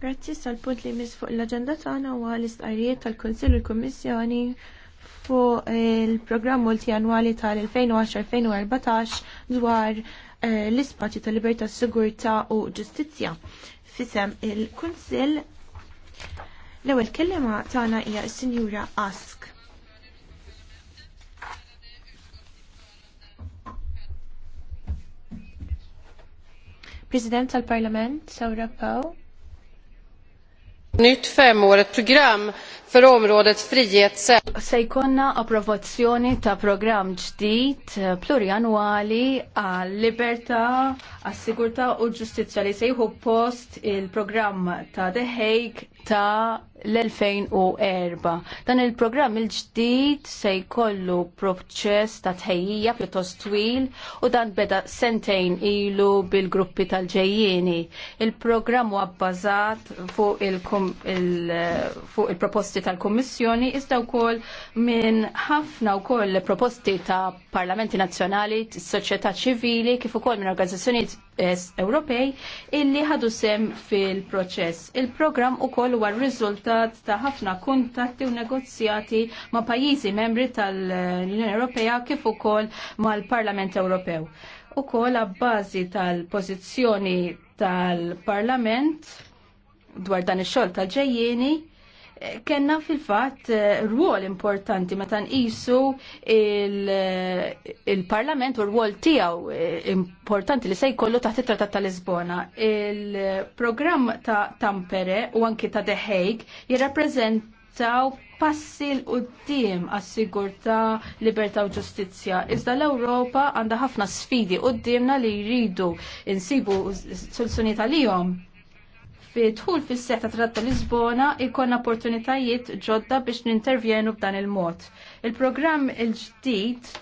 Grazzi sal-punt li mis fuq l-agenda tagħna huwa l-istqarrijiet tal-Kunsill u l-Kummissjoni fuq eh, il-programm multianwali tal-2010-2014 dwar eh, l-ispazju tal-libertà, sigurtà u ġustizzja. Fisem il-Kunsill l-ewwel kelliema tagħna hija s-Sinjura Ask. President tal-Parlament, Sawra Pau. Nytt femårigt program för området frihet Se jkollna approvazzjoni ta' programm ġdid eh, plurianwali għal libertà, għas sigurtà u ġustizzja li sejħu post il-programm ta' The Hague ta' l-2004. Dan il-programm il-ġdid se jkollu proċess ta' tħejjija pjuttost twil u dan beda sentejn ilu bil-gruppi tal-ġejjieni. Il-programm huwa bbażat fuq eh, il-proposti proposti tal-Kummissjoni iżda wkoll minn ħafna wkoll proposti ta' Parlamenti Nazzjonali, soċjetà ċivili, kif ukoll minn organizzazzjonijiet eh, Ewropej illi ħadu sem fil-proċess. Il-programm ukoll huwa r-riżultat ta' ħafna kuntatti u negozjati ma' pajjiżi membri tal-Unjoni Ewropea kif ukoll mal-Parlament Ewropew. Ukoll għabbażi tal-pożizzjoni tal-Parlament dwar dan ix-xogħol tal-ġejjieni kena fil-fatt eh, rwol importanti meta nqisu il-Parlament il u rwol tiegħu eh, importanti li se jkollu taħt it tratat ta' Lisbona. Il-programm ta' Tampere u anki ta' The Hague jirrappreżentaw passi l-qoddim għas-sigurtà, libertà u ġustizzja. Iżda l-Ewropa għandha ħafna sfidi qudiemna li jridu insibu soluzzjoni tal-jom fi dħul fis seta tratta Lisbona ikon opportunitajiet ġodda biex nintervjenu b'dan il-mod. Il-programm il-ġdid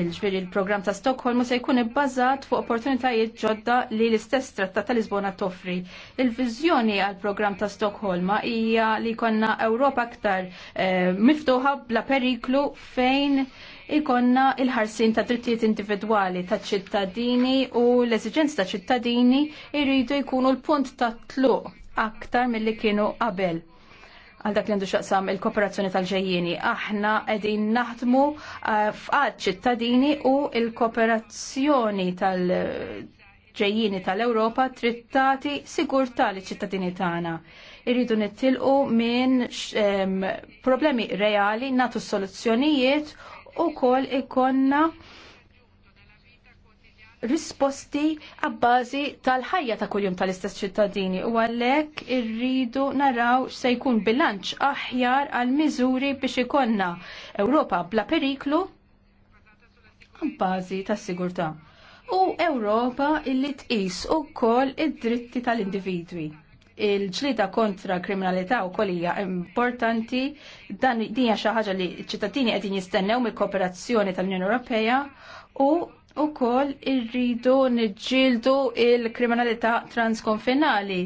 il-ġveri il-program ta' Stockholm se jkun ibbażat fuq opportunitajiet ġodda li l-istess tratta ta' Lisbona toffri. Il-vizjoni għal program ta' Stockholm hija li konna Ewropa aktar eh, miftuħa bla periklu fejn ikonna il-ħarsin ta' drittijiet individwali ta' ċittadini u l-eżigenzi ta' ċittadini irridu jkunu l-punt ta' tluq aktar mill-li kienu qabel għal dak li għandu xaqsam il-kooperazzjoni tal-ġejjini. Aħna qegħdin naħdmu uh, f'qad ċittadini u il-kooperazzjoni tal-ġejjini tal-Ewropa trittati sigurtà li ċittadini tagħna. Irridu nittilqu minn um, problemi reali, natu soluzzjonijiet u kol ikonna risposti għabbażi tal-ħajja ta' kuljum tal-istess ċittadini u għallek irridu naraw se jkun bilanċ aħjar għal miżuri biex ikonna Ewropa bla periklu għabbażi ta' sigurta u Ewropa illi tqis u kol id-dritti tal-individwi il-ġlida kontra kriminalità u kolija importanti dan dinja xi ħaġa li ċittadini għedin jistennew mill-kooperazzjoni tal-Unjoni Ewropea u kol irridu niġġieldu il-kriminalità transkonfinali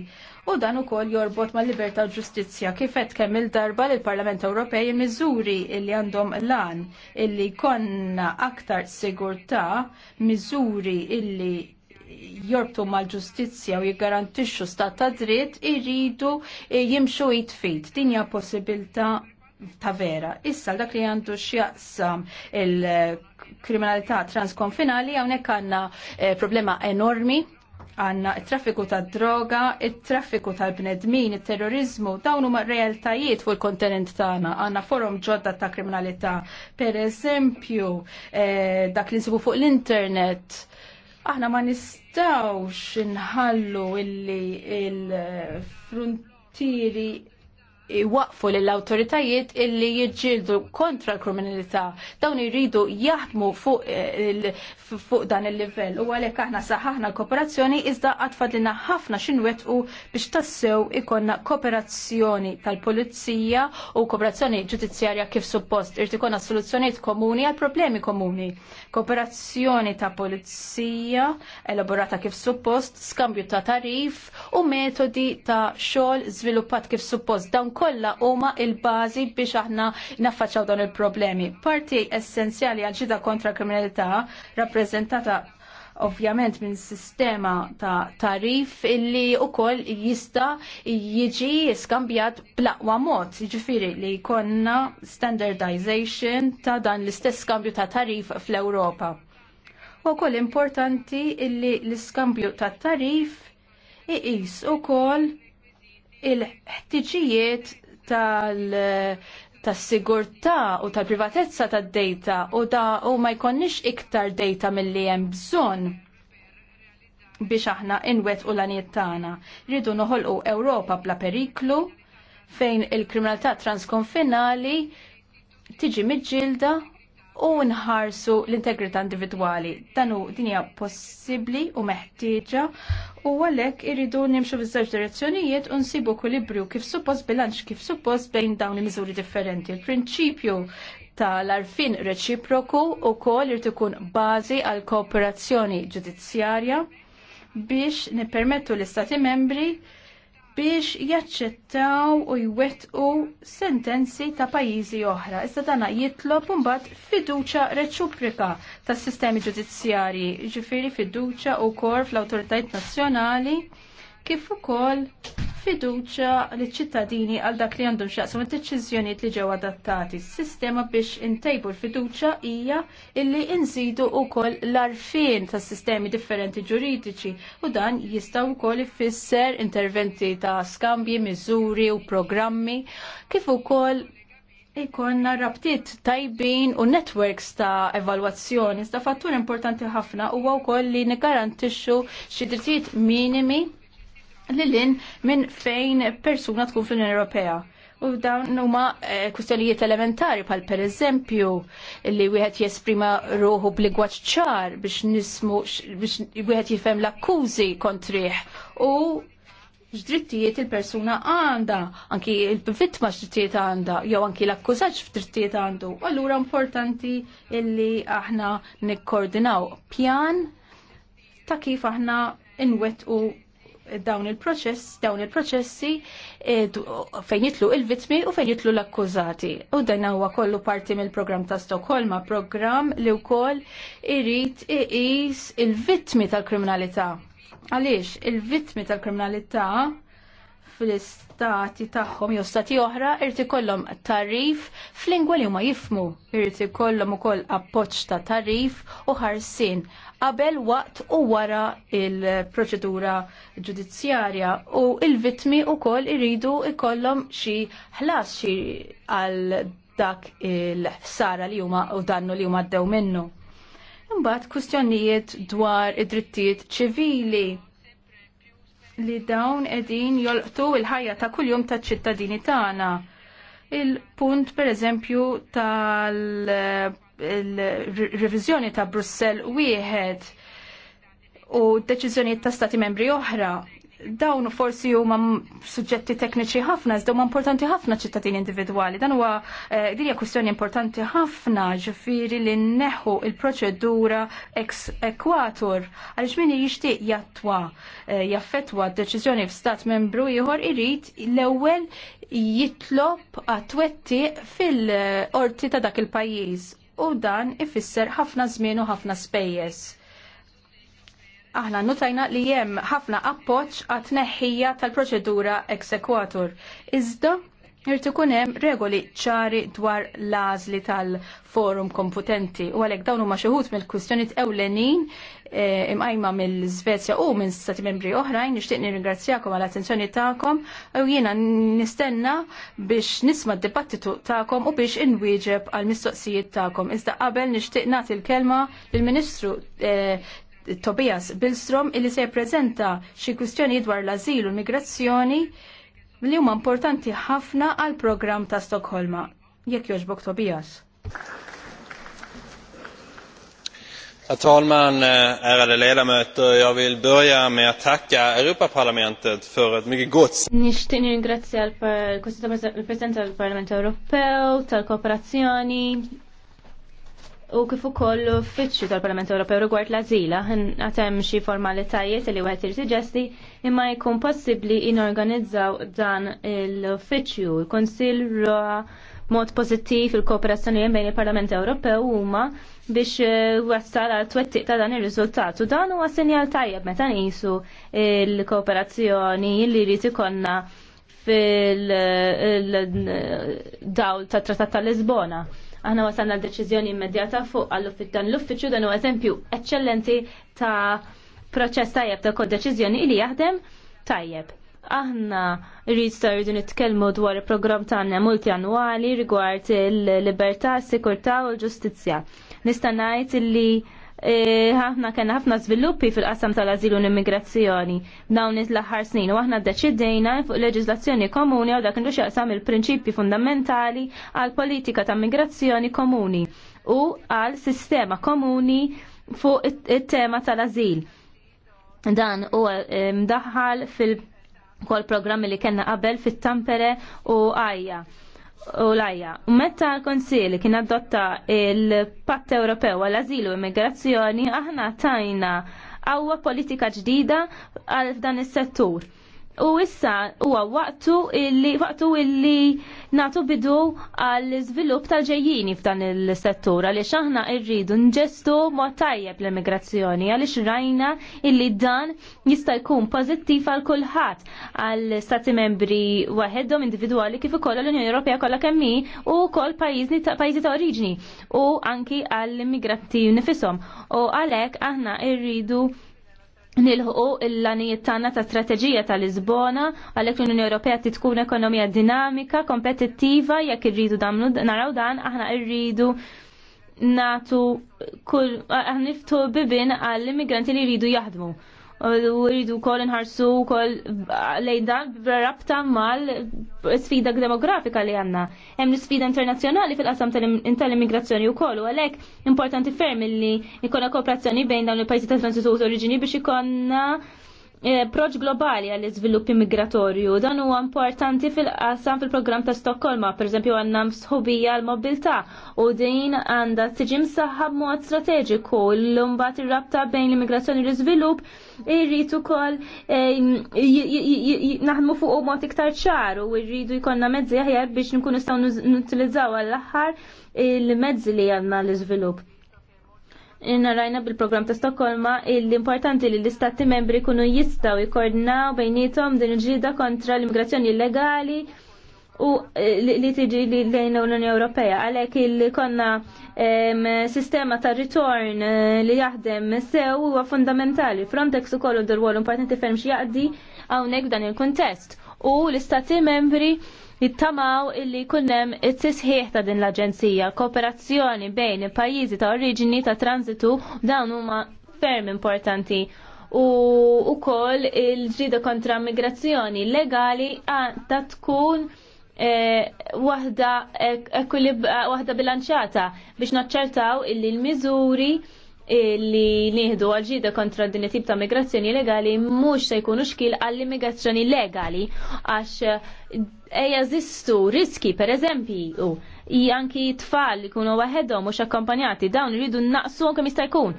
u dan ukoll jorbot mal libertà u ġustizja kif qed kemm il-darba l parlament Ewropej miżuri li għandhom lan illi konna aktar sigurtà miżuri illi jorbtu mal-ġustizzja u jiggarantixxu stat ta' dritt irridu eh, jimxu jitfid. Din hija possibilità ta' vera. Issa dak li għandu x'jaqsam il-kriminalità transkonfinali hawnhekk għandna eh, problema enormi għanna il-traffiku ta' droga, il-traffiku tal-bnedmin, il-terrorizmu, dawn huma realtajiet fuq il-kontinent tagħna. Għanna forum ġodda ta' kriminalità, per eżempju, eh, dak li nsibu fuq l-internet, aħna ma nistawx inħallu illi il-frontieri waqfu l autoritajiet illi jiġġieldu kontra l-kriminalità. Dawn iridu jaħdmu fuq, eh, fuq dan il-livell u għalhekk aħna saħħna l-kooperazzjoni iżda għatfadlina ħafna xinwetqu biex tassew ikonna kooperazzjoni tal-pulizija u kooperazzjoni ġudizzjarja kif suppost irid konna soluzzjonijiet komuni għal problemi komuni. Kooperazzjoni ta' pulizija elaborata kif suppost, skambju ta' tarif u metodi ta' xogħol żviluppat kif suppost dawn kolla kollha huma il-bażi biex aħna naffaċċaw dawn il-problemi. Parti essenzjali għal ġida kontra kriminalità rappreżentata ovvjament minn sistema ta' tarif illi u koll jista jiġi skambjat blaqwa mod, ġifiri li konna standardization ta' dan l-istess skambju ta' tarif fl-Europa. U koll importanti illi l-skambju ta' tarif iqis u koll il-ħtiġijiet tal- tas-sigurtà u tal-privatezza tad-data u da u ma jkonniex iktar data milli hemm bżonn biex aħna inwet u l-għaniet tagħna. Rridu noħolqu Ewropa bla periklu fejn il-kriminalità transkonfinali tiġi miġġilda u nħarsu l-integrità individwali. Dan hu dinja possibbli u meħtieġa u għalhekk irridu nimxu fiż-żewġ direzzjonijiet u nsibu kwilibrju kif suppost bilanċ kif suppost bejn dawn il-miżuri differenti. Il-prinċipju tal-arfin reċiproku u kol irrid ikun bażi għal kooperazzjoni ġudizzjarja biex nippermettu l-Istati membri biex jaċċettaw u jwettqu sentenzi ta' pajjiżi oħra. Issa dana jitlob mbagħad fiduċja reċuprika tas-sistemi ġudizzjarji, ġifieri fiduċja wkoll fl-awtoritajiet nazzjonali kif ukoll fiduċa li ċittadini għal dak li għandhom xaqsum id-deċiżjonijiet li ġew adattati. Sistema biex intejbu l-fiduċa hija illi inżidu wkoll l-arfin ta' sistemi differenti ġuridiċi u dan jistgħu wkoll ifisser interventi ta' skambji, miżuri u programmi kif ukoll Ikonna rabtiet tajbin u networks ta' evalwazzjoni. Sta' fattur importanti ħafna u għaw koll li nigarantixxu xi drittijiet minimi lilin minn fejn persuna tkun fl-Unjoni Ewropea. U dawn huma eh, kwistjonijiet elementari pal per eżempju li wieħed jesprima ruħu b'lingwaġġ ċar biex nismu biex wieħed jifhem l-akkużi kontrih u x'drittijiet il-persuna għandha, anki il-vittma ġdrittijiet għandha, jew anki l-akkużaġġ f'drittijiet għandu. Allura importanti illi aħna nikkoordinaw pjan ta' kif aħna u dawn il-proċess, dawn il-proċessi eh, fejn jitlu il-vitmi u fejn jitlu l-akkużati. U dan huwa kollu parti mill-programm ta' Stokholma, programm li wkoll irid iqis il-vitmi tal-kriminalità. Għaliex, il-vitmi tal-kriminalità fl-istati tagħhom jew stati oħra irid ikollhom tarif fl-lingwa li huma jifmu. Irid ikollhom ukoll appoġġ ta' tarif u ħarsien qabel waqt u wara il-proċedura ġudizzjarja u il-vitmi wkoll iridu ikollhom xi ħlas xi għal dak il-ħsara li huma u dannu li huma ddew minnu. Imbagħad kwistjonijiet dwar id-drittijiet ċivili li dawn edin jolqtu il-ħajja ta' kuljum ta' ċittadini tagħna. Il-punt per eżempju tal-revizjoni ta' Brussel wieħed u deċiżjonijiet ta' stati membri oħra dawn forsi huma suġġetti tekniċi ħafna, iżda huma importanti ħafna ċittadini individwali. Dan huwa eh, din hija kwistjoni importanti ħafna ġifieri li nneħħu il-proċedura ex equator għaliex min jixtieq jattwa jaffetwa eh, jaffettwa d-deċiżjoni f'stat membru ieħor irid l-ewwel jitlob għatwetti fil-qorti ta' dak il-pajjiż u dan ifisser ħafna żmien u ħafna spejjeż aħna notajna li hemm ħafna appoġġ għat tneħħija tal-proċedura eksekwatur. Iżda irrid ikun hemm regoli ċari dwar l-għażli tal-forum kompetenti u għalhekk dawn huma xi wħud mill-kwistjonijiet ewlenin eh, imqajma mill-Svezja u minn stati membri oħrajn nixtieq ringrazzjakom għal attenzjoni tagħkom u jiena nistenna biex nisma' d-dibattitu tagħkom u biex inwieġeb għal mistoqsijiet tagħkom. Iżda qabel nixtieq nagħti l-kelma lill-Ministru eh, Tobias Bilstrom illi se jippreżenta xi kwistjoni dwar l-azil u l-migrazzjoni li huma importanti ħafna għal program ta' Stokholma. Jekk jogħġbok Tobias. Herr talman, eh, ärade ledamöter. Jag vill börja med att tacka Europaparlamentet för ett mycket gott samarbete. Nixtieq ningrazzja l-President tal-Parlament europeo, tal-Kooperazzjoni u kif ukoll uffiċċju tal-Parlament Ewropew rigward l-azila għatem xi formalitajiet li wieħed jirtiġesti imma jkun possibbli inorganizzaw dan l-uffiċċju il-Kunsill ra mod pożittiv il-kooperazzjoni bejn il-Parlament Ewropew huma biex eh, wassal għal twettiq ta' dan ir-riżultat u dan huwa sinjal tajjeb meta nqisu il-kooperazzjoni li jrid ikollna fil-dawl eh, eh, tat-Trattat tal-Lisbona. Aħna wasalna l-deċiżjoni immedjata fuq għall dan l-uffiċċju dan huwa eżempju eċċellenti ta' proċess tajjeb ta' kod deċiżjoni li jaħdem tajjeb. Aħna rrid sardu nitkellmu dwar il-programm tagħna multjanwali rigward il-libertà, s-sikurtà u l-ġustizzja. Nista' ngħid li E, ħafna kien ħafna żviluppi fil-qasam tal-azilu l-immigrazzjoni dawn l-aħħar snin u aħna ddeċidejna fuq leġislazzjoni komuni għal dak kienu xaqsam il-prinċipji fundamentali għal politika ta' migrazzjoni komuni u għal sistema komuni fuq it-tema tal-azil. Dan u e, mdaħħal fil-kol programmi li kena qabel fit-Tampere u Ajja u lajja. Meta l-Konsili kien adotta il-Patt Ewropew għal-Azilu Immigrazzjoni, aħna tajna għawwa politika ġdida għal dan is-settur U issa huwa waqtu illi waqtu illi nagħtu bidu għall iżvilupp tal-ġejjini f'dan il-settur għaliex aħna rridu nġestu mod tajjeb l-immigrazzjoni għaliex rajna illi dan jista' jkun pożittiv għal kulħadd għal stati membri waħedhom individwali kif ukoll l-Unjoni Ewropea kollha kemm hi u wkoll pajjiżni pajjiżi ta' oriġni u anki għall immigranti nifisom. U għalhekk aħna rridu nilħu l-lanijiet tagħna ta' strateġija tal Lisbona għalhekk l-Unjoni Ewropea tkun ekonomija dinamika, kompetittiva jekk irridu damlu naraw dan aħna rridu natu kull aħna niftu bibin għall-immigranti li jridu jaħdmu u rridu wkoll inħarsu wkoll lejn rabta mal sfida demografika li għandna. Hemm l-sfida internazzjonali fil-qasam tal-immigrazzjoni wkoll u għalhekk importanti ferm li jkollna kooperazzjoni bejn dawn il pajzi ta' transitu u oriġini biex ikonna Eh, proġ globali għall iżviluppi migratorju. Dan huwa importanti fil-qasam fil-programm ta' Stokkolma, per eżempju għandna sħubija l-mobilità u din għandha tiġi msaħħa b'mod strateġiku l-imbagħad ir-rabta bejn l-immigrazzjoni u l-iżvilupp irrid ukoll eh, naħdmu fuq mod iktar ċaru u rridu jkollna mezzi aħjar biex nkunu nistgħu nutilizzaw għall-aħħar il-mezzi li għandna l-iżvilupp Inna rajna bil-program ta' Stokkolma l-importanti li l-istati membri kunu jistaw jikordinaw bejnietom din il-ġida kontra l-immigrazzjoni illegali u eh, li tiġi li lejn l-Unjoni Ewropea. Għalek il-konna sistema ta' return eh, li jaħdem sew huwa fundamentali. Frontex u kollu d-rwol importanti ferm xjaqdi għawnek dan il-kontest. U l-istati membri jittamaw illi kunnem it-tisħiħ ta' din l-Aġenzija, kooperazzjoni bejn il-pajjiżi ta' oriġini ta' transitu dawn huma ferm importanti u ukoll il-ġrida kontra migrazzjoni legali ta' tkun e, waħda bilanċata biex naċċertaw illi l-miżuri li nieħdu għal-ġida kontra din tip ta' migrazzjoni legali mhux se jkunu xkil għall-immigrazzjoni legali għax zistu eh, riski per eżempju janki tfal li kunu waħedhom mhux akkompanjati dawn iridu naqsu kemm jista' jkun.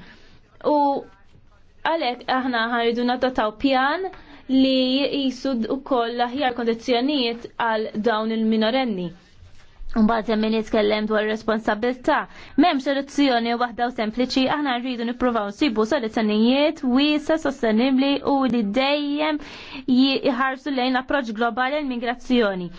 U għalhekk aħna ħaridu nadottaw pjan li jisud koll aħjar kondizzjonijiet għal dawn il-minorenni. Mbagħad hemm min jitkellem dwar responsabilità. M'hemm soluzzjoni waħda u sempliċi, aħna rridu nippruvaw nsibu soluzzjonijiet wiesa sostenibbli u li dejjem jħarsu lejn approċċ globali l migrazzjoni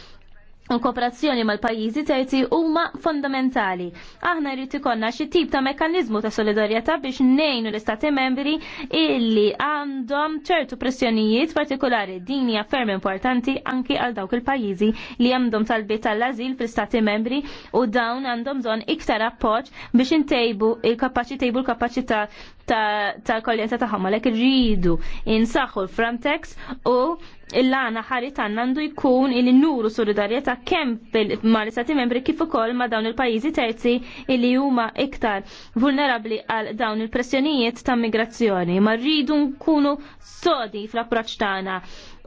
u kooperazzjoni mal-pajjiżi terzi huma fondamentali. Aħna jrid ikollna xi tip ta' mekkaniżmu ta' solidarjetà biex nejnu l-istati membri illi għandhom ċertu pressjonijiet partikolari din hija ferm importanti anki għal dawk il-pajjiżi li għandhom talbiet tal-ażil fl-istati membri u dawn għandhom bżonn iktar appoġġ biex intejbu il-kapaċi tejbu l-kapaċità tal-koljeta tagħhom għalhekk rridu insaħħu l frontex u l-għana ħari għandu jkun il nuru solidarjetà kemm mal istati membri kif ukoll ma dawn il-pajjiżi terzi li huma iktar vulnerabbli għal dawn il-pressjonijiet ta' migrazzjoni. Ma rridu nkunu sodi fl-approċċ tagħna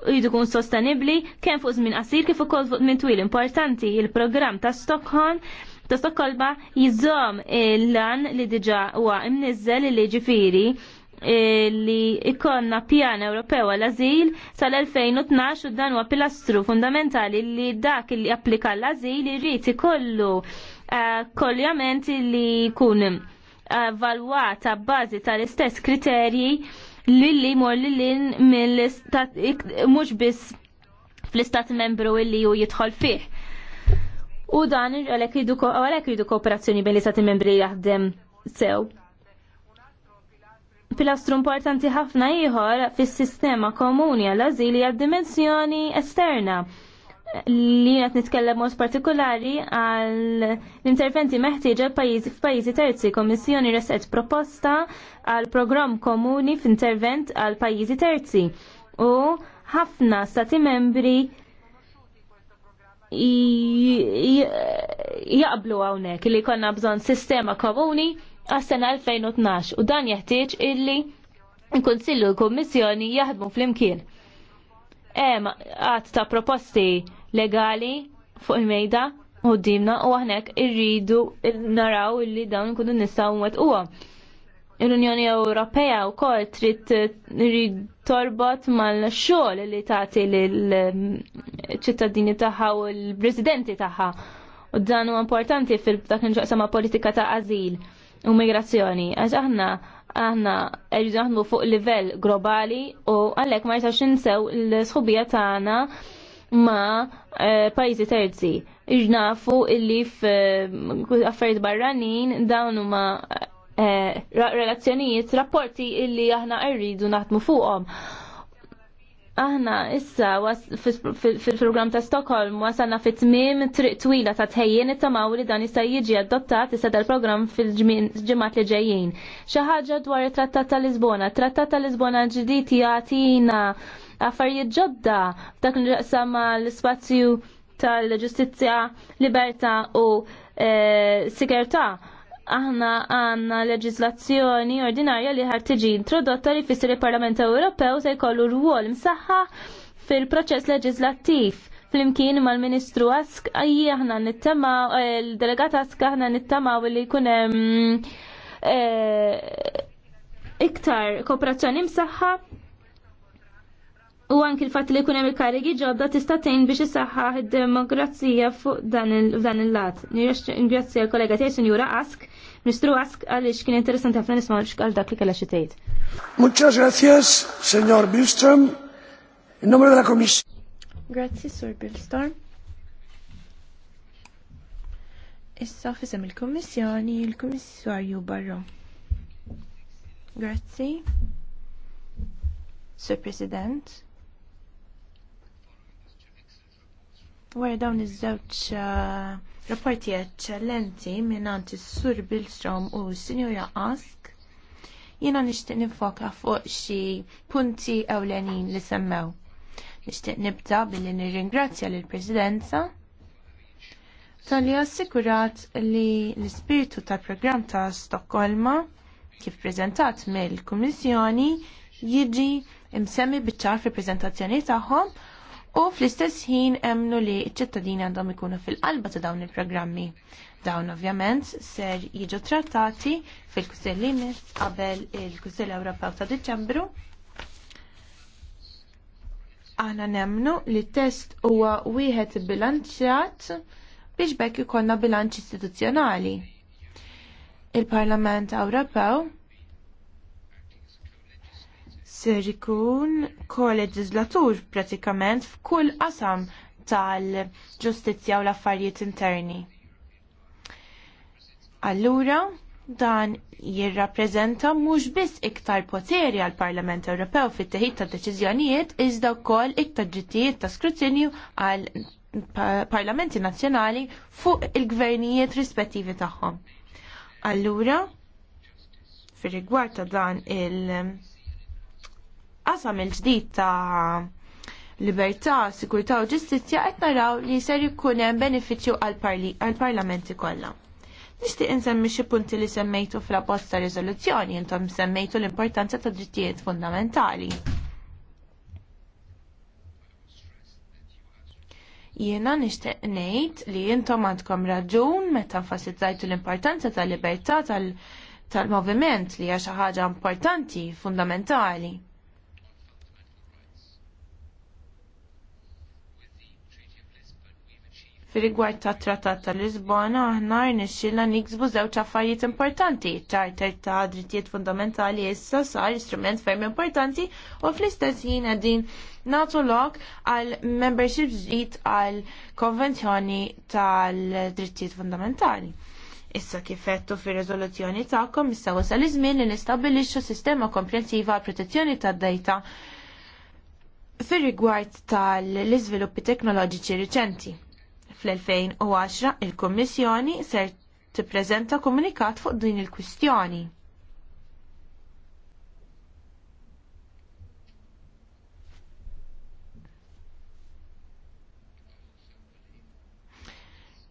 jridu kun sostenibli kemm fuq żmien qasir kif ukoll fuq żmien twil importanti il-programm ta' Stockholm ta' kolba jizom l-lan li diġa huwa imnizzel li ġifiri eh, li ikonna pjan Ewropew għal-azil sal-2012 u dan huwa pilastru fundamentali li dak li applika l-azil irrid ikollu eh, kolljament li jkun eh, valwata bbażi tal-istess kriterji li mor lillin mill-istat mhux biss fl-istat membru illi ju jidħol fih u dan għalhekk jidu kooperazzjoni bejn l-istati membri jaħdem sew. Pilastru importanti ħafna ieħor fis-sistema komuni għall azili hija dimensjoni esterna li qed nitkellem mod partikolari għal l-interventi meħtieġa f'pajjiżi terzi. Kommissjoni reset proposta għal programm komuni f'intervent għal pajjiżi terzi u ħafna stati membri jaqblu għawnek li konna bżon sistema komuni għas-sena 2012 u dan jeħtieġ illi il-Konsillu l-Kommissjoni jaħdmu fl-imkien. Hemm għad ta' proposti legali fuq il-mejda u dimna u għahnek irridu naraw illi dawn nkunu nistaw u uwa l-Unjoni Ewropea wkoll trid torbot mal-xogħol li tagħti lill-ċittadini tagħha u l-residenti tagħha. U dan huwa importanti fil-dak ma' politika ta' azil u migrazzjoni. Għax aħna aħna qegħdu fuq livell globali u għalhekk ma jistax insew l-sħubija tagħna ma eh, pajzi terzi. Iġnafu illi f'affarijiet eh, barranin dawn huma Eh, relazzjonijiet, rapporti illi aħna rridu naħdmu fuqhom. Aħna issa fil-programm ta' Stockholm wasalna fit tmiem triq twila ta' tħejjien it-tamaw li dan jista' jiġi adottat issa dal-programm fil-ġimgħat li ġejjin. Xi ħaġa dwar it-Trattat ta' Lisbona. Trattat ta' Lisbona ġdid jagħtina affarijiet ġodda dak li sama l-ispazju tal-ġustizzja, libertà u eh, sikertà aħna għanna leġizlazzjoni ordinarja li ħar tiġi introdotta li fissir il-Parlament Ewropew se jkollu rwol msaħħa fil-proċess leġizlattiv. Flimkien mal-Ministru Ask, għajji aħna nittama, eh, il-delegat Ask aħna nittama li kunem eh, iktar kooperazzjoni msaħħa U anki l-fat li kunem il-karigi ġodda tistatejn biex isaħħaħ id-demokrazija fuq dan il-lat. Nirrax ingrazzja l-kollega tiegħi Sinjura Ask Mistru Ask għalix kien interesant għafna nisma' għal dak li kalla xitejt. Muchas gracias, Senjor Bilstrom. In nome della Commissione. Grazie, Sur Bilstrom. Issa fisem il-Kommissjoni, il-Kommissarju Barro. Grazie. Sir President. Wara dawn iż uh, Rapporti eccellenti minnanti s-Sur Bilstrom u s-Sinjura Ask. Jena nishtiq nifoka fuq xi punti ewlenin li semmew. Nishtiq nibda billi nirringrazzja lill presidenza tal-li assikurat li l-ispirtu tal-programm ta' Stokkolma kif prezentat mill-Kummissjoni jiġi imsemmi biċċar fil-prezentazzjoni tagħhom u fl-istess ħin emnu li ċ-ċittadini għandhom ikunu fil-qalba ta' dawn il-programmi. Dawn ovvjament ser jiġu trattati fil-Kustell limit qabel il-Kustell Ewropew ta' Diċembru. Aħna nemnu li test huwa wieħed bilanċjat biex bekk ikollna bilanċ istituzzjonali. Il-Parlament Ewropew ser ikun koleġislatur pratikament f'kull qasam tal-ġustizzja u l-affarijiet interni. Allura, dan jirrappreżenta mhux biss iktar poteri għal Parlament Ewropew fit-teħid ta' deċiżjonijiet iżda wkoll iktar ġittijiet ta' skrutinju għal parlamenti nazzjonali fuq il-gvernijiet rispettivi tagħhom. Allura, fir rigward ta' dan il- fil-qasam il-ġdid ta' libertà, sikurtà u ġustizzja qed naraw li ser jkun hemm benefiċċju għall-parlamenti kollha. Nixtieq insemmi xi punti li semmejtu fl-abbozz ta' riżoluzzjoni intom semmejtu l-importanza ta' drittijiet fundamentali. Jiena nixtieq ngħid li intom għandkom raġun meta enfasizzajtu l-importanza tal-libertà tal-moviment li hija xi ħaġa importanti, fundamentali. Fir-rigward ta' Trattat ta' Lisbona aħna rnexxilna niksbu żewġ affarijiet importanti. Charter ta' drittijiet fundamentali issa sar istrument ferm importanti u fl-istess ħin qegħdin nagħtu lok għal membership ġdid għal konvenzjoni tal-drittijiet fundamentali. Issa kifettu fir riżoluzzjoni tagħkom issa wasal iż-żmien li nistabbilixxu sistema komprensiva għal protezzjoni tad-dejta fir rigward tal-iżviluppi teknoloġiċi riċenti fl-2010 il-Kummissjoni ser tippreżenta komunikat fuq din il-kwistjoni.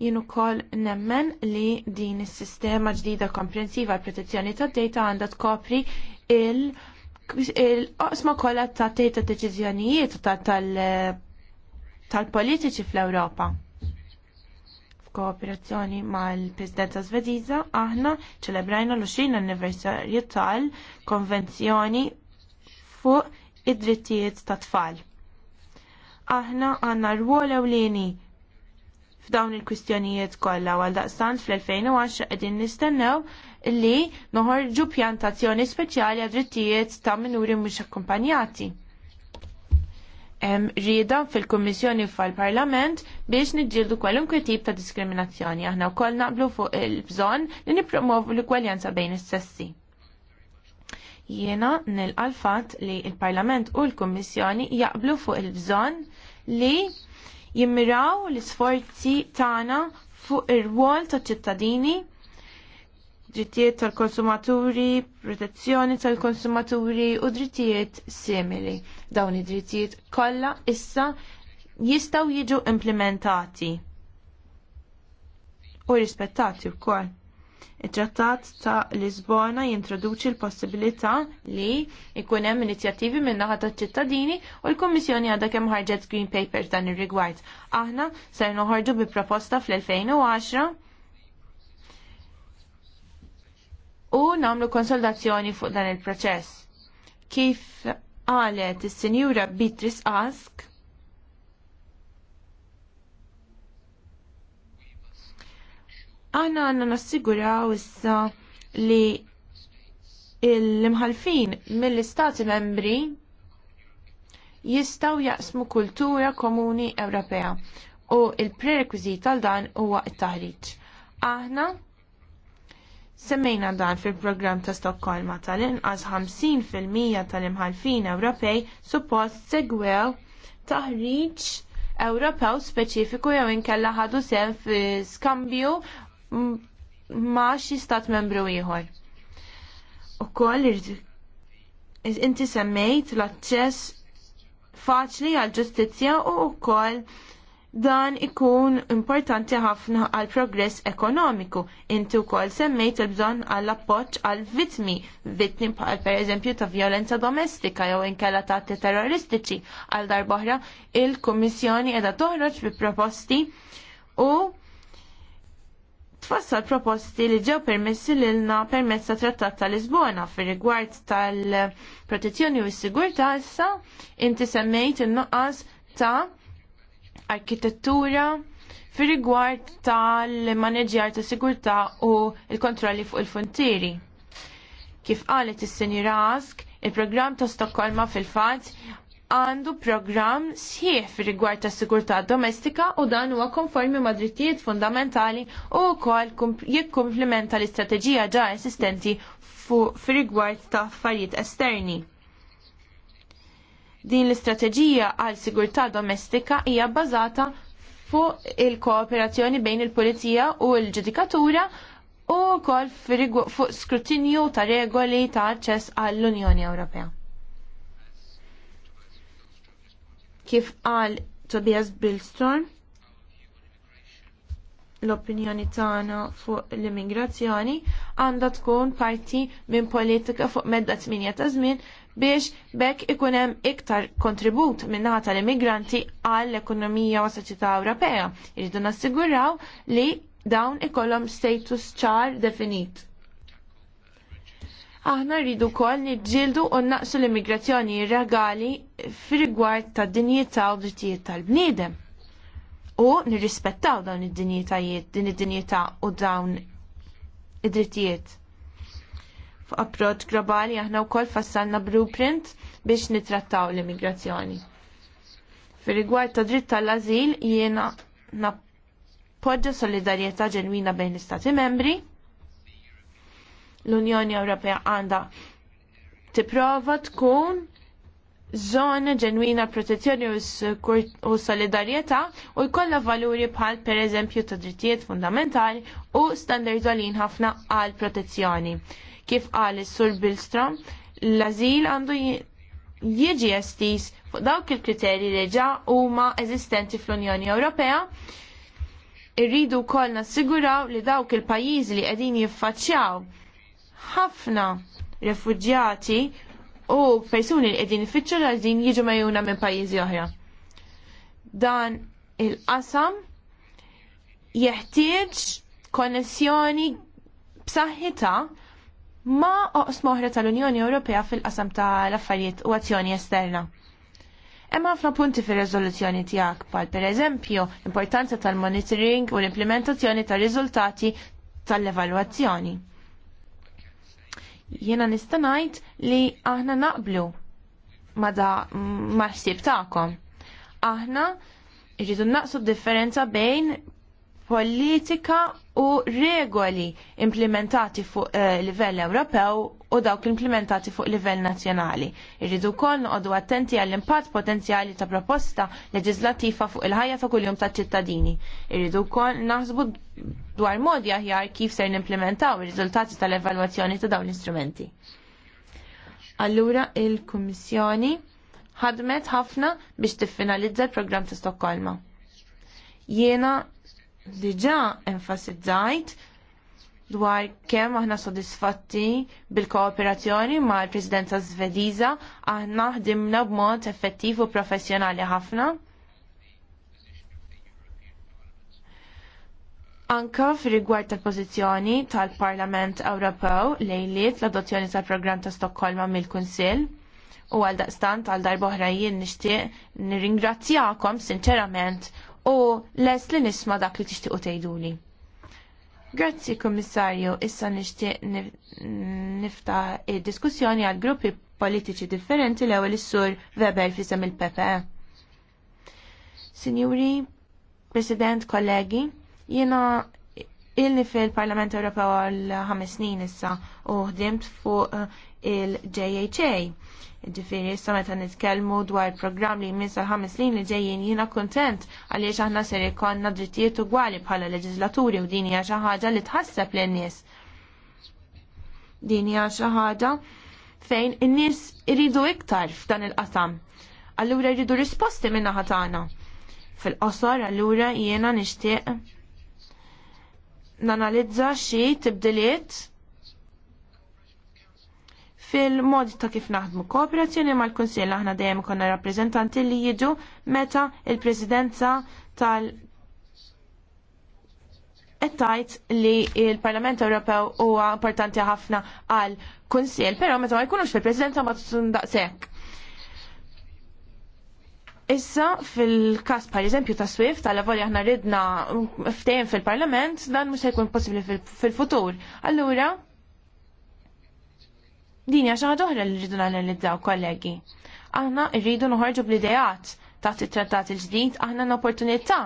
jien ukoll nemmen li din is-sistema ġdida komprensiva għal protezzjoni tad data għandha tkopri il- il-qosma kollha ta' data deċiżjonijiet tal-politiċi fl-Ewropa kooperazzjoni mal-Presidenza Svediża aħna ċelebrajna l-20 anniversarju tal-Konvenzjoni fuq id-drittijiet ta' tfal. Aħna għanna rwol ewlieni f'dawn il-kwistjonijiet kollha għal daqstant fl-2010 qegħdin nistennew li noħorġu pjantazzjoni speċjali għad drittijiet ta' minuri mhux akkumpanjati hemm rieda fil-Kummissjoni u fil-Parlament biex niġġieldu kwalunkwe tip ta' diskriminazzjoni. Aħna wkoll naqblu fuq il-bżonn li nippromovu l-ikwaljanza bejn is-sessi. Jiena nil fatt li l-Parlament u l-Kummissjoni jaqblu fuq il-bżonn li jimmiraw l-isforzi tagħna fuq ir-rwol taċ-ċittadini drittijiet tal-konsumaturi, protezzjoni tal-konsumaturi u drittijiet simili. Dawn id-drittijiet kollha issa jistgħu jiġu implementati u rispettati wkoll. Il-trattat ta' Lisbona jintroduċi l-possibilità li jkun hemm inizjattivi minn naħa taċ-ċittadini u l-Kummissjoni għadha kemm ħarġet Green Paper dan ir-rigward. Aħna ser noħorġu bi proposta fl-2010 u namlu konsultazzjoni fuq dan il-proċess. Kif għalet is-Sinjura Beatrice Ask, Għana għanna nassiguraw issa li l-imħalfin mill-istati membri jistaw jaqsmu kultura komuni Ewropea u il-prerequisit tal dan huwa it-taħriġ. Aħna Semmejna dan fil-programm ta' Stokkolma tal-inqas 50% tal-imħalfin Ewropej suppost segwew taħriġ Ewropew speċifiku jew inkella ħadu sew skambju ma' xi stat membru ieħor. Ukoll inti semmejt l-aċċess faċli għall ġustizzja u wkoll dan ikun importanti ħafna għal progress ekonomiku. Inti wkoll semmejt il bżon għall appoġġ għal vittmi, vittmi bħal pereżempju ta' violenza domestika jew inkella ta' terroristiċi għal darboħra il-Kummissjoni qiegħda toħroġ bi proposti u tfassal proposti li ġew permessi lilna permezz ta' Trattat ta' Lisbona fir-rigward tal-protezzjoni u s-sigurtà issa inti semmejt in-nuqqas ta' arkitettura fir rigward tal-maneġjar ta' sigurtà u l-kontrolli fuq il-funtieri. Kif qalet is seni Rask, il-programm ta' Stokkolma fil-fatt għandu programm sħiħ fir rigward ta' sigurtà domestika u dan huwa konformi ma' drittijiet fundamentali u wkoll jikkumplementa l-istrateġija ġa esistenti fir rigward ta' affarijiet esterni. Din l-istrateġija għal sigurtà domestika hija bbażata fuq il-kooperazzjoni bejn il-Pulizija u l-Ġudikatura u wkoll fuq skrutinju ta' regoli ta' aċċess għall-Unjoni Ewropea. Kif qal Tobias Bilstorm, l-opinjoni tagħna fuq l-immigrazzjoni għandha tkun parti minn politika fuq medda tminja ta' żmien biex bekk ikun hemm iktar kontribut minnaħa tal-immigranti għall ekonomija u s soċjetà Ewropea. Irridu nassiguraw li dawn ikollhom status ċar definit. Aħna rridu wkoll nidġildu u naqsu l-immigrazzjoni regali fir rigward tad ta' u drittijiet tal-bniedem u nirrispettaw dawn id-dinjitajiet, din id-dinjità u dawn id-drittijiet. F'approċċ globali aħna wkoll fassalna blueprint biex nitrattaw l-immigrazzjoni. Fir-rigward ta' dritt tal-azil jiena nappoġġa solidarjetà ġenwina bejn l-Istati membri. L-Unjoni Ewropea għandha tipprova tkun żona ġenwina protezzjoni u solidarjetà u jkollha valuri bħal pereżempju ta' drittijiet fundamentali u standard għalin ħafna għal protezzjoni. Kif qal is-Sur Bilstrom, l-azil għandu jiġi estis fuq dawk il-kriterji li u huma eżistenti fl-Unjoni Ewropea irridu kol nassiguraw li dawk il-pajjiżi li qegħdin jiffaċċjaw ħafna refugjati u persuni li għedin ifittxu għal din jiġu mejjuna minn pajjiżi oħra. Dan il-qasam jeħtieġ konnessjoni b'saħħita ma' oqs oħra tal-Unjoni Ewropea fil-qasam tal-affarijiet u azzjoni esterna. Hemm ħafna punti fir rezoluzzjoni tiegħek pal pereżempju l-importanza tal-monitoring u l-implementazzjoni tar-riżultati tal-evalwazzjoni. Jena nista' ngħid li aħna naqblu ma da maħsib ħsieb tagħkom. Aħna iġidu naqsu differenza bejn politika u regoli implementati fuq uh, livell Ewropew u dawk implementati fuq livell nazzjonali. Irridu wkoll noqogħdu attenti għall impatt potenzjali ta' proposta leġislattiva fuq il-ħajja ta' kuljum taċ ċittadini. Irridu wkoll naħsbu dwar modi aħjar kif ser nimplementaw ir-riżultati tal-evalwazzjoni ta' dawn l-istrumenti. Allura il-Kummissjoni ħadmet ħafna biex tiffinalizza l-programm ta' Stokkolma. Jiena diġa enfasizzajt dwar kemm aħna sodisfatti bil-kooperazzjoni mal-Presidenza Svediża aħna ħdimna b'mod effettiv u professjonali ħafna. Anka fir-rigward tal-pożizzjoni tal-Parlament Ewropew lejliet l-adozzjoni tal-programm ta' Stokkolma mill-Kunsill u għal daqstant għal darba oħrajjien nixtieq nirringrazzjakom sinċerament u les li nisma dak li tixtiequ tgħiduli. Grazzi Kummissarju, issa nixtieq nifta id-diskussjoni għal gruppi politiċi differenti l ewwel is-sur Weber fisem il-PPE. Sinjuri, President, kollegi, jiena ilni fil-Parlament Ewropew għal ħames snin issa u ħdimt fuq il-JHA Ġifiri, issa meta nitkellmu dwar programm li jmissa ħames lin li ġejjin jiena kuntent għaliex aħna ser ikonna drittijiet ugwali bħala leġislaturi u din hija xi ħaġa li tħasseb lin nies Din hija xi ħaġa fejn in-nies iridu iktar f'dan il-qasam. Allura jridu risposti minna ħatana. Fil-qosor allura jiena nixtieq nanalizza xi tibdiliet fil-mod ta' kif naħdmu kooperazzjoni mal konsil aħna dejjem konna rappreżentanti li jiġu meta il-Presidenza tal- tajt li il-Parlament Ewropew huwa importanti ħafna għal Kunsil, però meta ma jkunux fil-Presidenza ma daqshekk. Issa fil-kas par eżempju ta' Swift, tal volja aħna ridna ftehim fil-Parlament, dan mhux se jkun possibbli fil-futur. Allura, Din hija xi ħaġa oħra li rridu nanalizzaw kollegi. Aħna rridu noħorġu bl-ideat taħt it-trattat il ġdijt aħna n-opportunità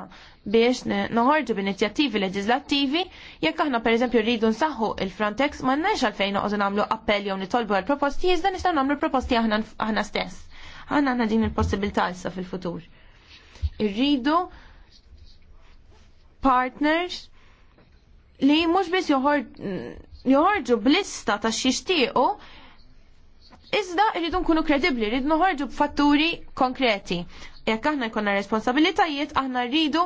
biex nħorġu b'inizjattivi leġislattivi jekk aħna pereżempju rridu nsaħħu il-Frontex ma nnex għalfejn noqogħdu nagħmlu appell jew nitolbu għal proposti iżda nistgħu nagħmlu proposti aħna, aħna stess. Aħna għandna din il-possibilità issa fil-futur. Irridu partners li mhux biss joħorġu blista ta' xixtiequ Iżda rridu nkunu kredibbli, rridu noħorġu b'fatturi konkreti. Jekk aħna jkollna responsabilitajiet, aħna rridu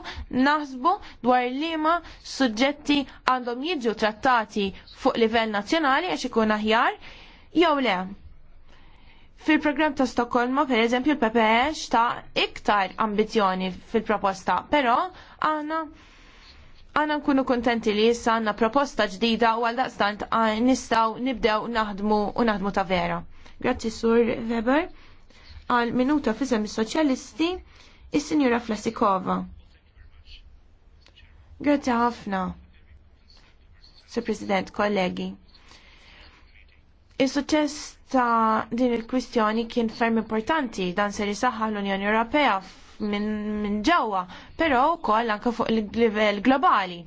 naħsbu dwar liema suġġetti għandhom jiġu trattati fuq livell nazzjonali għax ikun aħjar jew le. Fil-programm ta' Stokholma, per eżempju, l pps e ta' iktar ambizjoni fil-proposta, però aħna għana nkunu kontenti li jissa għanna proposta ġdida u għal daqstant ah, nistaw nibdew naħdmu u naħdmu ta' vera. Grazzi Sur Weber. Għal minuta fizem is-soċjalisti is-Sinjura Flasikova. Grazzi ħafna. Sir President, kollegi. Is-suċċess ta' din il-kwistjoni kien ferm importanti dan se jisaħħa l-Unjoni Ewropea minn min ġewwa, però wkoll anke fuq il-livell globali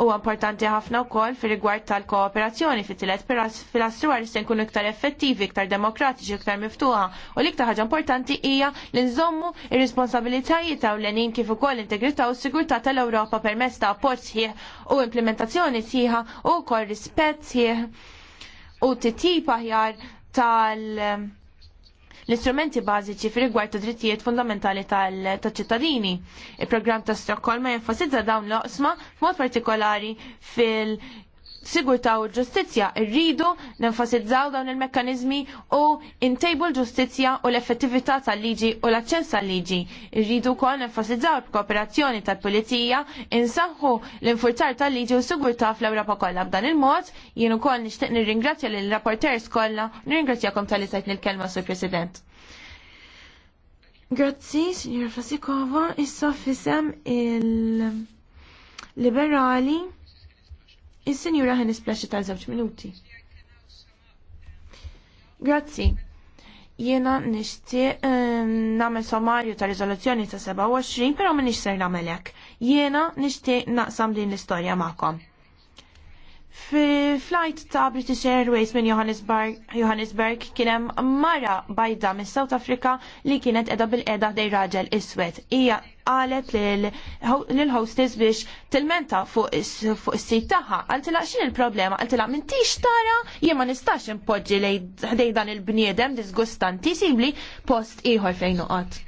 huwa importanti ħafna wkoll fir rigward tal-kooperazzjoni fit tilet fil-astru għar se nkunu iktar effettivi, iktar demokratiċi, iktar miftuħa. U l-iktar ħaġa importanti hija li nżommu ir-responsabilitajiet ewlenin kif ukoll integrità u sigurtà tal-Ewropa permezz ta' apport sħiħ u implementazzjoni sħiħa u wkoll rispett sħiħ u titjib aħjar tal- l-istrumenti bażiċi fir rigward ta' drittijiet fundamentali tal-ċittadini. Il-programm ta' Stockholm jenfasizza dawn l-oqsma f'mod partikolari fil- sigurta u ġustizzja rridu nenfasizzaw dawn il-mekkanizmi u intejbu l-ġustizzja u l-effettività tal-liġi u l-aċċess tal-liġi. Irridu wkoll nenfasizzaw il-kooperazzjoni tal-pulizija insaħħu l-infurzar tal-liġi u sigurta fl-Ewropa kollha. B'dan il-mod jien ukoll nixtieq nirringrazzja lill rapporters kollha, nirringrazzjakom tal isajt nil kelma sur President. Grazzi, signor Fasikova, issa fisem il-liberali. Is-senjura ħan isplaxi ta' żewġ minuti. Grazzi. Jiena nixtieq ehm, nagħmel sommarju ta' riżoluzzjoni ta' 27, però m'iniex ser nagħmel hekk. Jiena nixtieq naqsam din l-istorja ma'kom. Fi flight ta' British Airways minn Johannesburg, Johannesburg kienem mara bajda minn South Africa li kienet edha bil-edha dej raġel iswet. Ija qalet l hostess biex tilmenta fuq is-sit tagħha. Għaltila xin il-problema? minn mintix tara jien ma nistax impoġġi lej dan il-bniedem disgustanti sibli post ieħor fejn uqgħod.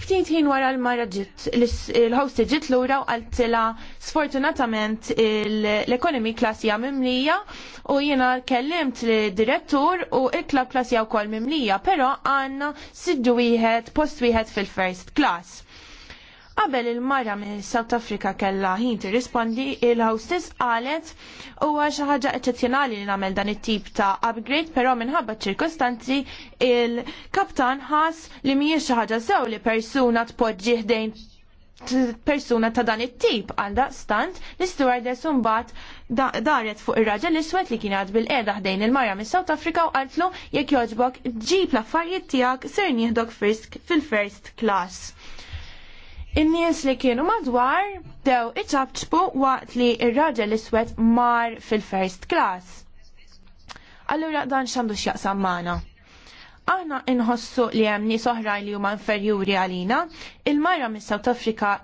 Ftit ħin wara l-mara ġit, l-host ġiet lura u għaltila sfortunatament l-economy class hija mimlija u jiena kellimt l-direttur u il-club u kol wkoll mimlija, pero għandna siddu wieħed post wieħed fil-first class. Qabel il-marja minn South Africa kella ħin tirrispondi il-hostess qalet huwa xi ħaġa eċċezzjonali li nagħmel dan it-tip ta' upgrade, però minħabba ċirkostanzi il-kaptan ħas li mhijiex xi ħaġa sew li persuna tpoġġi ħdejn persuna ta' dan it-tip għanda stant l stewardess mbagħad daret fuq ir-raġel iswed li kien għad bil qeda ħdejn il-marja minn South Africa u qaltlu jekk jogħġbok ġib l-affarijiet tiegħek ser nieħdok frisk fil-first class. In-nies li kienu madwar dew iċabċbu waqt li ir-raġel iswed mar fil-first class. Allura dan xandu x'jaqsam magħna. Aħna inħossu li hemm nies oħrajn li huma inferjuri għalina, il-mara mis-South Afrika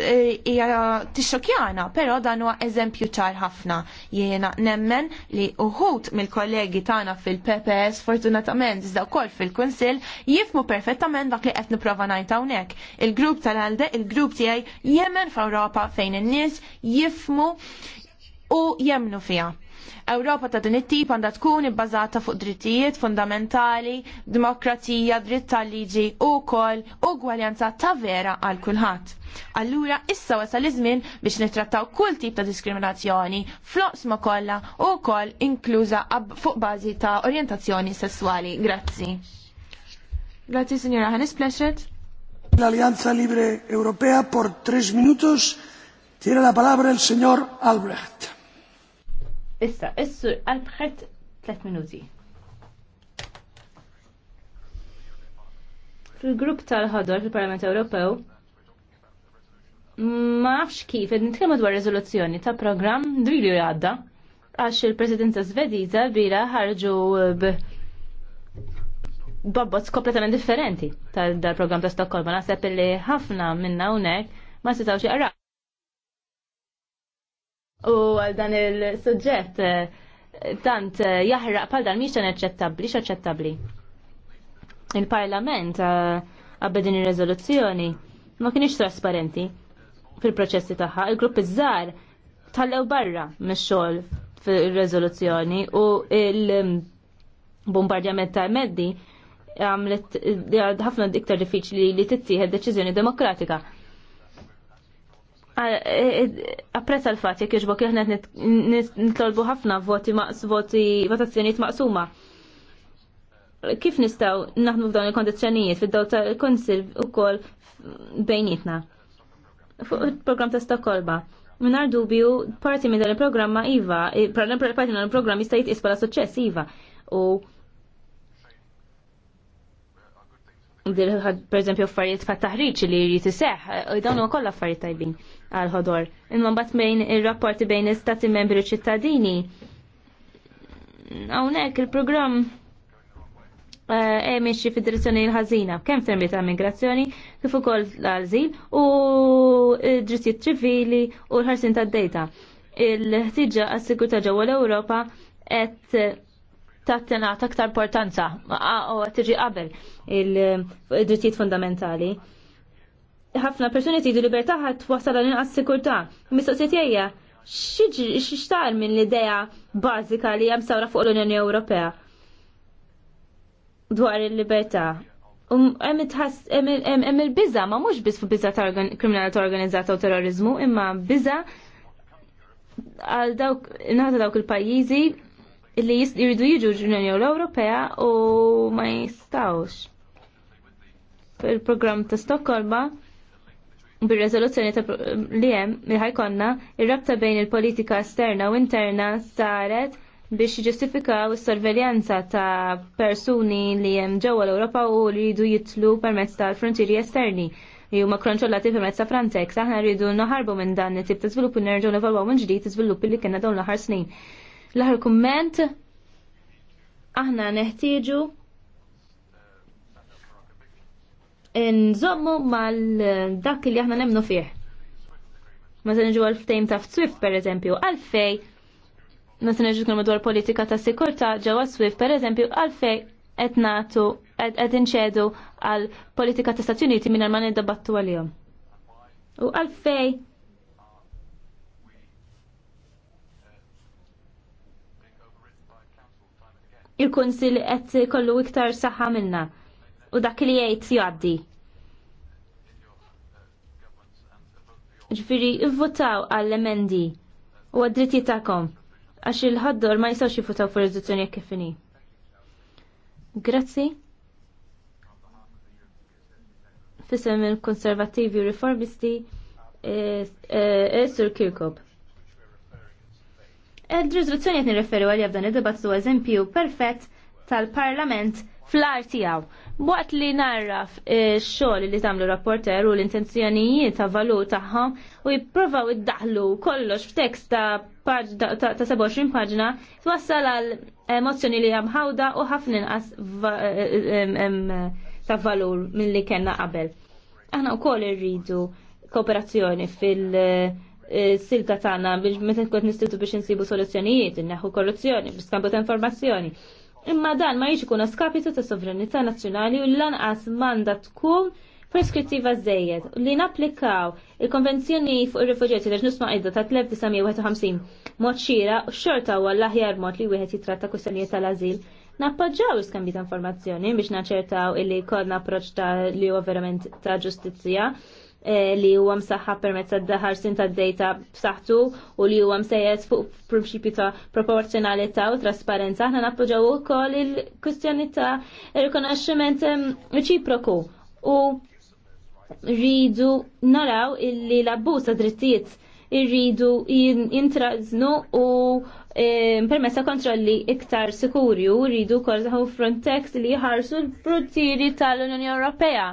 Eh, hija tixxokjana, però dan huwa eżempju ċar ħafna. Jiena nemmen li uħut mill-kollegi tagħna fil-PPS fortunatament iżda wkoll fil-Kunsill jifmu perfettament dak li qed nipprova ngħid hawnhekk. Il-grupp tal-għalde, il-grupp tiegħi jemmen f'Ewropa fejn in-nies jifmu u jemnu fiha. Ewropa ta' din it-tip għandha tkun ibbażata fuq drittijiet fundamentali, demokrazija, dritt tal-liġi u wkoll ugwaljanza ta' vera għal kulħadd. Allura issa wasal iż-żmien biex nittrattaw kull tip ta' diskriminazzjoni floqsma kollha u wkoll inkluża fuq bażi ta' orjentazzjoni sessuali. Grazzi. Grazzi, signora Hannes Pleshet. L-Alleanza Libre Europea por tres minutos tiene la palabra el señor Albrecht Issa, issur għal-bħet 3 minuti. Fil-grupp tal-ħodor fil-Parlament Ewropew, ma nafx kif, nitkellmu dwar rezoluzzjoni ta' programm dwilu għadda għax il-presidenza svediza bira ħarġu babbot kompletament differenti tal-program ta' Stokkolma. Naħseb li ħafna minna unek ma setawx jgħarra. U għal dan il-sujġett eh, tant eh, jaħraq pal dan miex aċċettabbli, eċċettabli. Il-Parlament eh, għabbed din ir-reżoluzzjoni ma kienx trasparenti fil-proċessi tagħha. Il-grupp iż-żgħar tallew barra mix-xogħol fil-reżoluzzjoni u il-bombardjament ta' meddi għamlet ħafna iktar diffiċli li tittieħed deċiżjoni demokratika. E, e, apprezza l-fat jek iġbok jahna nitlolbu ħafna voti voti votazzjoniet maqsuma. Kif nistaw naħdmu f'dawn il-kondizzjonijiet fid-daw tal-konsil u kol bejnietna? Fuq il-program ta' Stokolba. Minar dubju, parti minn dan il-programma IVA, parti minn dan il programma jista' jitqis bħala suċċess IVA. U per eżempju affarijiet fat taħriġ li jrid iseħħ, dawn huma kollha affarijiet tajbin għal ħodor. Imma mbagħad bejn ir-rapporti bejn istati membri ċittadini. Hawnhekk il-programm hemm eh, eh, ixi fid-direzzjoni l-ħażina, kemm fermi ta' migrazzjoni, kif ukoll l-għalżil u drittijiet ċivili u l-ħarsin tad-dejta. Il-ħtiġa għas-sigurtà ġewwa l-Ewropa qed tattena taktar aktar importanza u tiġi qabel il-drittijiet fundamentali. Ħafna persuni tidu libertà ħadd wasal għal inqas sikurtà. Mistoqsijiet xi x'tar minn l-idea bażika li hemm sawra fuq l-Unjoni Ewropea dwar il-libertà. Um, hemm il-biża ma mhux biss fuq biża ta' kriminalità organizzata u terrorizmu, imma biża għal dawk inħata dawk il-pajjiżi li jiridu jiġu l-Unjoni Ewropea u ma jistawx. Fil-programm ta' Stokkolma, bir-rezoluzzjoni ta' li hemm li ħajkonna ir-rabta bejn il-politika esterna u interna saret biex u is-sorveljanza ta' persuni li hemm ġewwa l-Ewropa u li jridu jitlu permezz tal-frontieri esterni li huma kkontrollati permezz ta' Frontex. Aħna rridu naħarbu minn dan it-tip ta' żvilupp u nerġgħu nevalwaw minn ġdid iżviluppi li kienna dawn l-aħħar snin. L-aħħar kumment aħna neħtieġu nżommu mal dak li aħna nemnu fih. Ma se nġu għal-ftejm ta' Swift per eżempju, għalfej ma se nġu madwar politika ta' sikurta ġewwa Swift per eżempju, għalfej qed nagħtu qed inċedu għal politika ta' Stati Uniti mingħajr ma għal għalihom. U għalfej il-Kunsil qed kollu iktar saħħa minna u dak li jgħid jgħaddi. Ġifiri, ivvutaw għall-emendi u għad-dritti tagħkom għax il-ħaddor ma jistgħux jifutaw fuq rezoluzzjoni jekk kif inhi. Grazzi. Fisem il-Konservattivi u Riformisti eh, eh, eh, Sir Kirkob. Il-ġurisdizzjoni qed nirreferu għalija f'dan id su eżempju perfett tal-Parlament fl-art tiegħu. Waqt li narraf x li tagħmlu rapporter u l-intenzjonijiet ta' valur tagħhom u id iddaħlu kollox f'tekst ta' ta' 27 paġna twassal għal emozjoni eh, li jamħawda u ħafna inqas eh, ta' valur mill-li kena qabel. Aħna wkoll irridu kooperazzjoni fil- silta tagħna biex meta tkun nistitu biex insibu soluzzjonijiet, inneħu korruzzjoni, biex skambu ta' informazzjoni. Imma dan ma jiġi kun skapitu ta' sovranità nazzjonali u l lanqas manda tkun preskrittiva żejjed li napplikaw il-konvenzjoni fuq ir-rifuġjati leġ nusma' qidda ta' 1951 mod xira xorta huwa l-aħjar mod li wieħed jitratta kwistjonijiet tal-ażil nappoġġaw iskambi ta' informazzjoni biex naċertaw illi kodna approċċ ta' li huwa verament ta' ġustizzja eh, li huwa msaħħa permezz tad-daħar sin tad-dejta b'saħħtu u li huwa msejjed fuq prinċipju ta' proporzjonalità u trasparenza aħna nappoġġaw ukoll il-kwistjoni ta' rikonoxximent ehm, reċiproku u rridu naraw illi l-abbuż ta' drittijiet irridu jintraznu u Ehm, permessa kontrolli iktar sikuri u rridu kol taħu Frontex li jħarsu l fruttiri tal-Unjoni Ewropea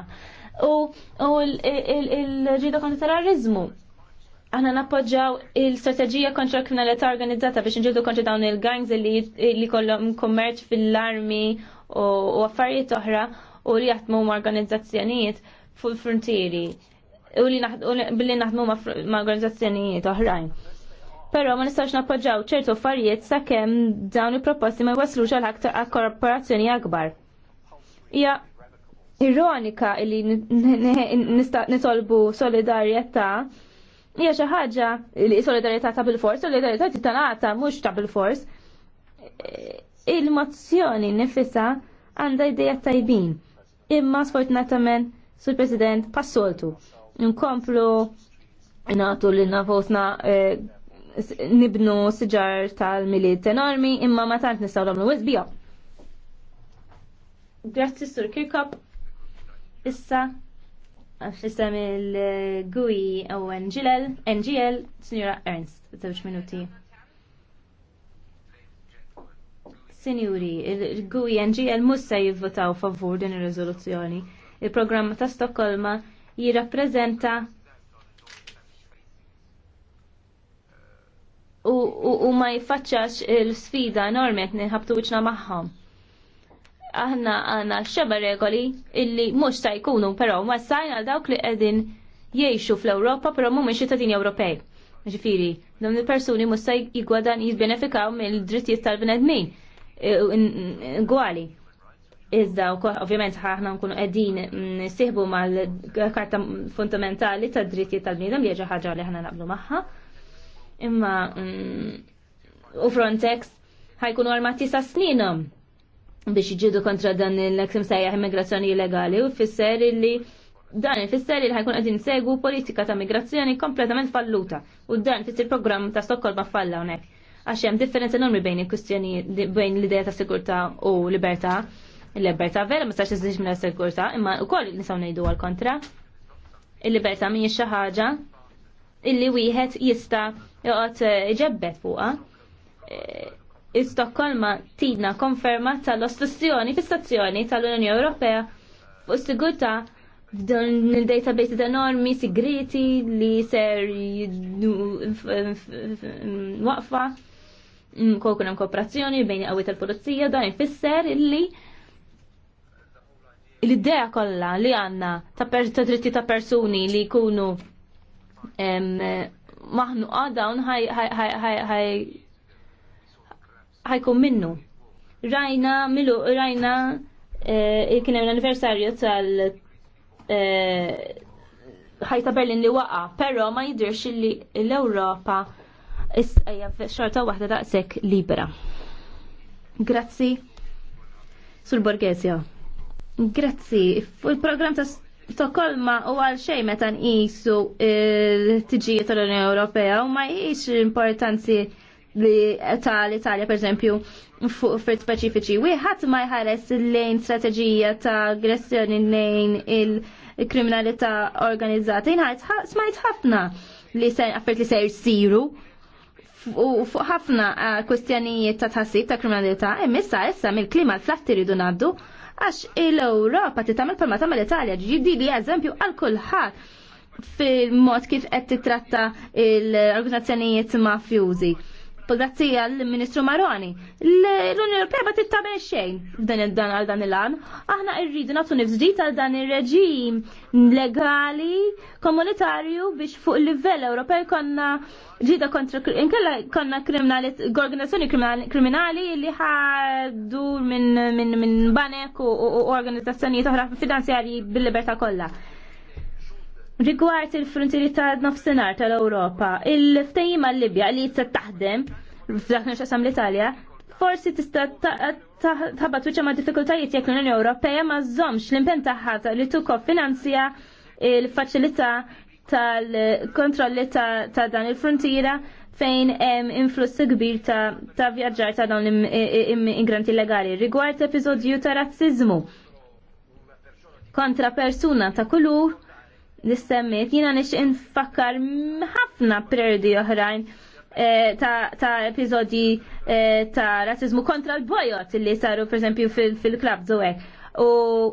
u l-ġida kontra terrorizmu. Aħna nappoġġaw il-strategija kontra kriminalità organizzata biex nġildu kontra dawn il-gangs li kollhom kummerċ fil-armi u affarijiet oħra u li jaħdmu ma' organizzazzjonijiet fuq il-frontieri u li billi naħdmu ma' organizzazzjonijiet oħrajn Però ma nistax nappoġġaw ċertu affarijiet sakemm dawn il-proposti ma jwaslux għal aktar korporazzjoni akbar. Ja, ironika li nitolbu solidarjetà hija xi ħaġa li solidarjetà ta' bil-fors, solidarjetà titanata mhux ta' bil-fors. Il-mozzjoni nifisa għandha idejja tajbin. Imma sfortunatament sur President passoltu. Nkomplu nagħtu lil nafosna nibnu siġar tal milied enormi imma ma tant nistgħu nagħmlu wisbija. Grazzi Sur Kirkop. Issa fissem il-GUI u NGL, NGL, Signora Ernst, żewġ minuti. Sinjuri, il-GUI NGL mhux se jivvotaw favur din ir-riżoluzzjoni. il programma ta' Stokkolma jirrappreżenta u ma jfaċċax il-sfida enormi qed nħabtu wiċċna magħhom. Aħna għandna xeba regoli illi mhux ta' jkunu però ma sajna dawk li qegħdin jgħixu fl-Ewropa però mhumiex ċittadini Ewropej. Ġifiri, dawn il-persuni mhux se jigwadan jibbenefikaw mill-drittijiet tal-bnedmin e, gwali. Iżda ovvijament, ovvjament aħna nkunu qegħdin nsiħbu mm, mal-karta fundamentali tad-drittijiet tal bnedmin li ħaġa li aħna naqblu magħha imma mm, u Frontex ħajkunu armati sa' sninhom biex jġidu kontra dan l-eksim sejjaħ immigrazzjoni illegali u fisser li dan ifisser li ħajkun qegħdin segu politika ta' migrazzjoni kompletament falluta u dan fisser programm ta' Stockholm falla hawnhekk. Għax hemm differenza enormi bejn il-kwistjoni bejn l-idea ta' sikurtà u libertà. Il-libertà vera ma stax iżdiġ minn sikurtà imma wkoll nistgħu ngħidu għal kontra. Il-libertà mhijiex xi ħaġa illi wieħed jista' joqgħod eh, ġebbet fuqha. Istokkolma eh, tidna konferma tal-ostruzzjoni fis-stazzjoni tal-Unjoni Ewropea fuq sigurtà f'dan il-database enormi segreti li ser waqfa mm, kol hemm kooperazzjoni bejn qawwi tal-pulizija dan ifisser illi l-idea kollha li għandna ta' dritti ta' persuni li jkunu Maħnu ah, dawn ħajkun minnu. Rajna, milu, rajna, eh, kien hemm l-anniversarju tal- eh, ħajta Berlin li waqa, però ma jidhirx li l-Ewropa xorta waħda daqshekk libera. Grazzi. Sul Borgesio. Grazzi. Il-programm ta' Stokkolma u għal xej meta nqisu il tiġijiet tal-Unjoni Ewropea u ma jiex importanzi li tal-Italja per eżempju fuq fritt speċifiċi. Wieħed ma jħares lejn strateġija ta' aggressjoni lejn il-kriminalità organizzata. Jien smajt ħafna li se affert li se jsiru u fuq ħafna eh, kwestjonijiet ta' tħassib ta' kriminalità, imma issa mill-klima l-flatti ridu ngħaddu għax l-Ewropa titamel palma tamil Italja ġiddi li eżempju għal kulħadd fil-mod kif qed titratta l-organizzazzjonijiet mafjużi. Grazzija l-Ministru Maroni. L-Unjoni Europea ma tittamel xejn f'dan id-dan għal dan il-għan. Aħna rridu nagħtu nifżdit għal dan ir-reġim legali komunitarju biex fuq livell Ewropej konna ġida kontra inkella konna organizzazzjoni kriminali li ħaddu minn banek u organizzazzjonijiet oħra finanzjarji bil-libertà kollha. Rigward il-frontieri ta' nofsinhar tal-Ewropa, il-ftehim għal-Libja li jitsa taħdem f'dak nixqasam l-Italja, forsi tista' taħbad wiċċa ma' diffikultajiet jekk l-Unjoni Ewropea ma żommx l-impenn tagħha li tukop finanzja il-faċilità tal-kontrolli ta' dan il-frontiera fejn hemm influssi kbir ta', vjaġġar ta' dawn l-immigranti illegali rigward episodju ta' razzizmu kontra persuna ta' kulur li jina jiena nixtieq infakkar ħafna prerdi oħrajn eh, ta' epizodi eh, ta' rasizmu kontra l-bojot li saru esempio, fil-klab dwek u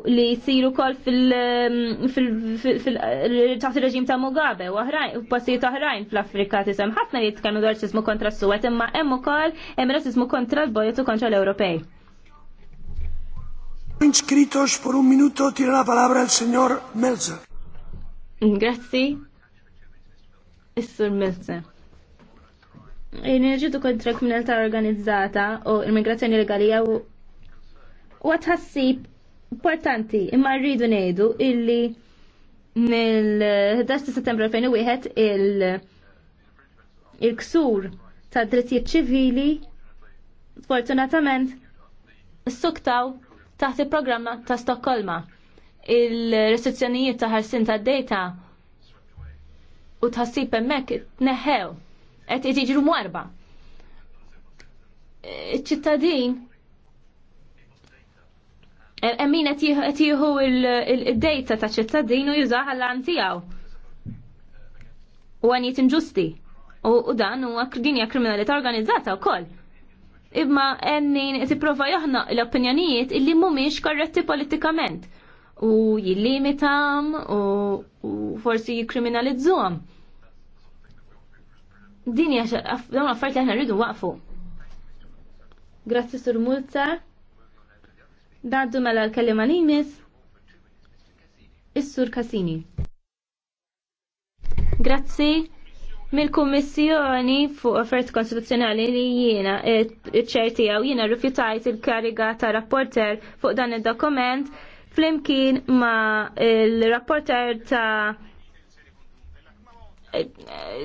li jisiru kol fil-taħt mm, eh, reġim ta' Mugabe u oħrajn, u passijiet oħrajn fl-Afrika tisem ħafna li jitkanu dwar kontra s-suwet imma hemm ukoll hemm rasizmu kontra l-bojot u kontra l-Ewropej. Inscritos por un minuto tira la palabra il señor Melzer. Grazzi. Issur sur Milse. Inirġidu kontra kriminalità organizzata u immigrazzjoni legali u għatħassib importanti imma rridu ngħidu illi mill-11 settembru 2001 il-ksur ta' drittijiet ċivili s suktaw taħt il-programma ta' Stokkolma il-restrizzjonijiet ta' ħarsin ta' data u tħassib hemmhekk neħew qed jiġru marba. Iċ-ċittadin Emmin qed jieħu il-data ta' ċittadin u jużaha l tiegħu. U għan inġusti. U dan huwa din hija kriminalità organizzata wkoll. Imma emmin qed jipprova l-opinjonijiet illi mhumiex korretti politikament u jillimitam u, u forsi jikriminalizzom. Din hija dawn affarijiet li aħna rridu waqfu. Grazzi Sur Mulza. Daddu mela l-kelima l-imis. Is-Sur Cassini. Grazzi mill-Kummissjoni fuq offert konstituzzjonali li jiena u eh, jiena rrifjutajt il-kariga ta' rapporter fuq dan id dokument flimkien ma il-rapporter ta'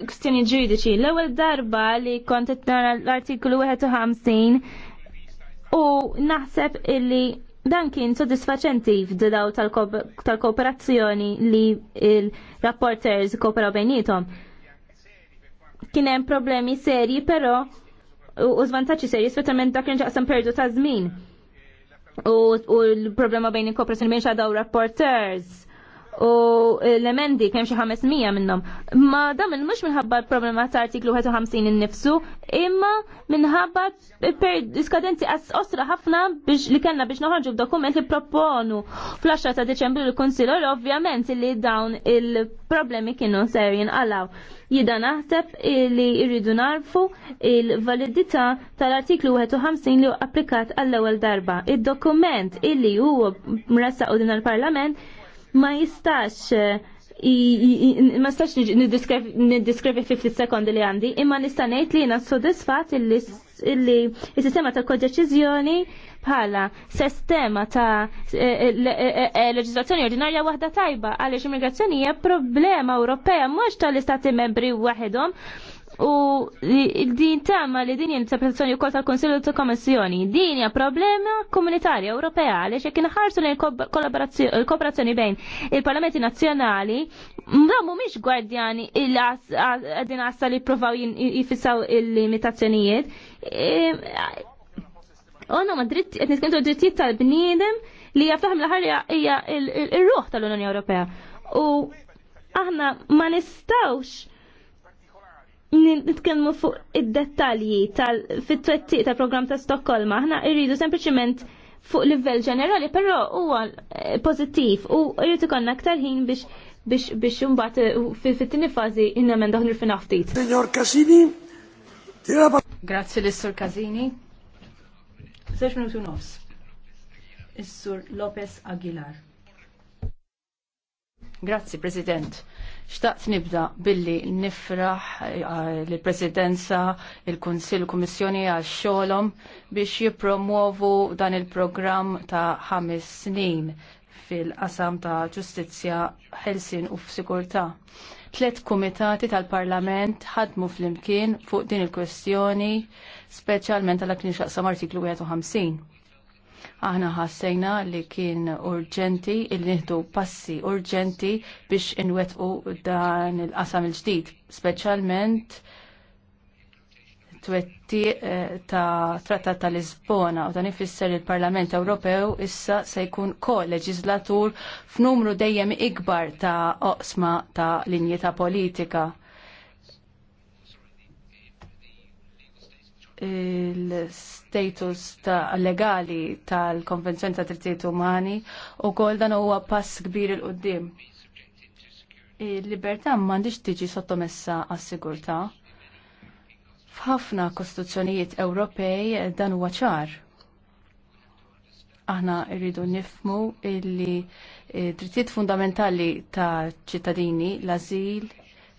kustjoni ġuridiċi. L-ewwel darba li kont nara l-artiklu 51 u naħseb illi dan kien soddisfaċenti f'didaw tal-kooperazzjoni li il-rapporters kooperaw bejnietom. Kien hemm problemi serji però u zvantaċi serji speċjalment dak li nġaqsam perdu ta' żmien u, l-problema bejn il-kooperazzjoni bejn daw rapporters u l-emendi kemm xi 500 minnhom. Ma dam mhux minħabba l-problema ta' artiklu 51 innifsu, imma minħabba qas osra ħafna biex li kellna biex noħorġu b'dokument li proponu fl-10 ta' Deċembru l-Kunsill ovvjament li dawn il-problemi kienu ser jinqalaw. Jida naħseb li jridu narfu il-validità tal-artiklu 51 li applikat għall-ewwel darba. Id-dokument illi huwa mressaq din il-Parlament ma jistax eh, ma jistax niddiskrivi 50 sekondi li għandi, imma nista' ngħid li jiena sodisfat illi il-sistema ta' kodeċiżjoni bħala sistema ta' eh, eh, leġislazzjoni ordinarja waħda tajba għaliex immigrazzjoni hija problema Ewropea mhux tal-istati membri waħedhom U din tama li din jinterpretazzjoni wkoll tal-Konsilju ta' Kommissjoni. Din hija problema komunitarja Ewropea għaliex jekk inħarsu lejn kooperazzjoni bejn il-Parlamenti Nazzjonali, ma mhumiex gwardjani qegħdin għassa li provaw jifissaw il-limitazzjonijiet. Onna e, ma dritt, qed nitkellmu drittijiet tal-bniedem li jaftaħ l ħarja hija il-ruħ tal-Unjoni Ewropea. U aħna ma nistawx nitkellmu fuq id-dettalji tal-fit-twettiq tal program ta' Stokkolma, aħna irridu sempliciment fuq livell ġenerali, però huwa eh, pozittiv u jrid ikollna aktar ħin biex biex biex imbagħad eh, fit-tieni fażi innemen daħn il-fina ftit. Signor Casini. Grazzi l-Sur Casini. Sex minutu nofs. Is-Sur Lopez Aguilar. Grazzi, President. Xtaqt nibda billi nifraħ eh, l-Presidenza, il-Kunsil, Kummissjoni għal xolom biex jipromuovu dan il-programm ta' ħames snin fil-qasam ta' ġustizja, ħelsin u f'sigurtà. Tlet kumitati tal-Parlament ħadmu fl-imkien fuq din il-kwestjoni, speċjalment għal xaqsam artiklu 51 Aħna ħassejna li kien urġenti il nieħdu passi urġenti biex inwetqu dan il-qasam il-ġdid, speċjalment twetti eh, ta' trattat ta' Lisbona u dan ifisser il-Parlament Ewropew issa se jkun ko-leġislatur f'numru dejjem ikbar ta' oqsma ta' linji ta' politika. il status ta' legali tal-Konvenzjoni ta' Drittijiet Umani u kol dan huwa pass kbir il qudiem Il-libertà m'għandix tiġi sottomessa għas-sigurtà. F'ħafna kostituzzjonijiet Ewropej dan huwa ċar. Aħna rridu nifmu illi eh, drittijiet fundamentali ta' ċittadini, l-azil,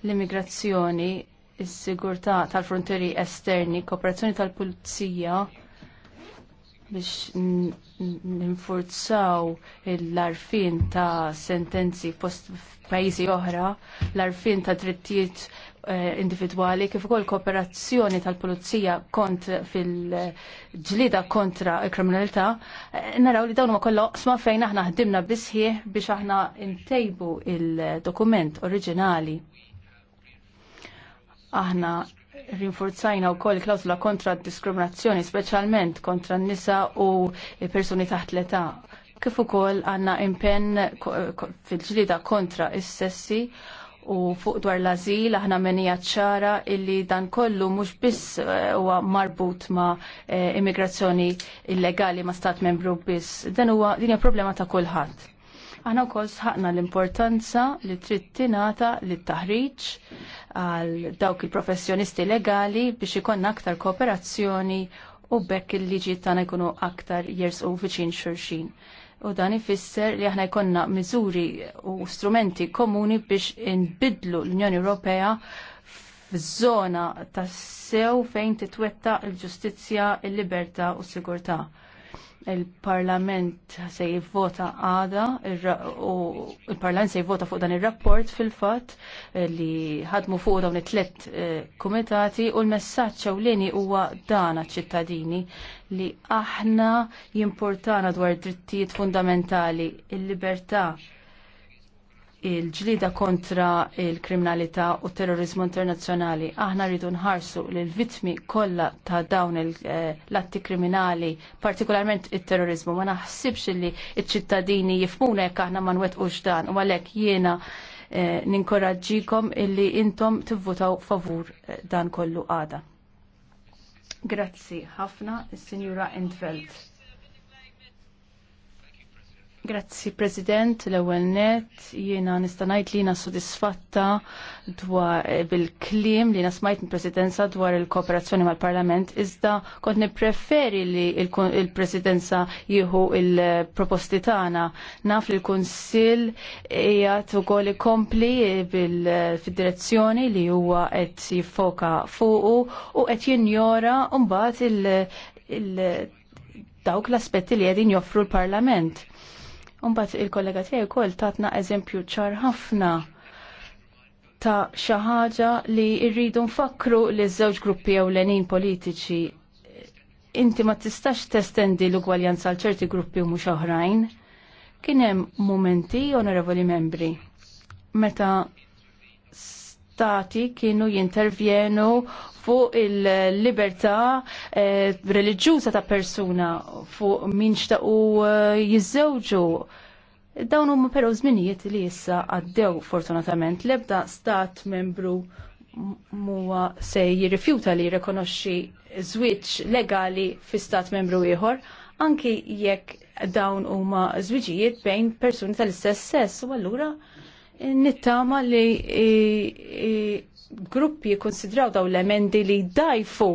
l-immigrazzjoni is-sigurtà tal-frontieri esterni, kooperazzjoni tal-pulizija biex ninfurzaw l-arfin ta' sentenzi post pajjiżi oħra, l-arfin ta' drittijiet individwali kif ukoll kooperazzjoni tal-pulizija kont fil-ġlida kontra l-kriminalità, naraw li dawn ma kollha sma fejn aħna ħdimna bisħieħ biex aħna ntejbu il-dokument oriġinali Aħna rinforzajna u koll klausula kontra diskriminazzjoni, specialment kontra n-nisa u persuni taħt l-età. Kif ukoll għanna impenn fil-ġlida kontra is-sessi u fuq dwar l-azil aħna menija ċara illi dan kollu mhux biss eh, huwa marbut ma' eh, immigrazzjoni illegali ma' stat membru biss. Dan huwa din hija problema ta' kulħadd. Aħna wkoll sħaqna l-importanza li trid tingħata lit taħriġ għal dawk il-professjonisti legali biex ikonna aktar kooperazzjoni u bekk il-liġi tagħna jkunu aktar u viċin xurxin. U dan ifisser li aħna jkollna miżuri u strumenti komuni biex inbidlu l-Unjoni Ewropea f'żona tas sew fejn titwetta l-ġustizzja, il-libertà u s-sigurtà il-Parlament se jivvota għada u il-Parlament se jivvota fuq dan il-rapport fil-fat eh, li ħadmu fuq dawn it-tlet eh, komitati u l-messaċ ewleni huwa dan ċittadini li aħna jimportana dwar drittijiet fundamentali, il-libertà, il libertà il-ġlida kontra il-kriminalità u terrorizmu internazzjonali. Aħna rridu nħarsu l-vitmi kollha ta' dawn eh, l-atti kriminali, partikolarment il-terrorizmu. Ma naħsibx li il-ċittadini jifmuna jekk aħna ma nwettqux dan u għalhekk jiena eh, ninkoraġġikom illi intom tivvutaw favur eh, dan kollu għada. Grazzi ħafna, il sinjura Entfeld. Grazzi President, l-ewwel net jiena nista' ngħid li jiena sodisfatta dwar eh, bil-kliem li nasmajt mill-Presidenza dwar il-kooperazzjoni mal-Parlament iżda kont nippreferi li il-Presidenza jieħu il-proposti tagħna. Naf li l-Kunsill hija ukoll ikompli fid-direzzjoni li huwa qed jiffoka fuqu u qed jinjora mbagħad il- dawk l-aspetti li qegħdin joffru l-Parlament. Umbat il-kollega tiegħi wkoll tatna eżempju ċar ħafna ta' xi ħaġa li rridu nfakru li żewġ gruppi ewlenin politiċi. Inti ma tistax testendi l-ugwaljanza għal ċerti gruppi u mhux oħrajn. Kien hemm mumenti, onorevoli membri, meta stati kienu jintervjenu fuq il-libertà eh, reliġjuża ta' persuna fuq min xtaqu eh, jizzewġu. Dawn huma però żminijiet li issa għaddew fortunatament l-ebda stat membru muwa se jirrifjuta li jirrikonoxxi żwieġ legali fi stat membru ieħor anki jekk dawn huma żwiġijiet bejn persuni tal-istess sess u allura nittama li gruppi konsidraw daw l-emendi li dajfu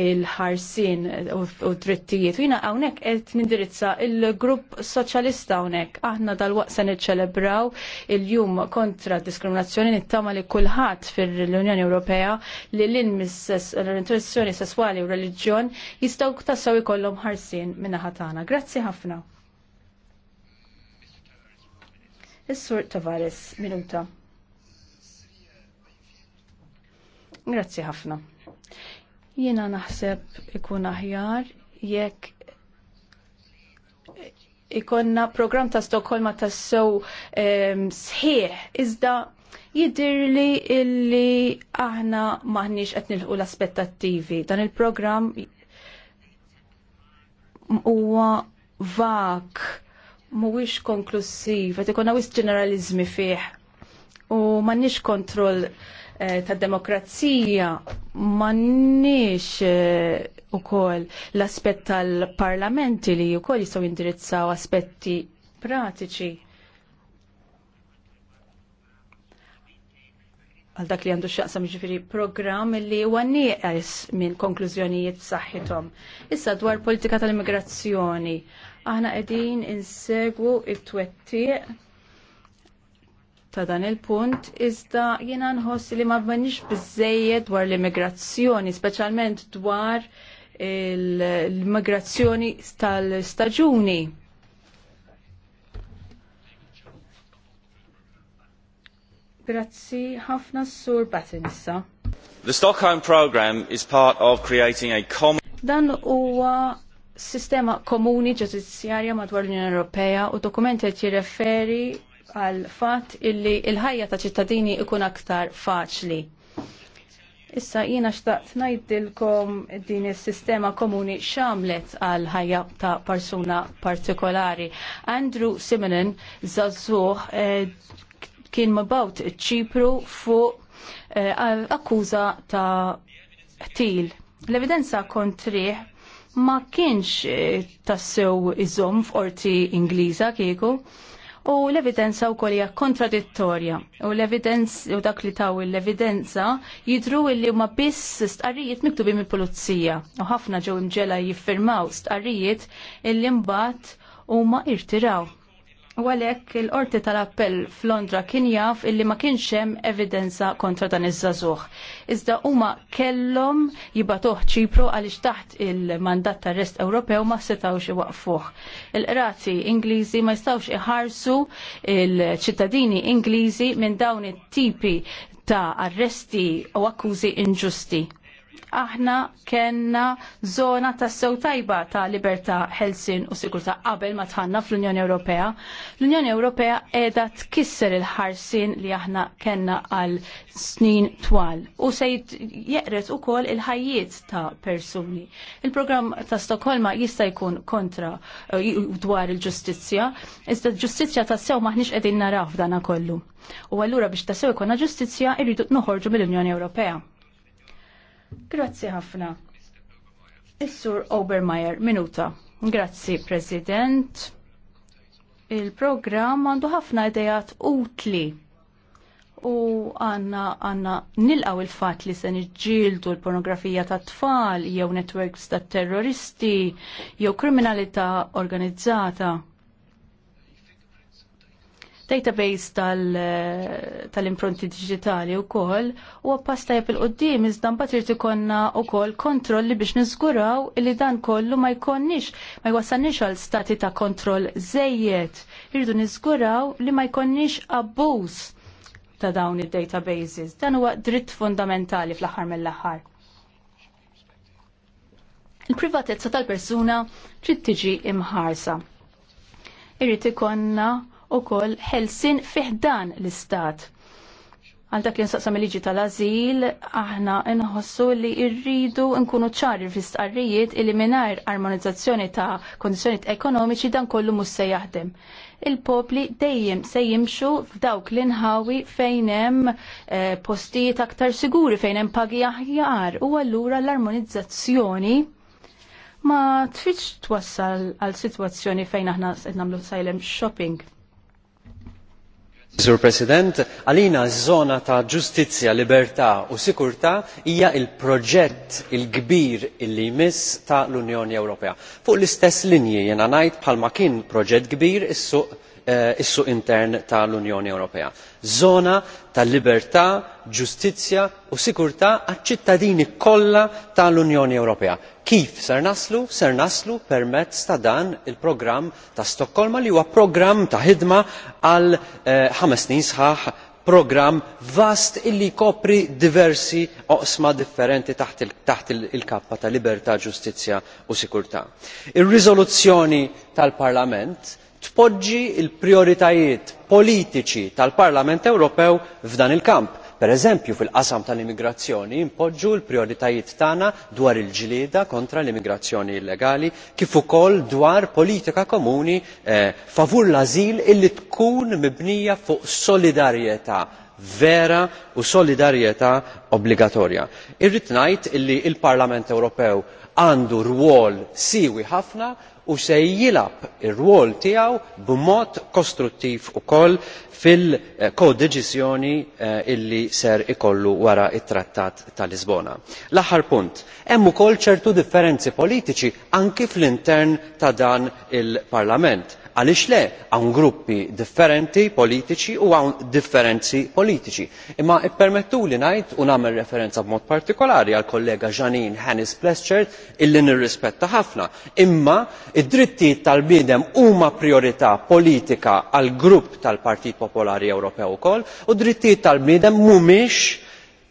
il-ħarsin u drittijiet. Jina għawnek għed nindirizza il-grupp soċalista għawnek. Aħna dal-waqsa niċċelebraw il-jum kontra diskriminazzjoni nittama li kullħat fil-Unjoni Ewropea li l-inmis l-orientazzjoni sessuali u religjon jistaw tassaw ikollhom ħarsin minna ħatana. Grazzi ħafna. Is-Sur Tavares, minuta. Grazzi ħafna. Jiena naħseb ikun aħjar jekk ikonna program ta' Stokholma ta' sew sħiħ, iżda jidirli illi aħna maħniġ qed nilħu l-aspettattivi. Dan il-program huwa vak mhuwiex konklusiv, qed ikon għawis ġeneraliżmi fih. U m'għandniex kontroll ta' eh, tad-demokrazija, m'għandniex u eh, ukoll l-aspett tal-parlamenti li wkoll jistgħu indirizzaw aspetti pratiċi. għal dak li għandu xaqsam ġifiri program li huwa nieqes minn konklużjonijiet saħħithom. Issa dwar politika tal-immigrazzjoni, Aħna qegħdin insegwu it-twettiq ta' dan il-punt iżda jiena nħoss li ma bmanix biżejjed dwar l-immigrazzjoni, speċjalment dwar l-immigrazzjoni tal-staġuni. Grazzi ħafna sur Batinissa. The Stockholm program is part of creating a common Dan huwa sistema komuni ġudizzjarja madwar l-Unjoni Ewropea u dokumenti qed jirreferi għal fatt illi l ħajja ta' ċittadini ikun aktar faċli. Issa jiena xtaqt ngħidilkom din is-sistema komuni x'għamlet għal ħajja ta' persuna partikolari. Andrew Simonin żagħżugħ eh, kien mabawt ċipru fuq eh, akkuża ta' ħtil. L-evidenza kontriħ ma kienx eh, tassew iżom f'orti Ingliża kieku u l-evidenza u kolija kontradittorja u l-evidenza u dak li taw l-evidenza jidru li ma biss stqarrijiet miktubi mill pulizija u ħafna ġew imġela jiffirmaw stqarrijiet illi mbagħad u ma irtiraw. U il-qorti tal-appell f'Londra kien jaf illi ma kienx hemm evidenza kontra dan iż-żagħżugħ. Iżda huma kellhom jibatuh ċipru għaliex taħt il-mandat tar-rest Ewropew ma setgħux iwaqfuh. Il-qrati Ingliżi ma jistgħux iħarsu il-ċittadini Ingliżi minn dawn it-tipi ta' arresti u akkużi inġusti aħna kenna zona ta' sew tajba ta' libertà ħelsin u sikurtà qabel ma tħanna fl-Unjoni Ewropea. L-Unjoni Ewropea edha tkisser il-ħarsin li aħna kenna għal snin twal u se jeqret ukoll il-ħajjiet ta' persuni. Il-programm ta' Stokholma jista' jkun kontra eh, dwar il-ġustizzja, iżda ġustizzja ta' sew maħniex qegħdin naraw f'dana kollu. U allura biex ta' sew ikonna ġustizzja irridu noħorġu mill-Unjoni Ewropea. Grazzi ħafna. Is-Sur Obermeyer, minuta. Grazzi, President. Il-programm għandu ħafna idejat utli u għanna għanna nilqaw il-fat li se niġġieldu l-pornografija ta' tfal, jew networks ta' terroristi, jew kriminalità organizzata database tal-impronti digitali u kol u għappasta jep il-qoddim iżdan batir tikonna u kol kontrolli biex nizguraw li dan kollu ma jkonnix ma jwasanix għal stati ta' kontroll zejjed irridu nizguraw li ma jkonnix abbuż ta' dawn id-databases dan huwa dritt fundamentali fl-aħħar mill-aħħar. Il-privatezza tal-persuna trid tiġi imħarsa. Irrid ikonna ukoll ħelsin fiħdan l-istat. Għal dak li nsaqsam il-liġi tal-azil, aħna nħossu li irridu nkunu ċari fl-istqarrijiet illi minar armonizzazzjoni ta' kondizjoni ekonomiċi dan kollu mus se jaħdem. Il-popli dejjem se jimxu f'dawk l-inħawi fejnem eh, postijiet aktar siguri fejnem pagi aħjar u allura l-armonizzazzjoni ma tfitx twassal għal situazzjoni fejn aħna qed nagħmlu sajlem shopping. Sur President, għalina zona ta' ġustizzja, libertà u sikurtà hija il-proġett il-kbir illi jmiss ta' l-Unjoni Ewropea. Fuq l-istess linji jiena ngħid bħalma kien proġett kbir is-suq eh, intern tal-Unjoni Ewropea żona ta' libertà ġustizzja u sikurtà għaċ-ċittadini kollha tal-unjoni ewropea. kif ser naslu? ser naslu permezz ta' dan il programm ta' stokkolma li huwa programm ta' ħidma għal eh, ħames snin sħaħ programm vast illi kopri diversi oqsma differenti taħt il kappa ta' libertà ġustizzja u sikurtà. ir-riżoluzzjoni tal parlament tpoġġi l prijoritajiet politiċi tal-Parlament Ewropew f'dan il-kamp. Pereżempju fil-qasam tal-immigrazzjoni impoġġu l-prijoritajiet tagħna dwar il-ġlieda kontra l-immigrazzjoni illegali kif ukoll dwar politika komuni eh, favur l-ażil illi tkun mibnija fuq solidarjetà vera u solidarjetà obbligatorja. Irrid ngħid illi l-Parlament Ewropew għandu rwol siewi ħafna u se jilgħab ir-rwol tiegħu b'mod kostruttiv ukoll fil kodeċiżjoni eh, illi ser ikollu wara t trattat ta' lisbona. l-aħħar punt hemm ukoll ċertu differenzi politiċi anki fl intern ta' dan il parlament għaliex le hawn gruppi differenti politiċi u għan differenzi politiċi imma ippermettuli ngħid u nagħmel referenza b'mod partikolari għall kollega Janin Hannes Plescher illi nirrispetta ħafna imma id drittijiet tal bniedem huma priorità politika għall grupp tal partit popolari ewropew ukoll u drittijiet tal bidem mhumiex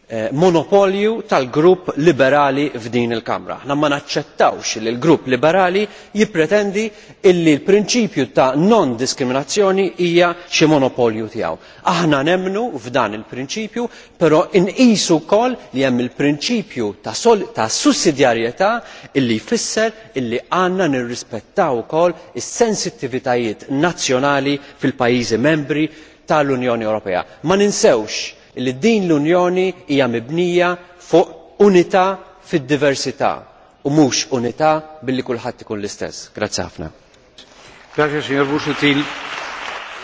Eh, monopolju tal-grupp liberali f'din il-Kamra. Aħna ma naċċettawx li l-grupp liberali jippretendi illi l-prinċipju ta' non diskriminazzjoni hija xi monopolju tiegħu. Aħna nemnu f'dan il-prinċipju, però inqisu wkoll li hemm il-prinċipju ta', ta sussidjarjetà illi jfisser illi għandna nirrispettaw ukoll is-sensittivitajiet nazzjonali fil-pajjiżi membri tal-Unjoni Ewropea. Ma ninsewx li din l-Unjoni hija mibnija fuq unità fid-diversità u mhux unità billi kulħadd ikun l-istess. Grazzi ħafna. Gracias, señor Busutil.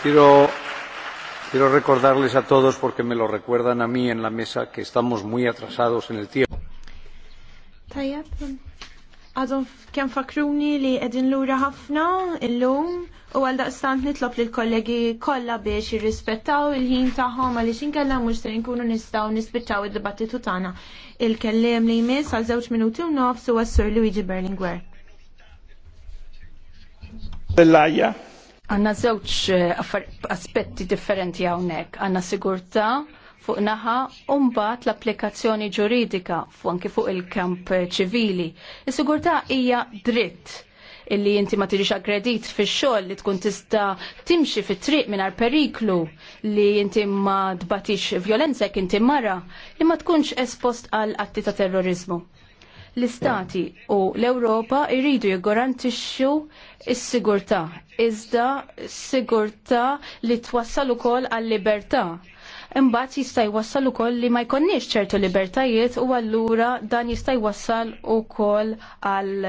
Quiero, quiero recordarles a todos, porque me lo recuerdan a mí en la mesa, que estamos muy atrasados en el tiempo għadhom kemm fakruni li qegħdin lura ħafna il-lum u għal daqstant nitlob li l-kollegi kollha biex jirrispettaw il-ħin tagħhom għaliex kalla mhux se nkunu nistgħu nispiċċaw id-dibattitu tagħna. Il-kellem li jmiss għal żewġ minuti u nofs u għassur sur Luigi Berlinguer. Għanna żewġ eh, aspetti differenti hawnhekk. Għanna sigurta fuq naħa u mbagħad l-applikazzjoni ġuridika fuq anki fuq il-kamp ċivili. Is-sigurtà hija dritt illi inti ma tiġix aggredit fix-xogħol li tkun tista' timxi fit-triq mingħajr periklu li inti ma tbatix violenza jekk inti mara ma tkunx espost għal atti ta' terrorizmu. L-istati u l-Ewropa jridu jiggarantixxu is-sigurtà iżda sigurtà li twassal ukoll għal libertà imbagħad jista' jwassal ukoll li ma jkonniex ċertu libertajiet u allura dan jista' jwassal ukoll għal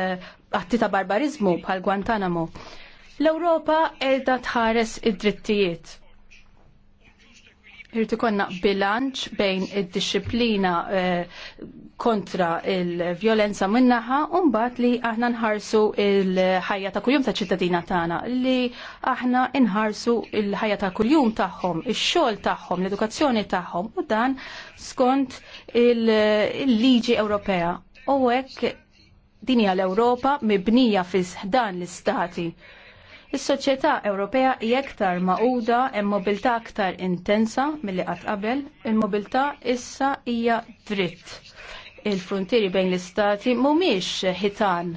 atti ta' barbarizmu bħal Guantanamo. L-Ewropa qiegħda tħares id-drittijiet irrid ikonna bilanċ bejn id-disciplina eh, kontra il-violenza minnaħa unbat li aħna nħarsu il-ħajja ta' kuljum ta' ċittadina tagħna li aħna nħarsu il-ħajja ta' kuljum tagħhom, ix-xogħol tagħhom, l-edukazzjoni tagħhom u dan skont il-liġi Ewropea. U hekk din hija l-Ewropa mibnija fis dan l-istati. Is-soċjetà Ewropea hija iktar maquda hemm mobilità aktar intensa milli qatt qabel, il-mobilità issa hija dritt il-frontieri bejn l-istati mumiex ħitan.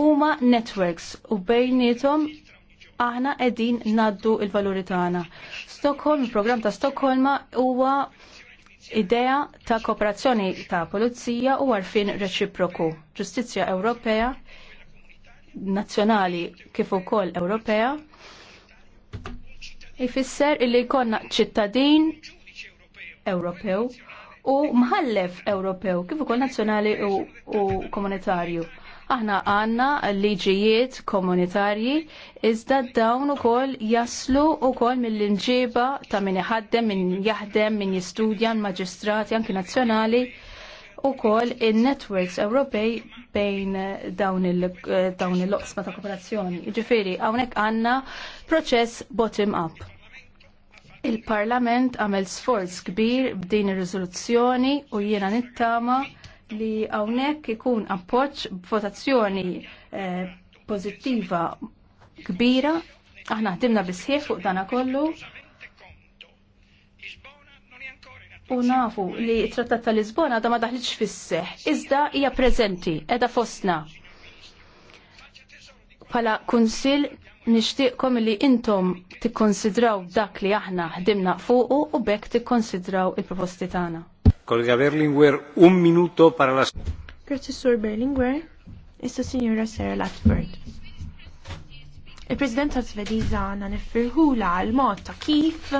Huma networks u bejnietom aħna qegħdin naddu il-valuri tagħna. Stockholm, il-programm ta' Stockholma huwa idea ta' kooperazzjoni ta' pulizija u għarfien reċiproku. Ġustizzja Ewropea, nazzjonali kif ukoll Ewropea, ifisser illi jkollna ċittadin Ewropew u mħallef Ewropew kif ukoll nazzjonali u, u komunitarju. Aħna għanna liġijiet komunitarji iżda dawn ukoll jaslu ukoll mill-inġiba ta' min iħaddem, min jaħdem, min jistudjan maġistrati anki nazzjonali u kol il-networks Ewropej bejn dawn il-loqsma ta' kooperazzjoni. Ġifiri, għawnek għanna proċess bottom-up Il-Parlament għamel sforz kbir b'din ir-riżoluzzjoni u jiena nittama li hawnhekk ikun appoġġ b'votazzjoni eh, pożittiva kbira. Aħna ħdimna bisħieħ fuq dana kollu. U nafu li t trattat ta' Lisbona da ma daħlitx fis-seħ. Iżda hija preżenti, edha fostna. Pala kunsil nishtiqkom li intom tikkonsidraw dak li aħna ħdimna fuqu u bekk tikkonsidraw il-proposti tagħna. Kollega Berlinguer, un minuto para la... Grazie, Sur Berlinguer. Issa Signora Sarah Latford. Il-President ta' Svediza għana nifirħula għal-mod ta' kif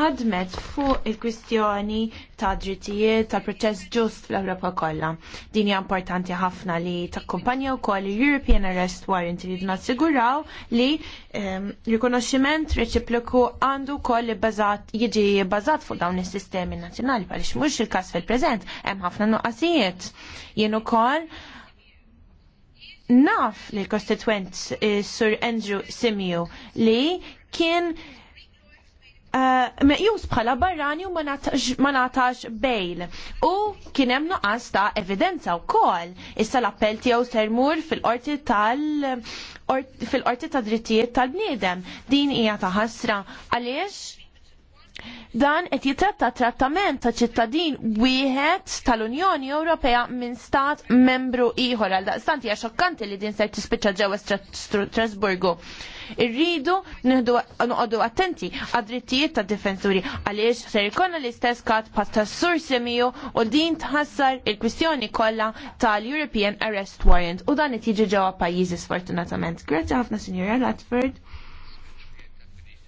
ħadmet fuq il-kwistjoni ta' drittijiet ta' proċess ġust fl-Ewropa kollha. Din hija importanti ħafna li takkumpanja wkoll il-European Arrest Warrant li nassiguraw li ehm, rikonoxximent reċiproku għandu wkoll jiġi bbażat fuq dawn is-sistemi nazzjonali għaliex mhux il-każ fil-preżent hemm ħafna nuqqasijiet. Jien ukoll naf li l kostituent eh, Sir Andrew Simiu li kien Eh, meqjus bħala barrani u ma natax bejl. U kienem nuqqas ta' evidenza u kol. Issa l-appell tiegħu sermur fil-qorti tal fil ta' drittijiet tal-bniedem. Din hija ta' ħasra. Għaliex? Dan qed jitratta trattament ta' ċittadin wieħed tal-Unjoni Ewropea minn stat membru ieħor għal daqstant hija xokkanti li din se tispiċċa ġewwa Strasburgu. Irridu noqogħdu attenti għad-drittijiet tad-difensuri għaliex se jkollna l-istess kat pass tas-sur semiju u din tħassar il-kwistjoni kollha tal-European Arrest Warrant u dan qed jiġi ġewwa pajjiżi sfortunatament. Grazzi ħafna Sinjura Latford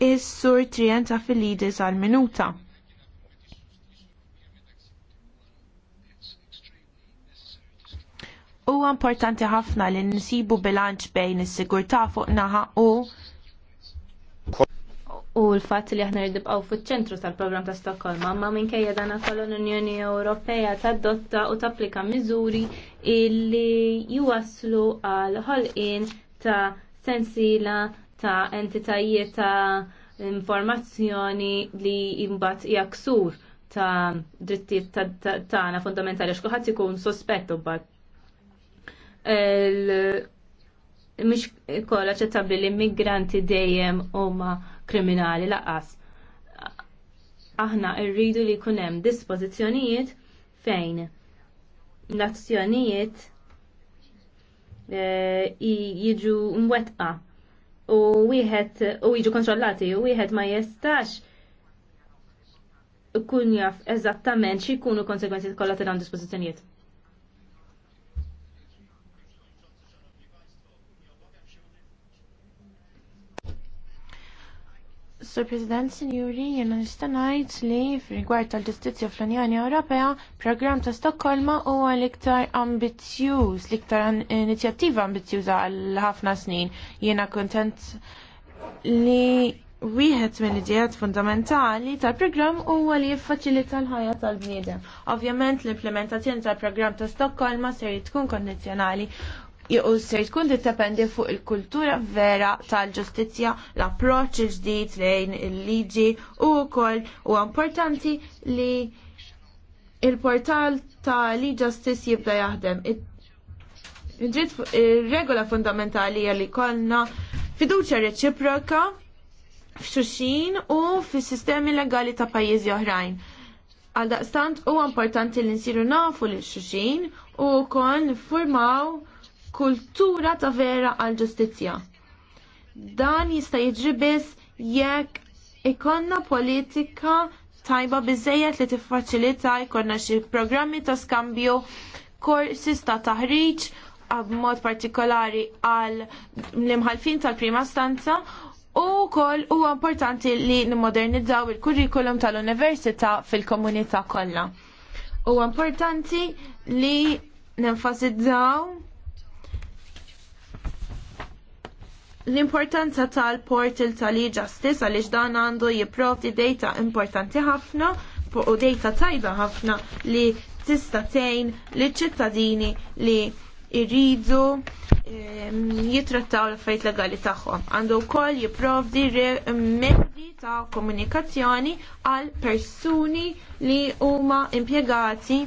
is-sur Trienta Filidis għal minuta. Huwa importanti ħafna li nsibu bilanċ bejn is-sigurtà fuq naħa u u l-fatt li aħna rdibqaw fiċ-ċentru tal-programm ta' Stockholm, ma minkejja dan kollu l-Unjoni Ewropea tadotta u tapplika miżuri illi jwaslu għal ħolqien ta' sensila ta' entitajiet ta' informazzjoni li jimbat jaksur ta' drittijiet tagħna fundamentali għax kulħadd ikun sospett u bad. Mhix kollha ċettabbli li immigranti dejjem huma kriminali laqas. Aħna rridu li jkun hemm dispożizzjonijiet fejn l-azzjonijiet eh, jiġu mwettqa' u wieħed u jiġu kontrollati u wieħed ma jistax kun jaf eżattament xi jkunu konsegwenzi kollha tal dispożizzjonijiet. Sur President Sinjuri, jena nistanajt li f'rigward tal-ġustizja fl-Unjoni Ewropea, program ta' Stokkolma huwa l-iktar ambizjuż, l-iktar inizjattiva ambizjuża għal ħafna snin. Jena kontent li wieħed mill-idejat fundamentali tal-programm huwa li jiffaċilita l-ħajja tal-bniedem. Ovvjament l-implementazzjoni tal-programm ta' Stokkolma ser tkun kondizzjonali u ser tkun dittependi fuq il-kultura vera tal-ġustizja, l-approċ il-ġdid lejn il-liġi u wkoll u importanti li il-portal ġustizja jibda jaħdem. Il-regola fundamentali li kolna fiduċa reċiproka f'xuxin u fis-sistemi legali ta' pajjiżi oħrajn. Għaldaqstant huwa importanti li nsiru nafu l xuxin u kon nifurmaw kultura ta' vera għal ġustizzja. Dan jista' jiġri biss jekk ikonna politika tajba biżejjed li tiffaċilita jkollna xi programmi ta' skambju korsis ta' taħriġ b'mod partikolari għal l-imħalfin tal-prima stanza u kol u importanti li n-modernizzaw il-kurrikulum tal-università fil-komunità kollha. U importanti li nenfasizzaw L-importanza tal-portal tal-e-justice għaliex dan għandu jipprovdi data importanti ħafna u data tajba ħafna li tista' tgħin liċ-ċittadini li jridu ehm, jitrattaw l-affarijiet legali tagħhom. Għandu wkoll jipprovdi mezzi ta' komunikazzjoni għal persuni li huma impjegati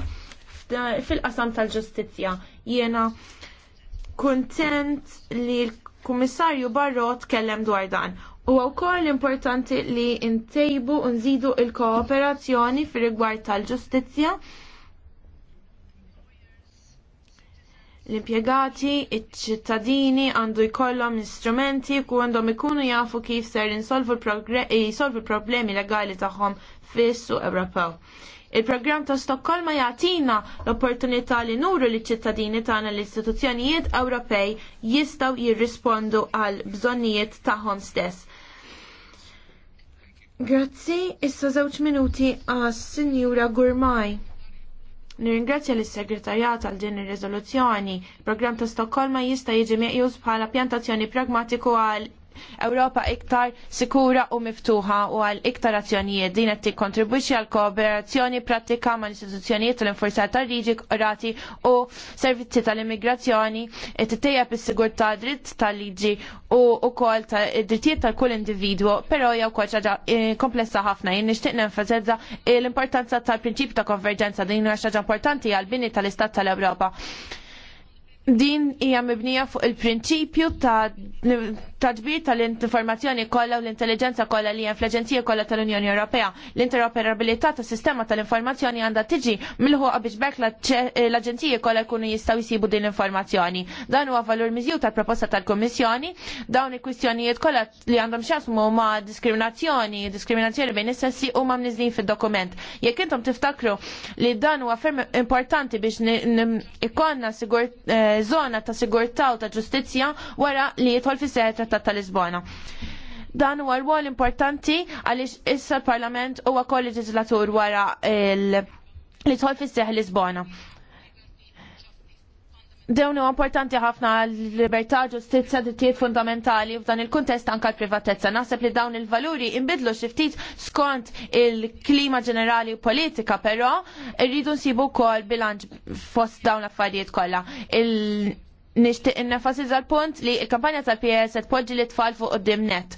fil-qasam tal-ġustizzja. Jiena kuntent li Kummissarju Barrot tkellem dwar dan. U wkoll importanti li ntejbu u nżidu l kooperazzjoni fir rigward tal-ġustizzja l-impjegati, iċ-ċittadini għandu jkollhom instrumenti u għandhom ikunu jafu kif ser insolvu l-problemi legali tagħhom fis Ewropew. Il-programm ta' Stokkolma jagħtina l-opportunità li nuru li ċittadini tagħna l-istituzzjonijiet Ewropej jistgħu jirrispondu għal bżonnijiet tagħhom stess. Grazzi, issa żewġ minuti għas Sinjura Gurmaj. Nirringrazzja l segretarjat għal din ir-riżoluzzjoni. Il-programm ta' Stokkolma jista' jiġi meqjus bħala pjantazzjoni pragmatiku għal Ewropa iktar sikura u miftuħa u għal iktar azzjonijiet din qed tikkontribwixxi għal kooperazzjoni pratika mal istituzzjonijiet tal-infurzat tal-liġi rati u servizzi tal-immigrazzjoni titejjeb is-sigurtà dritt tal-liġi u wkoll tad-drittijiet tal-kull individwu, però jew wkoll ħaġa eh, komplessa ħafna jien nixtieq nenfasizza l-importanza tal-prinċip ta' konverġenza din hija ħaġa importanti għall bini tal-Istat tal-Ewropa din hija mibnija fuq il-prinċipju ta' tadbir tal-informazzjoni kollha u l-intelligenza kollha li hemm fl-Aġenzija kollha tal-Unjoni Ewropea. L-interoperabilità tas-sistema tal-informazzjoni għandha tiġi milħuqa biex bekk eh, l-Aġenzija kollha jkunu jistgħu jsibu din l-informazzjoni. Dan huwa valur miżjud tal-proposta tal-Kummissjoni, dawn il-kwistjonijiet kollha li għandhom xasmu ma' diskriminazzjoni, diskriminazzjoni bejn is-sessi huma mniżdin fid-dokument. Jekk intom tiftakru li dan huwa ferm importanti biex ikonna eh, zona ta' sigurtà u ta' ġustizzja wara li jidħol fis-seħet it-Trattat tal-Lisbona. Dan huwa rwol importanti għaliex issa l-Parlament huwa kol-leġislatur wara li tħol fis-seħ Lisbona. Dewni huwa importanti ħafna l-libertà, ġustizza, drittijiet fundamentali f'dan il-kuntest anka l-privatezza. Naħseb li dawn il-valuri inbidlu xi ftit skont il-klima ġenerali u politika, però rridu nsibu wkoll bilanċ fost dawn l-affarijiet kollha nixtieq innefasizza l-punt li l-kampanja tal-PS qed poġġi l-itfal fuq qudiem net.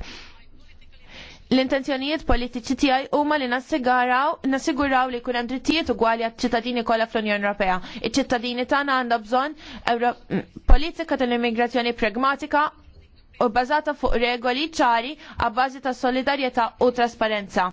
L-intenzjonijiet politiċi tiegħi huma li nassigaraw nassiguraw li jkun hemm drittijiet ugwali għat ċittadini kollha fl-Unjoni Ewropea. Iċ-ċittadini tagħna għandha bżonn politika tal-immigrazzjoni pragmatika u bbażata fuq regoli ċari għabbażi ta' solidarjetà u trasparenza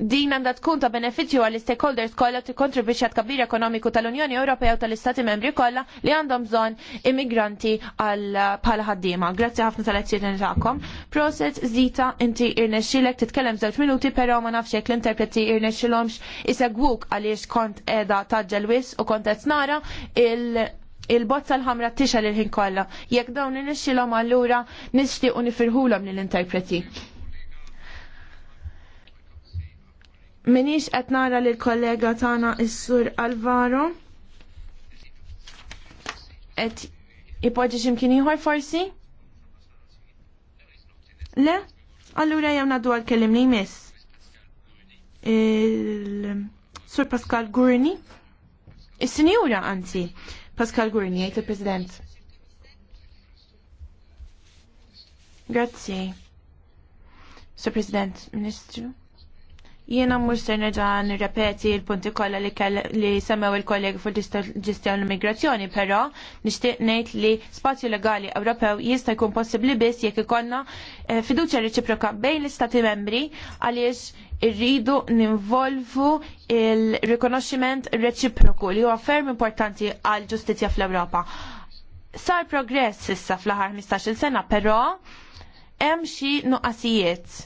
din għandha tkun ta' benefiċċju għall stakeholders kollha tikkontribwixxi għat kabbir ekonomiku tal-Unjoni Ewropea u tal-Istati Membri kollha li għandhom bżonn immigranti għal bħala ħaddiema. Grazzi ħafna tal-azzjoni tagħkom. Proset Zita inti irnexxilek titkellem żewġ minuti però ma nafx jekk l-interpreti irnexxilhomx isegwuk għaliex kont qiegħda taġġel wis u kont qed nara il il-bozza l-ħamra t-tixa l-ħin kolla. Jek dawn n-nixxilom għallura nishtiq unifirħulom l-interpreti. Minix qed nara lil kollega tagħna is-Sur Alvaro. Qed ipoġġi x'imkien ieħor forsi? Le? Allura jew ngħaddu għal kellimni jmiss. Il-Sur Pascal Gurni? Is-Sinjura anzi, Pascal Gurni jgħid il-President. Grazzi. Sur President, Ministru. Jiena mhux se nerġa' nirrepeti l-punti kollha li li semmew il-kollegi fuq ġestjoni l-immigrazzjoni, però nixtieq ngħid li spazju legali Ewropew jista' jkun possibbli biss jekk ikollna eh, fiduċja reċiproka bejn l-Istati membri għaliex irridu ninvolvu il-rikonoxximent reċiproku li huwa ferm importanti għal ġustizzja fl-Ewropa. Sar progress issa fl-aħħar 15-il sena, però hemm xi nuqqasijiet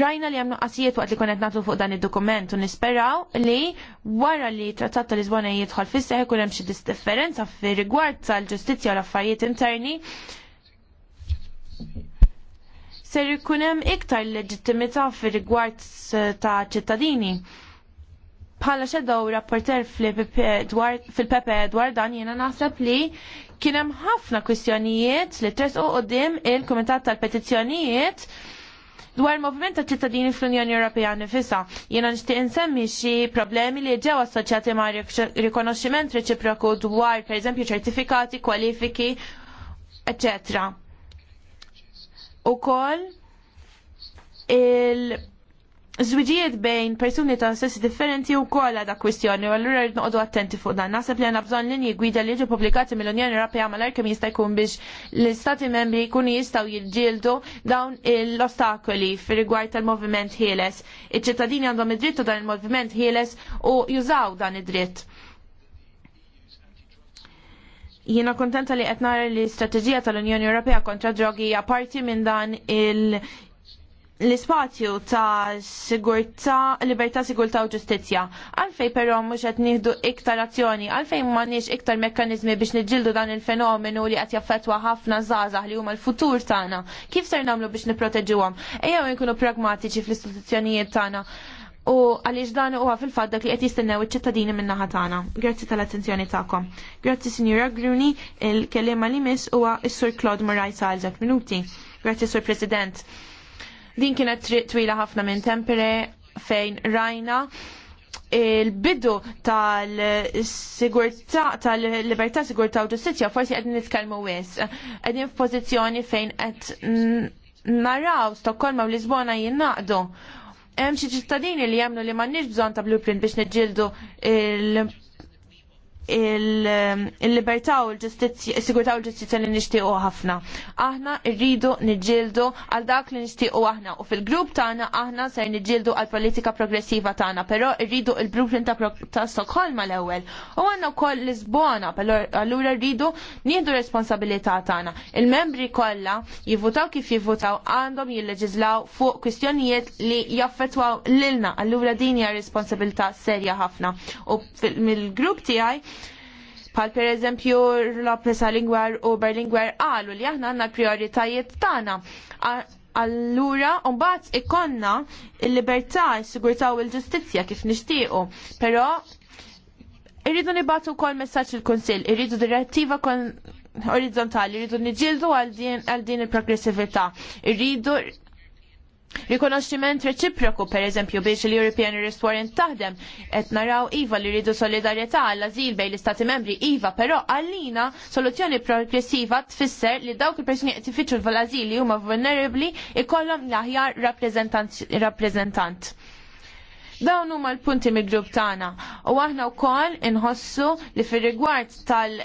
rajna li għamnu qasijiet waqt li konet natu fuq dan il-dokument u nisperaw li wara li trattat tal-Lisbona jidħol fissa jkun hemm xi differenza fi rigward tal-ġustizzja u l-affarijiet interni ser ikun hemm iktar leġittimità fi rigward ta' ċittadini. Bħala xedaw rapporter fil-Pepe Edward dan jena naħseb li kienem ħafna kwistjonijiet li tresqu qudiem il-Kumitat tal-Petizzjonijiet Dwar moviment ta' ċittadini fl-Unjoni Ewropea nifisa, jiena nixtieq insemmi xi problemi li ġew assoċjati ma' rikonoxximent reċiproku dwar pereżempju ċertifikati, kwalifiki, eċetera. Ukoll il Zwiġijiet bejn persuni ta' sessi differenti u kolla da' kwistjoni, u għallura rridnu noqdu attenti fuq dan. Nasab li għanna bżon linji gwida li ġu publikati mill-Unjoni Ewropea mal kemm jista' jkun biex l-Istati membri jkunu jistgħu jiġġieldu dawn l-ostakoli fir-rigward tal-moviment ħieles. Iċ-ċittadini għandhom id-dritt dan il-moviment ħieles u jużaw dan id-dritt. Jiena kontenta li qed nara li strateġija tal-Unjoni Ewropea kontra drogi hija parti minn dan il- l-ispazju ta' sigurta, libertà, sigurtà u ġustizzja. Għalfej però mhux qed nieħdu iktar azzjoni, għalfejn m'għandniex iktar mekkaniżmi biex niġġieldu dan il-fenomenu li qed jaffettwa ħafna żgħażagħ li huma l-futur tagħna. Kif ser nagħmlu biex nipproteġuhom? Ejjew nkunu pragmatiċi fl-istituzzjonijiet tagħna. U għaliex dan huwa fil-fatt dak li qed jistennew iċ-ċittadini min-naħa tagħna. Grazzi tal-attenzjoni tagħkom. Grazzi Sinjura Gruni, il-kelliema li miss huwa s-Sur Claude Murray sa' minuti. Grazzi Sur President. Din kienet triq twila ħafna minn tempere fejn rajna il-bidu tal-sigurtà, tal-libertà, sigurtà u ġustizja forsi qegħdin nitkellmu wis. f f'pożizzjoni fejn qed naraw Stokkolma u Lisbona jinnaqdu. Hemm xi ċittadini li jemnu li m'għandniex bżonn ta' blueprint biex niġġieldu il- il-libertà u l-sigurtà u l-ġustizja li nixtiequ ħafna. Aħna rridu niġġieldu għal dak li nixtiequ aħna u fil-grupp tagħna aħna ser niġġieldu għal politika progressiva tagħna, però rridu il-blueprint ta' Stokholma l-ewwel. U għandna wkoll Lisbona, allura rridu nieħdu responsabilità tagħna. Il-membri kollha jivvutaw kif jivvutaw għandhom jilleġislaw fuq kwistjonijiet li jaffettwaw lilna, allura din hija responsabilità serja ħafna. U mill-grupp tiegħi Pal per eżempju Lopez Alingwer u Berlingwer qalu li aħna għandna prioritajiet tagħna. Allura, mbagħad ikonna l-libertà, s-sigurtà u l-ġustizzja kif nixtiequ, però irridu nibatu kol messaċ il-Konsil, irridu direttiva kon orizzontali, irridu nġildu għal din il-progressivita, irridu Rikonoxximent reċiproku, per eżempju, biex l-European Arrest Warrant taħdem, et naraw IVA li ridu solidarieta għall-azil bej l-Istati membri IVA, però għallina soluzzjoni progressiva tfisser li dawk il-persuni qed l-azil li huma vulnerabli ikollom l-aħjar rappreżentant. Dawn huma l-punti mill-grupp tagħna u aħna wkoll inħossu li fir-rigward tal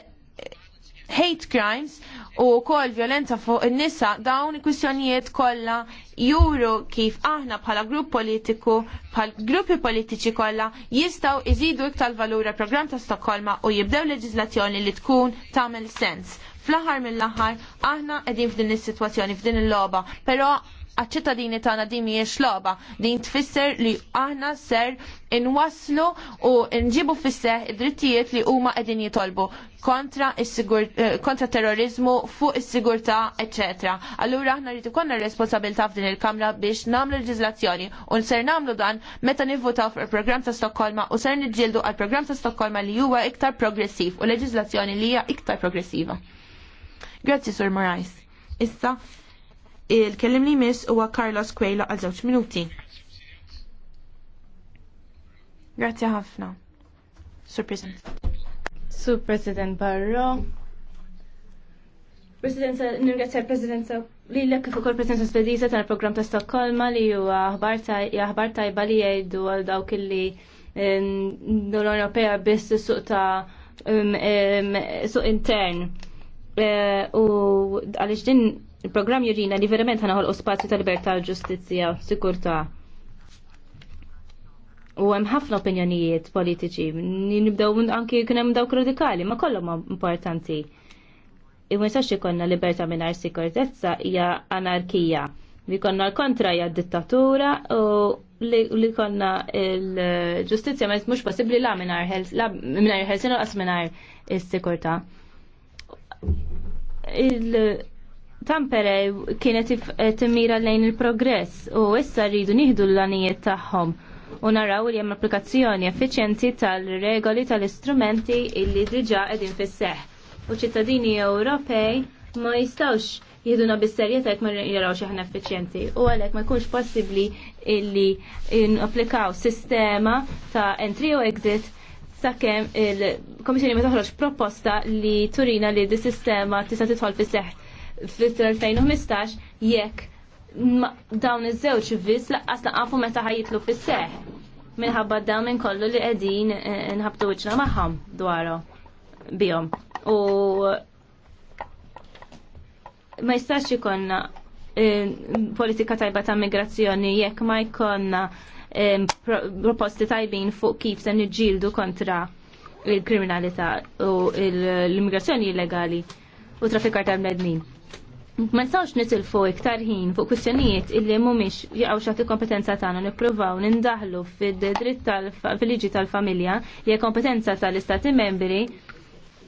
hate crimes u kol violenza fuq in-nisa dawn il-kwistjonijiet kollha juru kif aħna bħala grupp politiku bħal gruppi politiċi kollha jistgħu iżidu iktar valura programm ta' Stokholma u jibdew leġiżlazzjoni li tkun tagħmel sens. Fl-aħħar mill-aħħar aħna qegħdin f'din is-sitwazzjoni f'din il-logħba, pero għacċittadini ċittadini tagħna din mhijiex logħba. Din tfisser li aħna ser inwaslu u nġibu fisseħ id-drittijiet li huma qegħdin jitolbu kontra eh, kontra terrorizmu fuq is-sigurtà, etc. Allura aħna rrid ikollna responsabilità f'din il-Kamra biex nagħmlu leġiżlazzjoni u ser nagħmlu dan meta nivvuta fuq il-programm ta' Stokkolma u ser niġġieldu għal programm ta' Stokkolma li huwa iktar progressiv u leġiżlazzjoni li hija iktar progressiva. Grazzi Sur Morais. Issa Il-kellim li mis huwa Carlos Kwejla għal żewġ minuti. Grazzi ħafna. Sur President. Sur President Barro. Presidenza, nirgazzja l-Presidenza li l-ek kif ukoll Presidenza Svediża tal-programm ta' Stokkolma li huwa aħbar tajba li jgħidu għal dawk illi l-Unjoni Ewropea biss suq ta' suq intern. Eh, u għaliex din Il-programm jurina li verament ħanaħolqu spazju tal-libertà u ġustizzja, sikurtà. U hemm ħafna opinjonijiet politiċi, nibdew anki kien hemm dawk radikali, ma kollhom importanti. Imma jistax ikollna libertà mingħajr sikurtezza hija anarkija li konna l-kontra hija dittatura u li konna l ġustizzja ma mhux possibbli la mingħajr ħelsin u qas mingħajr is-sikurtà. Tampere kienet eh, timmira lejn il-progress u issa rridu nieħdu l-lanijiet tagħhom u naraw li hemm applikazzjoni effiċjenti tal-regoli tal-istrumenti illi diġà qegħdin fis-seħħ. U ċittadini Ewropej ma jistgħux jiduna bis-serjetà jekk ma jaraw xi ħna effiċjenti. U għalhekk ma jkunx possibbli illi applikaw sistema ta' entry u exit sakemm il-Komissjoni ma toħroġ proposta li turina li di sistema tista' tidħol fis-seħħ fl-2015 jekk dawn iż-żewġ vis laqqas naqafu meta ħajitlu fis-seħ minħabba dawn minn kollu li qegħdin eh, nħabtu wiċċna magħhom dwarhom bihom. U ma jistax ikonna eh, politika tajba ta' migrazzjoni jekk ma jkollna eh, proposti tajbin fuq kif se niġġieldu kontra il-kriminalità u l-immigrazzjoni illegali u traffikar tal-medmin. Ma nistgħux nitilfu iktar ħin fuq kwistjonijiet illi mhumiex jaqgħu il kompetenza tagħna nippruvaw nindaħlu fid-dritt tal-liġi tal-familja li kompetenza tal-istati membri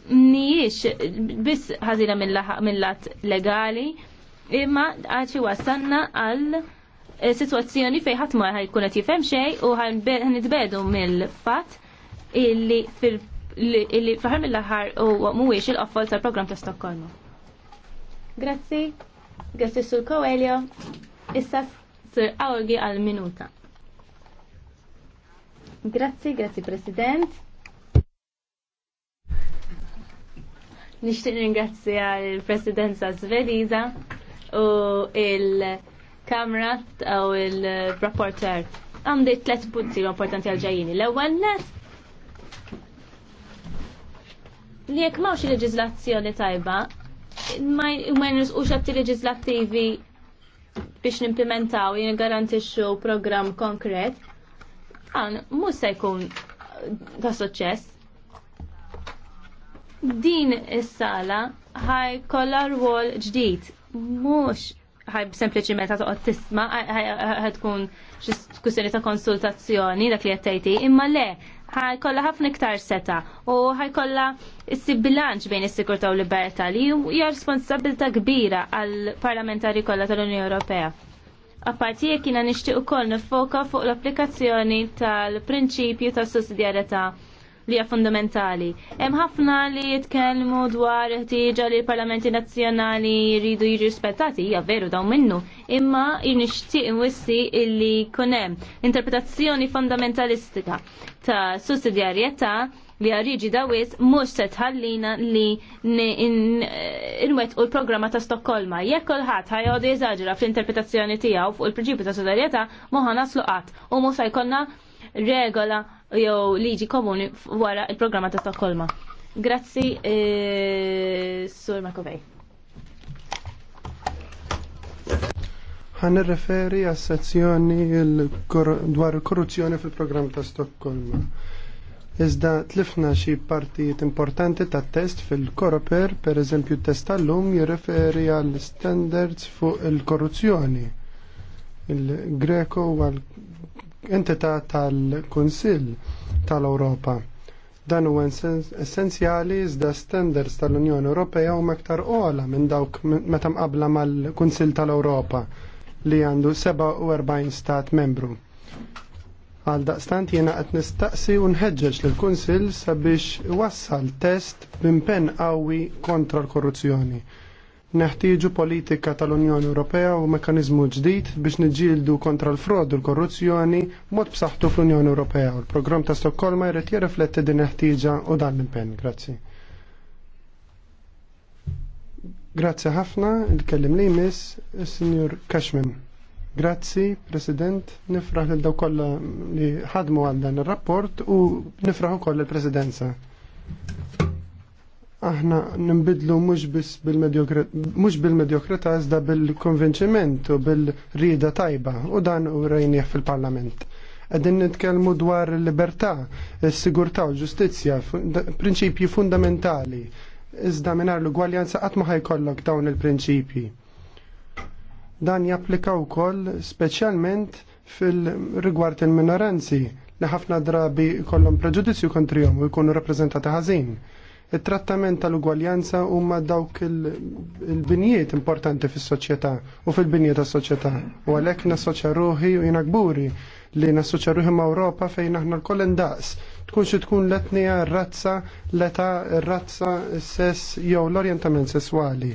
mhijiex biss ħażina mill-lat legali imma għaxi wasanna għal eh, situazzjoni fej ħadd ma ħajkun qed jifhem xejn u ħanitbedu mill-fatt illi fil-ħar mill-aħħar u mhuwiex il-qoffol tal-programm ta' Stokkolma. Grazzi, grazzi sur Coelho, issa Sir Awgi għal minuta. Grazzi, grazzi President. Nishtiq ringrazzja l-Presidenza Svediza u il-Kamra u il-Rapporter. Għamdi tlet punti importanti għal-ġajini. L-ewwel net li jekk mawx leġiżlazzjoni tajba ma nirżqux atti leġislattivi biex nimplementaw jien garantixxu programm konkret, għan mhux se jkun ta' suċċess. Din is-sala ħaj kollha rwol ġdid mhux ħaj sempliċiment ta' toqgħod tisma' ħaj tkun xi ta' konsultazzjoni dak li qed tgħid, imma le ħajkolla ħafna iktar seta u ħajkolla issi bilanċ bejn is-sikurtà u l-libertà li hija responsabilità kbira għall parlamentari kollha tal-Unjoni Ewropea. Apparti jekk jiena nixtieq ukoll nifoka fuq l-applikazzjoni tal-prinċipju tas sussidjarjetà li hija fundamentali. Hemm ħafna li jitkellmu dwar ħtieġa li l-parlamenti nazzjonali jridu jiġu rispettati, hija veru dawn minnu, imma jnixtieq inwissi illi jkun hemm interpretazzjoni fundamentalistika ta' sussidjarjetà li għarriġi dawis mux se tħallina li inwet u l-programma ta' Stokkolma. Jekk kolħat ħajgħodu jizagġira fl-interpretazzjoni tiegħu fuq il-prinċipju ta' solidarieta, moħa naslu qatt u mhux se jkollna regola jew liġi komuni wara il-programma ta' Stokkolma. Grazzi, e, Sur Makovej. Għan referi għas sezzjoni dwar korruzzjoni fil-programm ta' Stokkolma. Iżda tlifna xi partijiet importanti tat test fil-koroper, per eżempju test tal-lum jirreferi għal standards fuq il-korruzzjoni. il greco u għal entità tal-Kunsill tal-Ewropa. Dan huwa essenzjali iżda standards tal-Unjoni Ewropea huma aktar ola minn dawk meta mqabbla mal-Kunsill tal-Ewropa li għandu 47 stat membru. Għal daqstant jiena qed nistaqsi u nħeġġeġ lill kunsill sabiex wassal test b'impenn qawwi kontra l-korruzzjoni. Neħtieġu politika tal-Unjoni Ewropea u mekanizmu ġdid biex niġildu kontra l-frod u l-korruzzjoni mod b'saħħtu fl-Unjoni Ewropea. u Il-programm ta' Stokkolma jrid jirrifletti din neħtieġa u dan l-impenn. Grazzi. Grazzi ħafna, il-kellim li jmiss il sinjur Kashmin. Grazzi, President, nifraħ lil daw kolla li ħadmu għal dan ir-rapport u nifraħ ukoll il-Presidenza aħna nimbidlu mhux biss bil-medjokrità iżda bil-konvinċiment u bil-rida tajba u dan u rajnieh fil-Parlament. Qegħdin nitkellmu dwar il-libertà, is-sigurtà u l-ġustizzja, prinċipji fundamentali. Iżda mingħajr l-ugwaljanza qatt ma ħajkollok dawn il-prinċipji. Dan japplika wkoll speċjalment fil-rigward il-minoranzi li ħafna drabi jkollhom preġudizzju kontrihom u jkunu rappreżentati ħażin it-trattament tal-ugwaljanza huma dawk il-binjiet importanti fis-soċjetà u fil-binjiet tas-soċjetà. U għalhekk nasoċa ruħi u jina kburi li nasoċa ruħi ma' Europa fejn aħna l-koll indaqs. Tkun xi tkun l-etnija, r-razza, l-età, r-razza, s-sess jew l-orjentament sesswali.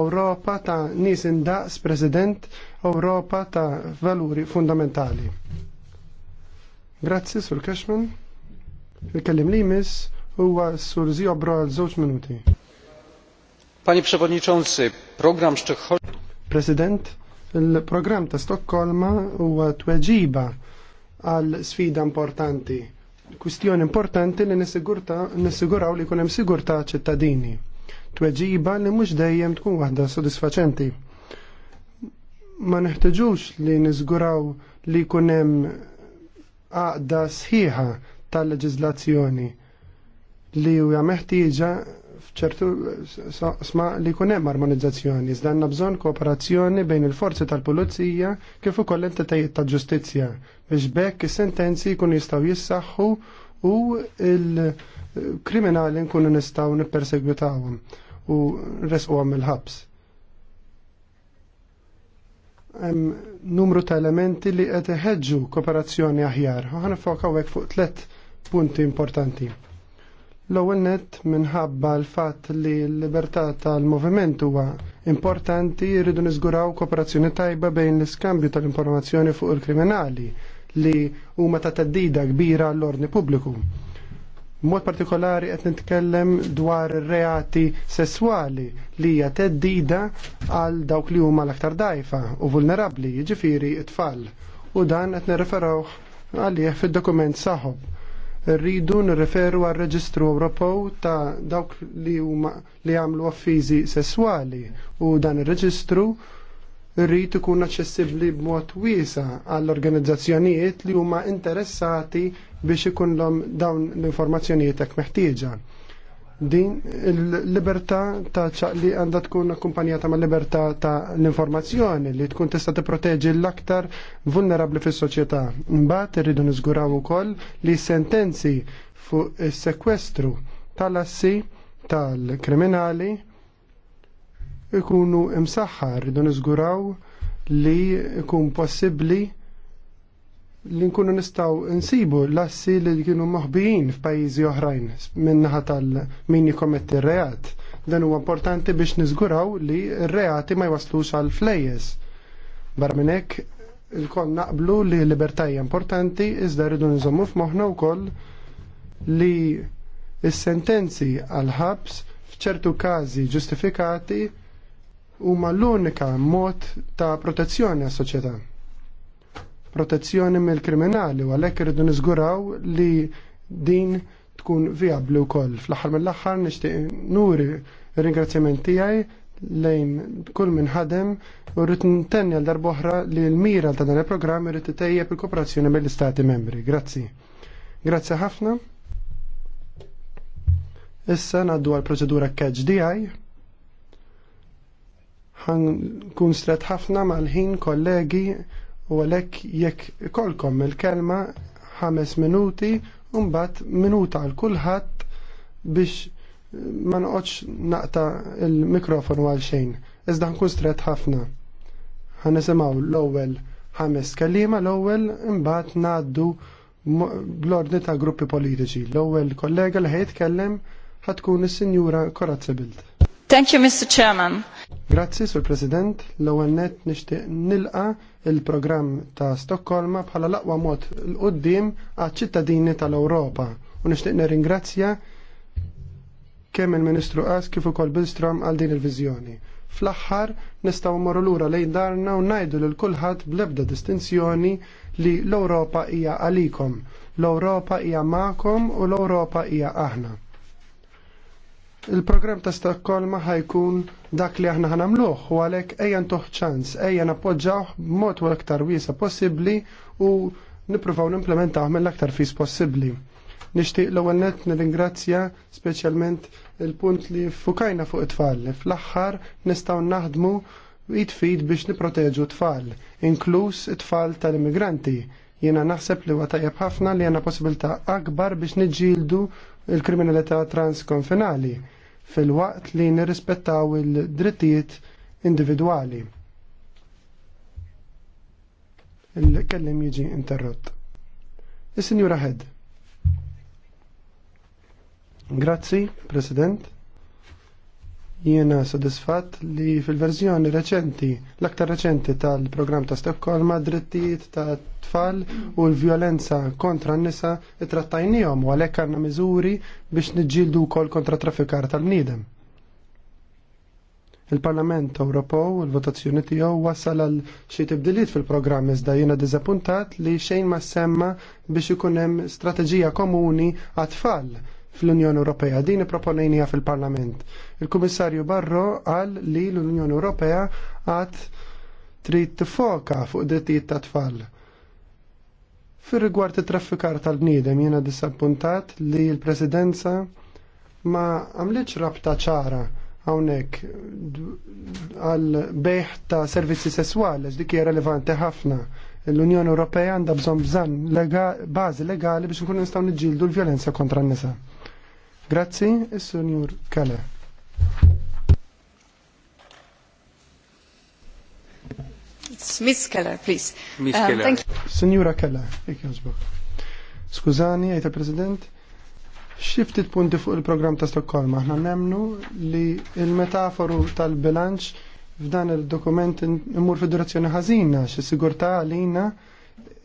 Europa ta' nies indaqs, President, Ewropa ta' valuri fundamentali. Grazzi, Sur Cashman. Il-kellim li miss? huwa sur Ziobro għal żewġ minuti. Panie Przewodniczący, program Szczytholm. Prezydent, il-program ta' Stokkolma huwa tweġiba għal sfida importanti. Kwistjoni importanti li nissiguraw li kunem sigurta ċittadini. Tweġiba li mhux dejjem tkun waħda sodisfaċenti. Ma neħtieġux li niżguraw li kunem għaqda sħiħa tal-leġizlazzjoni li huwa meħtieġa f'ċertu sma li jkun hemm armonizzazzjoni, iżda għandna bżonn kooperazzjoni bejn il-forzi tal-pulizija kif ukoll entitajiet tal-ġustizzja biex bekk is-sentenzi jkunu jistgħu jissaħħu u l-kriminali nkunu nistgħu nippersegwitawhom u resquhom il-ħabs. Hemm numru ta' elementi li qed iħeġġu kooperazzjoni aħjar. Ħana fokaw hekk fuq tliet punti importanti. L-ewwel nett minħabba l-fatt li l-libertà tal-moviment huwa importanti jridu niżguraw kooperazzjoni tajba bejn l-iskambju tal-informazzjoni fuq il-kriminali li huma ta' teddida kbira l-ordni pubbliku. Mod partikolari qed nitkellem dwar reati sesswali li hija teddida għal dawk li huma l-aktar dajfa u vulnerabbli, jiġifieri t tfal u dan qed nirreferawh għalih fid-dokument saħob rridu nirreferu għal reġistru Ewropew ta' dawk li huma li għamlu affiżi sesswali u dan ir-reġistru rrid ikun aċċessibbli b'mod wiesa għall organizzazzjonijiet li huma interessati biex lhom dawn l-informazzjonijiet hekk meħtieġa. Din il-libertà ta' li għandha tkun akkumpanjata ma' libertà ta' l-informazzjoni li tkun tista' tipproteġi l-aktar vulnerabbli fis-soċjetà. Mbagħad irridu niżguraw ukoll li sentenzi fuq is-sekwestru tal-assi tal-kriminali ikunu msaħħa rridu niżguraw li ikun possibbli li nkunu nistaw nsibu l-assi li kienu moħbijin f'pajjiżi oħrajn minnaħa tal-min jikometti r-reat. Dan huwa importanti biex niżguraw li r-reati ma jwaslux għal flejes Barra minn hekk ilkoll naqblu li hija importanti iżda rridu nżommu f'moħħna wkoll li s-sentenzi għal ħabs f'ċertu każi ġustifikati huma l-unika mod ta' protezzjoni għas-soċjetà protezzjoni mill-kriminali u għalhekk irridu niżguraw li din tkun viabli wkoll. Fl-aħħar mill-aħħar nixtieq nuri ringrazzjament tiegħi lejn kull minn ħadem u rrid ntenni għal darboħra li l-mira ta' dan il-programm irrid titejjeb il-kooperazzjoni mill-Istati membri. Grazzi. Grazzi ħafna. Issa naddu għal proċedura catch DI ħan kun stret ħafna mal-ħin kollegi U għalhekk jekk kolkom il-kelma ħames minuti u mbagħad minuta għal kulħadd biex eh, ma noqgħodx naqta il-mikrofonu għal xejn. Iżda nkun stret ħafna. Ħanisimgħu l-ewwel ħames kelliema l-ewwel imbagħad ngħaddu bl-ordni ta' gruppi politiċi. L-ewwel kollega li ħejtkellem ħatkun is-Sinjura Korazza Bild. Thank you, Mr. Chairman. Grazzi, Sur President. L-ewwel net nixtieq nilqa il-programm ta' Stokkolma bħala l-aqwa mod l qoddim għad ċittadini tal-Ewropa. U nixtieq nirringrazzja kemm il-Ministru għas kif ukoll Bilstrom għal din il-viżjoni. Fl-aħħar nistgħu mmorru lura lejn darna u ngħidu lil kulħadd bl-ebda distinzjoni li l-Ewropa hija għalikom, l-Ewropa hija magħkom u l-Ewropa hija aħna il-programm ta' Stokkolma ħajkun dak li aħna ħanamluħ u għalek ejja ntuħ ċans, ejja nappoġġawh b'mod u l-aktar wiesa possibbli u nippruvaw nimplementaw mill-aktar fis possibbli. Nishtiq l-ewwel net nirringrazzja speċjalment il-punt li fukajna fuq it-tfal. Fl-aħħar nistgħu naħdmu id fid biex niproteġu tfal, inkluż it-tfal tal-immigranti. Jiena naħseb li huwa tajjeb ħafna li għandna possibilità akbar biex niġġieldu il-kriminalità transkonfinali fil-waqt li nirrispettaw il-drittijiet individwali. Il-kellim jiġi interrott. Is-Sinjura Head. Grazzi, President. Jiena sodisfatt li fil-verżjoni reċenti, l-aktar reċenti tal-programm ta' Stockholma, drittijiet ta' tfal u l-vjolenza kontra n-nisa trattajnijom u għalhekk għandna miżuri biex nġildu wkoll kontra traffikar tal-bniedem. Il-Parlament Ewropew il-votazzjoni tiegħu wasal għal xi tibdiliet fil-programm iżda jiena diżappuntat li xejn ma semma biex ikun hemm strateġija komuni għat-tfal fl-Unjoni Ewropea. Din proponejnija fil-Parlament. Il-Kummissarju Barro qal li l-Unjoni Ewropea għad trid tifoka fuq drittijiet ta' tfal. Fir rigward it-traffikar tal-bniedem jiena disappuntat li l-Presidenza ma għamlitx rabta ċara hawnhekk għal bejħ ta' servizzi sesswali dik hija relevanti ħafna l-Unjoni Ewropea għandha bżonn bżonn bażi legali biex nkunu nistgħu niġġieldu l-vjolenza kontra n-nisa. Grazzi, il signor Kale. Miss Keller, please. Miss um, Keller. Signora Keller, Skużani, għajta President, xiftit punti fuq il-program ta' Stokkolma. Aħna nemnu li il-metaforu tal-bilanċ f'dan il-dokument imur fid-durazzjoni ħażina, xi sigurtà għalina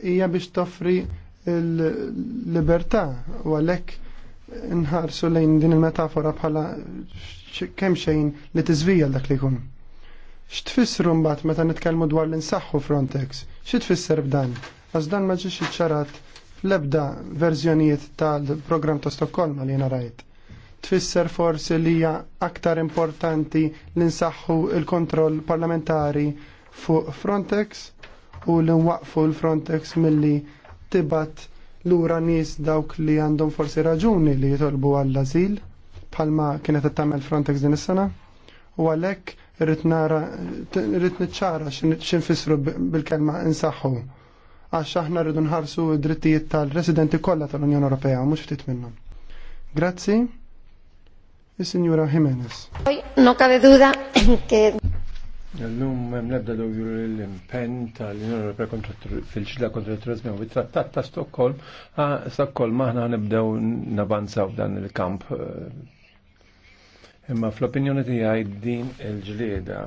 hija biex toffri l-libertà u għalhekk nħarsu lejn din il-metafora bħala kemm xejn li tiżvija dak li jkun. X'tfissru mbagħad meta nitkellmu dwar l-insaħħu Frontex? X'tfisser b'dan? Għax dan ma ġiex iċċarat fl-ebda verżjonijiet tal-programm ta' Stokkolma li jena rajt. Tfisser forsi li hija aktar importanti l-insaħħu il-kontroll parlamentari fuq Frontex u l-nwaqfu l-Frontex milli tibat lura nies dawk li għandhom forsi raġuni li jitolbu għall-azil bħalma kienet tagħmel Frontex din is-sena u għalhekk rrit nara irrid niċċara x'infissru bil-kelma insaħħu għax aħna rridu nħarsu d-drittijiet tal-residenti kollha tal-Unjoni Ewropea mhux ftit minnhom. Grazzi. Il-Signora Jimenez. No cabe duda L-lum hemm nebda dowju l-impenn tal-Unjoni Ewropea fil-ġla kontra t-turizmu u trattat ta' Stockholm, ah, Stockholm aħna nibdew navanzaw dan il-kamp. Eh. Imma fl-opinjoni tiegħi din il-ġlieda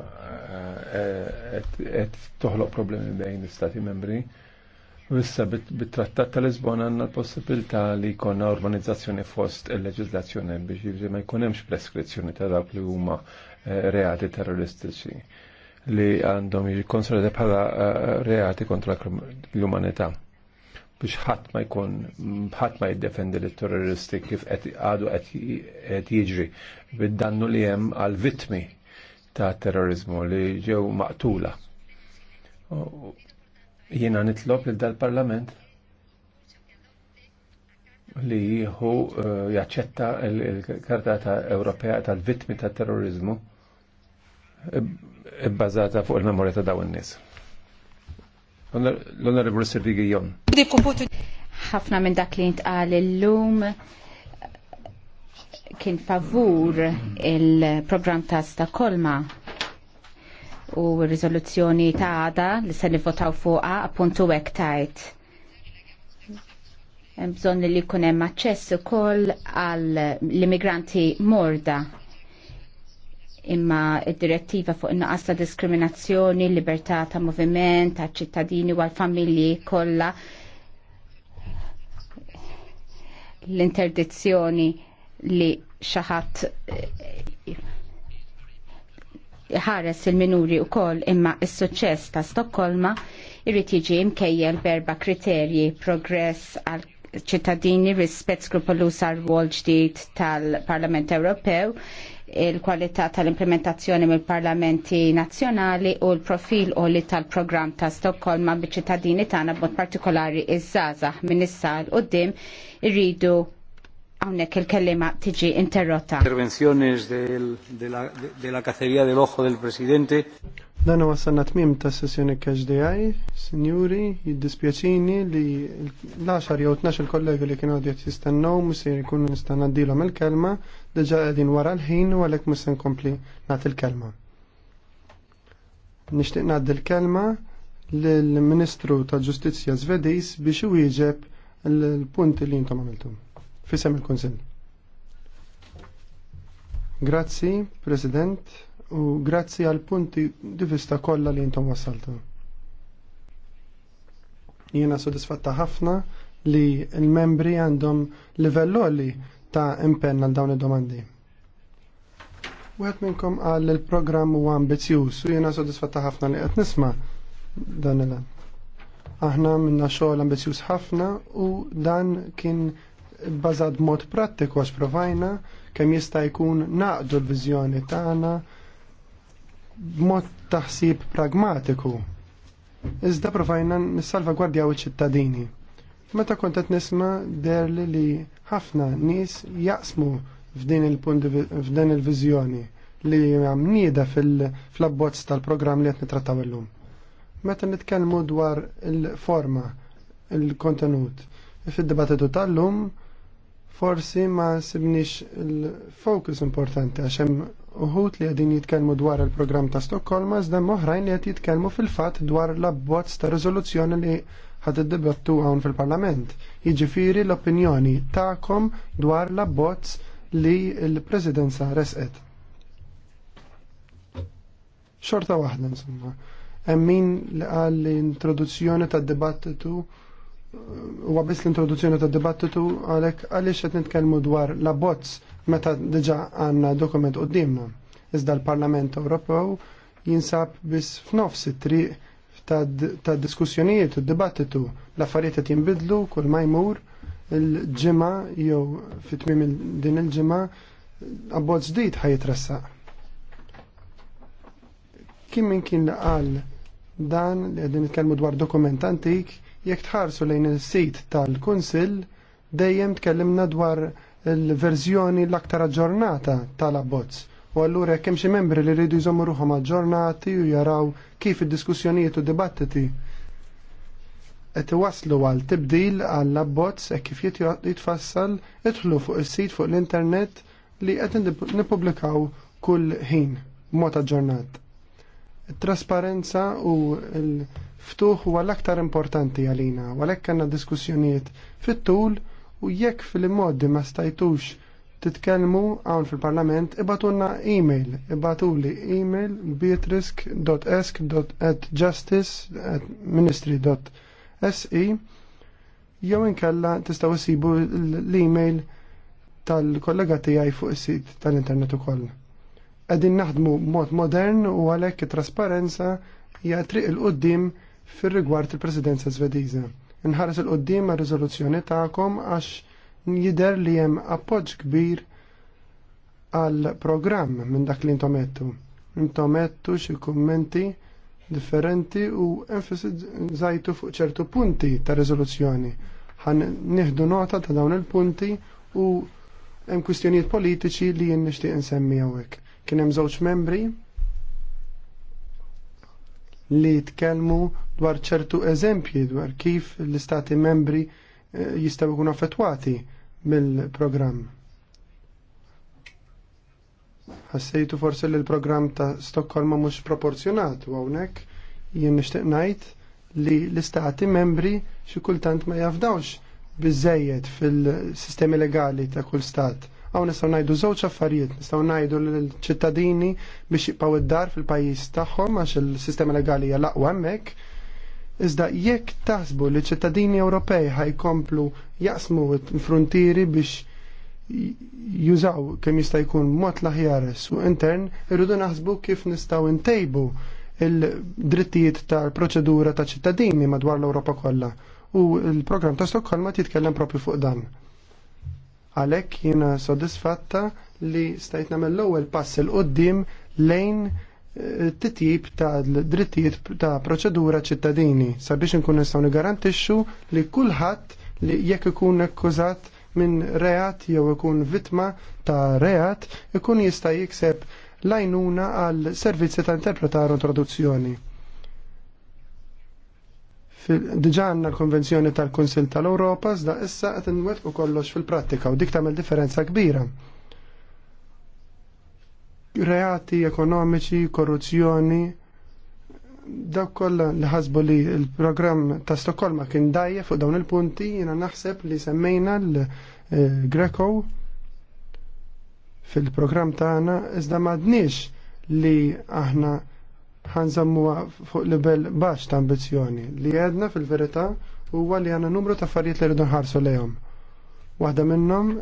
eh, qed toħloq problemi bejn l-Stati membri. U issa bit-trattat tal-Lisbona għandna l-possibilità li jkollna urbanizzazzjoni fost il-leġiżlazzjoni biex ma jkun hemmx preskrizzjoni ta' dawk li huma eh, reati terroristiċi li għandhom jikonsolida bħala eh, reati kontra l-umanità biex ħadd ma jkun ħadd ma jiddefendi lit terroristi kif qed għadu qed jiġri bid-dannu li hemm għal vittmi ta' terrorizmu li ġew maqtula. Jiena nitlob lil dal-Parlament li jieħu eh, jaċċetta l-Karta Ewropea tal-Vittmi tat-Terrorizmu bbażata fuq il-memorja ta' dawn nies. L-Onorevole Sirri Gijon. Ħafna minn dak li ntqal illum kien favur il-programm ta' Stakolma u r-riżoluzzjoni ta' għada li se nivvotaw fuqha appuntu hekk tajt bżon li kunem maċċess ukoll għall l-immigranti morda imma id-direttiva fuq in ta' diskriminazzjoni, libertà ta' moviment, ta' ċittadini u għal-familji kollha l-interdizzjoni li xaħat eh, ħares il-minuri u koll imma il suċċess ta' Stokkolma irrit jiġi imkejjel berba kriterji progress għal ċittadini rispett skrupolus għal rwol ġdid tal-Parlament Ewropew il-kwalità tal-implementazzjoni mill-parlamenti nazzjonali u l-profil u li tal-programm ta' Stokkolma biċ-ċittadini tagħna b'mod partikolari iż-żgħażagħ minn is l qudiem irridu Għawnek il-kellima tiġi interrotta. Intervenzjonis della kazzeria dell'oħħo del Presidente. Dan huwa sanna tmiem ta' sessjoni KHDI, sinjuri, jiddispjaċini li l-10 jew 12 kollegi li kienu għadjet jistennew musir jkunu nistan għaddilhom il-kelma, diġà qegħdin wara l-ħin u għalhekk mhux se nkompli nagħti il-kelma. Nixtieq ngħaddi l-kelma lill-Ministru tal Ġustizzja Żvediż biex iwieġeb l-punti li intom għamiltum. Fisem il-Konsil. Grazzi, President, u grazzi għal punti di vista kollha li intom wasaltu. Jiena sodisfatta ħafna li l-membri għandhom livelloli ta' impenn għal dawn id-domandi. Wieħed minnkom għal il-programm huwa ambizjuż u jiena sodisfatta ħafna li qed nisma' dan il Aħna minna xogħol ambizjuż ħafna u dan kien bbażat b'mod prattiku għax provajna kemm jista' jkun naqdu l-viżjoni tagħna b'mod taħsib pragmatiku. Iżda provajna nissalvagwardjaw iċ-ċittadini. Meta kont qed nisma' derli li ħafna nies jaqsmu f'din il-punt f'din il-viżjoni li nieda fil-abbozz tal-programm li qed nitrattaw illum. Meta nitkellmu dwar il-forma, il-kontenut, fid-dibattitu tal-lum forsi ma sibniex il-fokus importanti għax hemm uħut li għadin jitkellmu dwar il-programm ta' Stokkolma iżda oħrajn li qed jitkellmu fil-fatt dwar l-abbozz ta' riżoluzzjoni li id-debattu hawn fil-Parlament. Jiġifieri l-opinjoni tagħkom dwar l-abbozz li l-Presidenza resqet. Xorta waħda insomma. Hemm min li qal l-introduzzjoni tad-dibattitu huwa biss l-introduzzjoni ta' dibattitu għalhekk għaliex qed nitkellmu dwar la bozz meta diġà għandna dokument qudiemna. Iżda l-Parlament Ewropew jinsab biss f'nofs it-triq ta' diskussjonijiet u dibattitu l-affarijiet qed jinbidlu kull ma jmur il-ġimgħa jew fit-tmiem din il-ġimgħa abbozz ġdid ħajjitressaq. Kim min kien li qal dan li qegħdin nitkellmu dwar dokument antik Jekk tħarsu lejn il-sit tal-Kunsill, dejjem tkellimna dwar il-verżjoni l-aktar aġġornata tal-abbozz. U allura jekk hemm xi membri li jridu jżommu ruħhom aġġornati u jaraw kif id-diskussjonijiet u dibattiti qed iwasslu għal tibdil għall abbozz e kif jitfassal idħlu fuq is-sit fuq l-internet li qed nippubblikaw kull ħin b'mod aġġornat. Trasparenza u l- ftuħ huwa l-aktar importanti għalina, għalhekk għandna diskussjonijiet fit-tul u jekk fil-modi ma stajtux titkellmu hawn fil-Parlament ibatunna email, ibatuli email beatrisk.esk.justice.ministry.se jew inkella tistgħu isibu l-email tal-kollega tiegħi fuq is-sit tal-internet ukoll. Qegħdin naħdmu b'mod modern u għalhekk it-trasparenza hija triq il-qudiem fir rigward il-Presidenza Svediża. Inħares il-qoddim ma' riżoluzzjoni tagħkom għax jider li hemm appoġġ kbir għal programm minn dak li intomettu. Intomettu xi kummenti differenti u enfasizzajtu fuq ċertu punti ta' riżoluzzjoni. Għan nieħdu nota ta' dawn il-punti u hemm kwistjonijiet politiċi li jien nixtieq insemmi hawnhekk. Kien hemm żewġ membri li tkellmu dwar ċertu eżempji dwar kif l-istati membri eh, jistaw jkunu affettwati mill-programm. Ħassejtu forse li l-programm ta' Stokkolma mhux proporzjonat u hawnhekk jien nixtieq ngħid li l-istati membri xi kultant ma jafdawx biżejjed fil-sistemi legali ta' kull stat għaw nistaw najdu zoċ affarijiet, nistaw najdu l-ċittadini biex jibqaw id-dar fil-pajis tagħhom għax il-sistema legali hija aqwa hemmhekk, Iżda jekk taħsbu li ċittadini Ewropej ħajkomplu jaqsmu l-frontieri biex jużaw kemm jista' jkun mod l-aħjar su intern, irridu naħsbu kif nistgħu ntejbu il-drittijiet tal-proċedura ta' ċittadini madwar l-Ewropa kollha u l-programm ta' Stokholma titkellem propju fuq dan. Għalhekk jiena sodisfatta li stajt nagħmel l-ewwel pass il qudiem lejn titjib ta' drittijiet ta' proċedura ċittadini sabiex nkun nistgħu nigarantixxu li kulħadd li jekk ikun akkużat minn reat jew ikun vittma ta' reat ikun jista' jikseb lajnuna għal servizzi ta' interpretar u traduzzjoni. Diġanna l-Konvenzjoni tal-Konsil tal-Europa, zda issa qed nwet kollox fil-prattika u dik tagħmel differenza kbira reati ekonomiċi, korruzzjoni, dak kollha li ħasbu li l-programm ta' Stokkolma kien dajja fuq dawn il-punti jiena naħseb li semmejna l-Greco fil-programm tagħna iżda m'għadniex li aħna ħanżammuha fuq livell baxx ta' ambizzjoni. Li għedna fil-verità huwa li għandna numru ta' affarijiet li rridu nħarsu lejhom. Waħda minnhom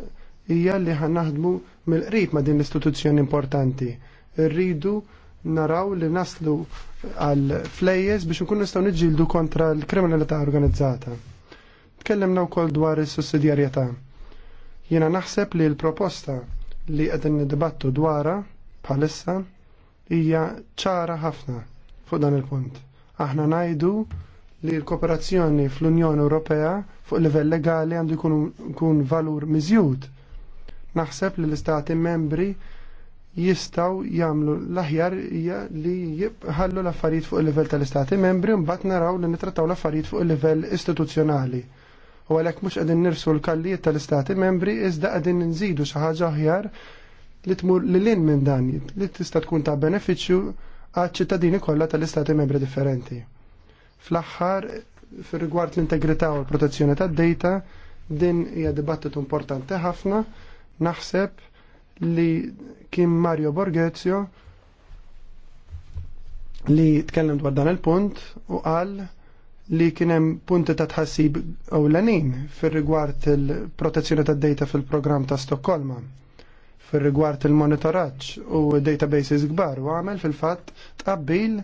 hija li naħdmu mill-qrib ma' din l-istituzzjoni importanti. Rridu naraw li naslu għal flejjes biex nkun nistgħu niġġieldu kontra l-kriminalità organizzata. Tkellimna wkoll dwar is-sussidjarjetà. Jiena naħseb li l-proposta li qegħdin niddibattu dwarha bħalissa hija ċara ħafna fuq dan il-punt. Aħna najdu li l-kooperazzjoni fl-Unjoni Ewropea fuq livell legali għandu jkun valur miżjud Naħseb li l-istati membri jistaw jamlu l-aħjar li jibħallu l-affarijiet fuq il-livell tal-istati membri mbagħad naraw li nitrattaw l-affarijiet fuq il-livell istituzzjonali. U għalhekk mhux qegħdin nirsu l-kallijiet tal-istati membri iżda qegħdin nżidu xi ħaġa aħjar li tmur li lin minn dan li tista' tkun ta' benefiċċju għad ċittadini kollha tal-istati membri differenti. Fl-aħħar fir rigward l-integrità u l-protezzjoni tad-data din hija dibattitu importanti ħafna Naħseb li kien Mario Borghezio li tkellem dwar dan il-punt u qal li kien hemm punti ta' tħassib ewlenin fir-rigward il-protezzjoni tad-data fil-programm ta' Stokkolma fir-rigward il-monitoraġġ u databases kbar u għamel fil-fatt tqabbil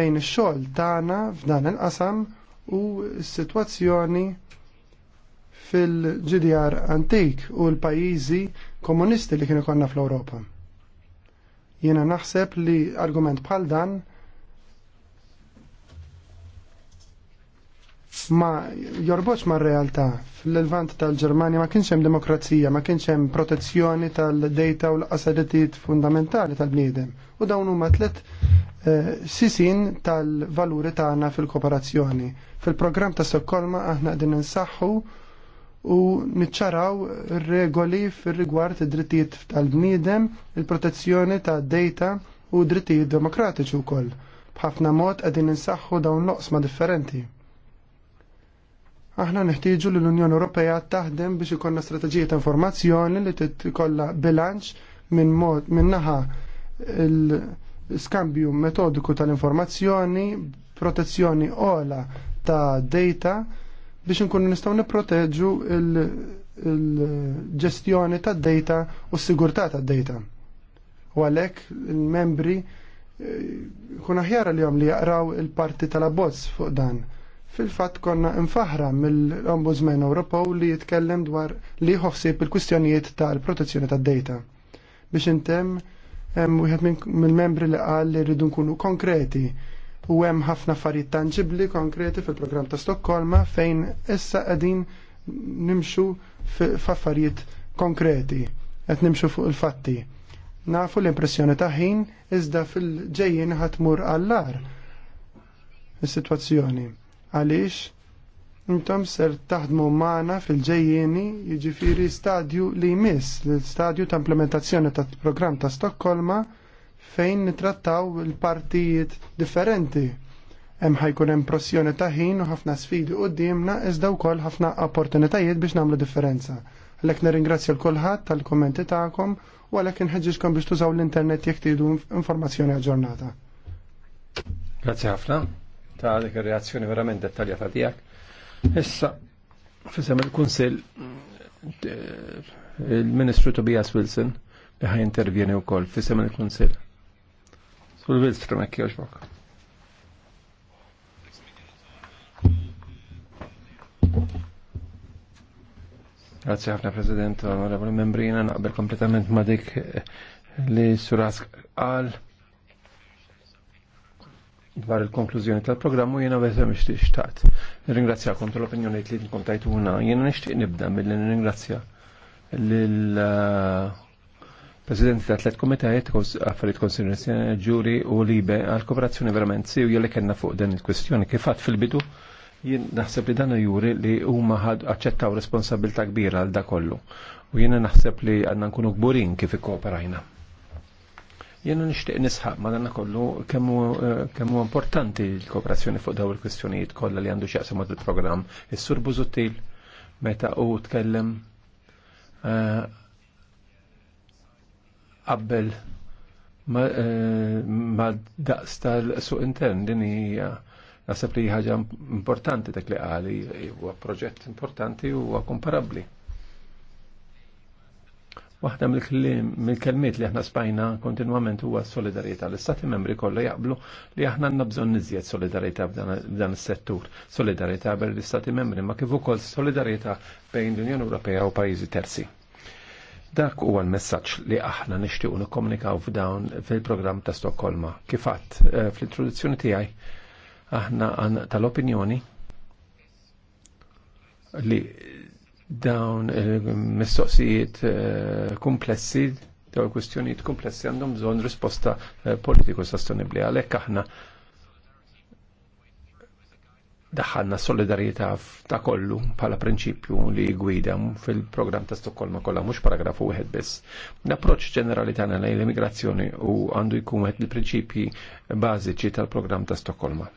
bejn ix-xogħol tagħna f'dan il-qasam u s-sitwazzjoni fil-ġidjar antik u l-pajizi komunisti li kienu konna fl-Europa. Jena naħseb li argument bħal dan ma jorboċ ma' realtà fil-levant tal ġermani ma kienx hemm demokrazija, ma kienx hemm protezzjoni tal-dejta u l qasadetit fundamentali tal-bniedem. U dawn huma tliet eh, sisin tal-valuri tagħna fil-kooperazzjoni. Fil-programm ta' Stokkolma aħna qegħdin insaħħu u niċċaraw regoli fir-rigward id-drittijiet tal-bniedem, il-protezzjoni ta' data u drittijiet demokratiċi wkoll. B'ħafna mod qegħdin insaħħu dawn loqsma differenti. Aħna neħtieġu l unjoni Ewropea taħdem biex ikollna strateġija ta' informazzjoni li titkollha bilanċ minn mod minn naħa l-skambju metodiku tal-informazzjoni, protezzjoni ola ta' data biex nkunu nistgħu nipproteġu il-ġestjoni il tad-data u s-sigurtà tad-data. U għalhekk il-membri eh, kun aħjar li li jaqraw il-parti tal-abbozz fuq dan. Fil-fatt konna infaħra mill-Ombudsman Ewropew li jitkellem dwar li jħossib il-kwistjonijiet tal-protezzjoni tad-data. Biex intemm hemm wieħed mill-membri li qal li rridu nkunu konkreti u hemm ħafna affarijiet tanġibli konkreti fil-programm ta' Stokkolma fejn issa qegħdin nimxu f'affarijiet konkreti, qed nimxu fuq il-fatti. Nafu l-impressjoni ta' ħin iżda fil-ġejjin ħatmur għallar is-sitwazzjoni. Għaliex intom ser taħdmu magħna fil ġejjieni jiġifieri stadju li jmiss l-stadju ta' implementazzjoni tat programm ta' Stokkolma fejn nitrattaw il-partijiet differenti. Hemm ħajkun hemm pressjoni ta' ħin u ħafna sfidi qudiemna iżda wkoll ħafna opportunitajiet biex nagħmlu differenza. Għalhekk nirringrazzja l-kulħadd tal kummenti tagħkom u għalhekk inħeġġiġkom biex tużaw l-internet jekk tridu informazzjoni aġġornata. Grazzi ħafna ta' dik ir-reazzjoni verament dettaljata tiegħek. Issa fisem il-Kunsill eh, il-Ministru Tobias Wilson li ħaj intervjeni wkoll fisem il-Kunsill. Sul Wilstrom ekki għaxbok. Grazie ħafna President, onorevoli membrina, naqbel kompletament ma dik eh, li Surask qal dwar il-konklużjoni tal-programmu jena vezem xtaqt. Ringrazzjakom tal-opinjoni li tinkom tajtuna. Jiena nixtieq nibda mill-ringrazzja lil eh, Presidenti ta' tlet komitajiet għaffariet konsiderazzjoni ġuri u libe għal kooperazzjoni verament siju li kena fuq dan il-kwestjoni kifat fil-bidu jien naħseb li dan juri li huma aċċettaw responsabilta kbira għal da kollu u jiena naħseb li għandna nkunu gburin kif ikkooperajna. Jiena nishtiq nisħab ma danna kollu kemmu importanti l-kooperazzjoni fuq daw il kwestjonijiet kollha li għandu x'jaqsam mod il-programm. Is-Sur Buzuttil meta u tkellem eh, qabbel eh, ma daqs tal-suq intern din hija naħseb li ħaġa importanti dak li qali huwa proġett importanti u huwa komparabbli. Waħda mill-kelmiet li aħna spajna kontinwament huwa solidarjetà. L-Istati membri kollha jaqblu li aħna għandna bżonn niżjed solidarjetà f'dan is-settur. Solidarjetà bejn l-Istati membri ma kif ukoll solidarjetà bejn l-Unjoni Ewropea u pajjiżi terzi. Dak huwa l-messaġġ li aħna nixtiequ nikkomunikaw f'dawn fil-programm ta' Stokkolma. Kif Kifatt eh, fl-introduzzjoni tiegħi aħna tal-opinjoni li dawn il-mistoqsijiet eh, eh, komplessi, dawn kwistjonijiet komplessi għandhom bżonn risposta politiku sostenibli. Għalhekk aħna daħħalna solidarjetà ta' kollu bħala prinċipju li gwida fil-programm ta' Stokkolma kollha mhux paragrafu wieħed biss. L-approċċ ġenerali tagħna lejn l-immigrazzjoni u għandu jkun wieħed mill-prinċipji bażiċi tal-programm ta' Stokkolma.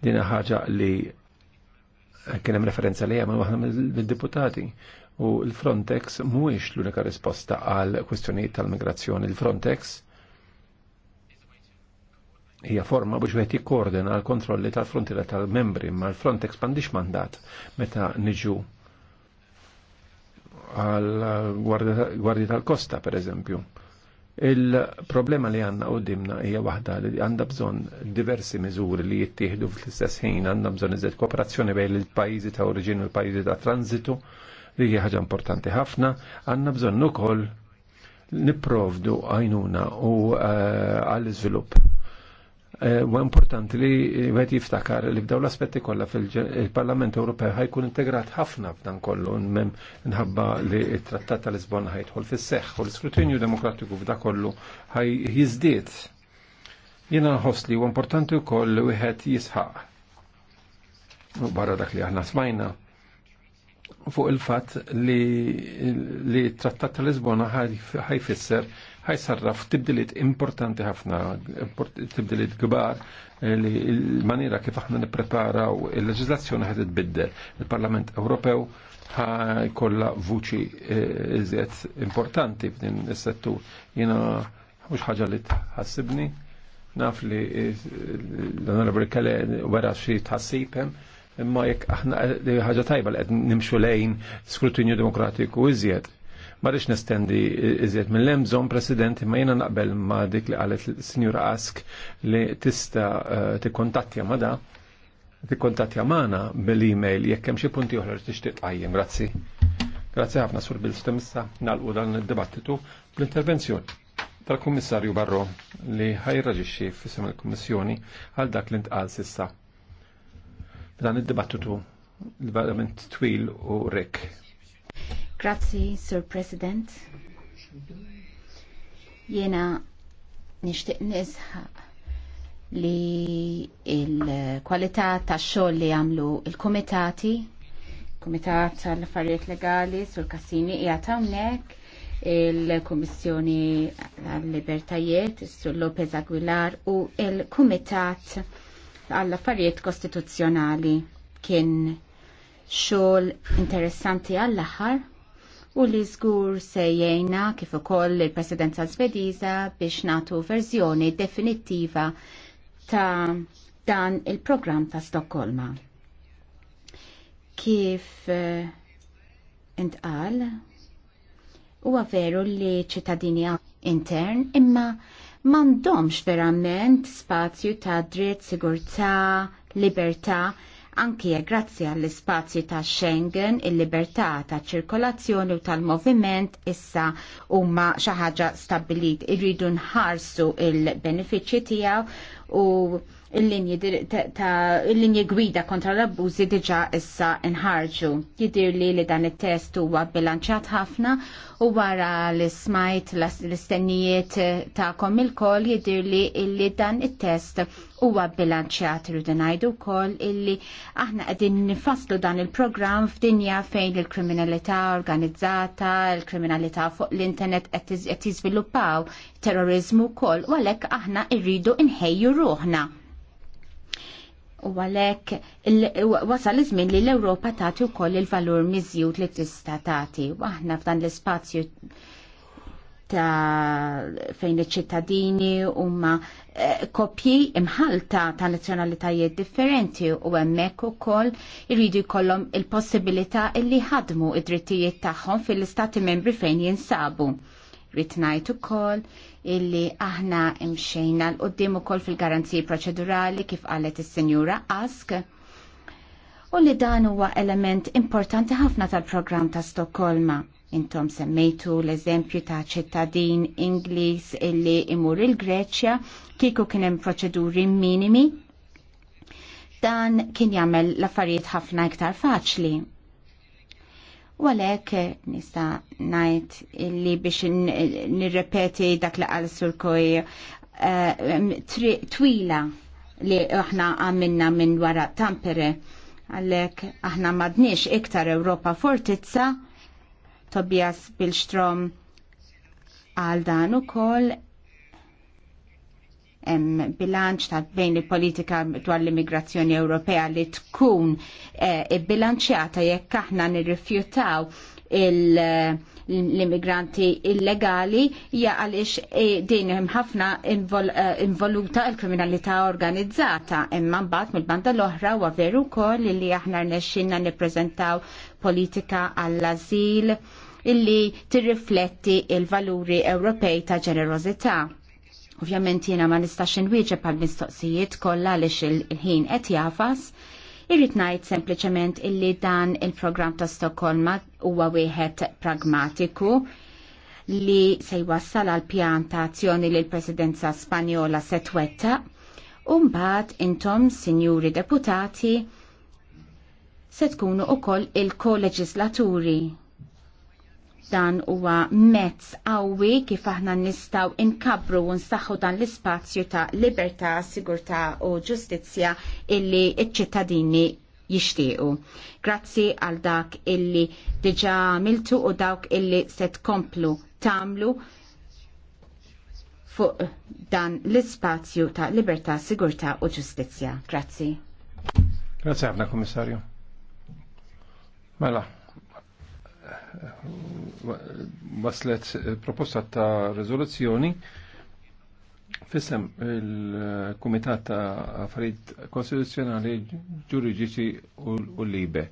Dina ħaġa li kien hemm referenza li ma' waħda mill-deputati u l-Frontex mhuwiex l-unika risposta għal kwistjonijiet tal-migrazzjoni. L-Frontex hija forma biex wieħed jikkoordina l-kontrolli tal-frontiera tal-membri ma l-Frontex expandix mandat meta niġu għal-Gwardja tal-Kosta per eżempju. Il-problema li għanna u dimna hija waħda li għanda bżon diversi miżuri li jittieħdu fl-istess ħin għanda bżon iżed kooperazzjoni bejn il-pajjiżi ta' oriġinu u l-pajjiżi ta' tranzitu li hija ħaġa importanti ħafna, għandna bżonn ukoll nipprovdu għajnuna u eh, għall-iżvilupp Eh, u importanti li għed jiftakar li f'daw l-aspetti kollha fil-Parlament Ewropew ħajkun integrat ħafna f'dan kollu nħabba li t-Trattat tal-Lisbona ħajtħol fis-seħħ u l-iskrutinju demokratiku f'da kollu ħaj jizdiet. Jiena nħoss li huwa importanti wkoll li wieħed jisħaq. U barra dak li aħna smajna fuq il-fatt li, li trattat tal-Lisbona ħajfisser ħajsarraf tibdiliet importanti ħafna, tibdiliet kbar eh, li l-maniera kif aħna nippreparaw il-leġislazzjoni ħed tbiddel. Il-Parlament Ewropew ħajkolla vuċi eh, iżjed importanti f'din is-settur. Jiena mhux ħaġa li tħassibni, naf li eh, l-Onorevoli Kale wara xi tħassibhem, imma jekk aħna ħaġa tajba li qed nimxu lejn skrutinju demokratiku iżjed Marriċ nestendi iżjed minn lemżon, President, ma jena naqbel ma dik li għalet Signora Ask li tista eh, tikkontattja ma da, tikkontattja maħna bil-email jekk hemm xi punti oħra li tixtieq qajjem. Grazzi. Grazzi ħafna sur Bilstem issa nalqu dan id-dibattitu bl-intervenzjoni tal-Kummissarju Barro li ħajraġixxi f'isem il-Kummissjoni għal dak li ntqal sissa. Dan id-dibattitu l-verament twil u rek. Grazzi, Sir President. Jena nishtiq nisħaq li il-kwalità tax xogħol li għamlu il-kumitati, kumitat tal-affarijiet legali sul kassini hija hawnhekk il-Kummissjoni għall-Libertajiet, Sur Lopez Aguilar u il-Kumitat għall-Affarijiet Kostituzzjonali kien xogħol interessanti għall-aħħar u li żgur se kif ukoll il-Presidenza Svediża biex nagħtu verżjoni definittiva ta' dan il-programm ta' Stokkolma. Kif uh, intqal, huwa veru li ċittadini intern imma m'għandhomx verament spazju ta' dritt, sigurtà, libertà anki grazzi għall-ispazju ta' Schengen, il-libertà ta' ċirkolazzjoni u tal-moviment issa huma xi ħaġa stabbilit irridu nħarsu il-benefiċċji tiegħu u il-linji gwida kontra l-abbużi diġa issa nħarġu. Jidir li li dan il-test huwa bilanċat ħafna u wara li smajt l-istennijiet kom il-kol jidir li li dan il-test huwa bilanċjat rudinajdu ngħidu wkoll illi aħna qegħdin nifasslu dan il-programm f'dinja fejn il-kriminalità organizzata, il-kriminalità fuq l-internet qed jiżviluppaw terrorizmu wkoll u għalhekk aħna rridu nħejju ruħna U għalek, wasal iż-żmien li l-Ewropa tagħti wkoll il-valur miżjud li tista' tagħti. Aħna f'dan l-ispazju ta' fejn iċ-ċittadini huma eh, kopji imħalta ta' nazzjonalitajiet differenti u hemmhekk ukoll iridu jkollhom il-possibilità li ħadmu id-drittijiet tagħhom fil-istati membri fejn jinsabu. Rid ngħid ukoll illi aħna imxejna l-qoddim u koll fil-garanziji proċedurali kif qalet il-senjura Ask u li dan huwa element importanti ħafna tal-programm ta' Stokkolma. Intom semmejtu l-eżempju ta' ċittadin Ingliż illi imur il-Greċja kieku kien hemm proċeduri minimi dan kien jagħmel l-affarijiet ħafna iktar faċli U għalek nista najt li biex nirrepeti dak li għal surkoj eh, twila li aħna għamilna minn wara tampere għalek aħna madniex iktar Europa fortizza Tobias Bilstrom għal dan ukoll em, bilanċ ta' bejn il-politika dwar l-immigrazzjoni Ewropea li tkun eh, bilanċjata jekk aħna nirrifjutaw l-immigranti illegali hija għaliex e, din hemm ħafna invol, eh, involuta l-kriminalità organizzata imma mbagħad mill-banda l-oħra huwa veru wkoll li aħna rnexxinna nippreżentaw politika għall-ażil illi tirrifletti il-valuri Ewropej ta' ġenerożità Ovvjament jiena ma nistax inwieġeb għal mistoqsijiet kollha għaliex il-ħin qed jafas. Irrid ngħid sempliċement illi dan il-programm ta' Stokkolma huwa wieħed pragmatiku li se jwassal għal pjan ta' azzjoni li l-Presidenza Spanjola se twetta. Umbat intom, sinjuri deputati, se tkunu ukoll il-koleġislaturi Dan huwa mezz qawwi kif aħna nistgħu nkabru u nsaħħu dan l-ispazju ta' libertà, sigurtà u ġustizzja illi ċ-ċittadini jixtiequ. Grazzi għal dak illi diġà miltu u dawk illi se tkomplu tagħmlu fuq dan l-ispazju ta' libertà, sigurtà u ġustizzja. Grazzi. Grazie għafna, Kommissarju. Mela, waslet proposta ta' rezoluzzjoni fissem il-Kumitat ta' Affarijiet Konstituzzjonali Ġuridiċi u Libe.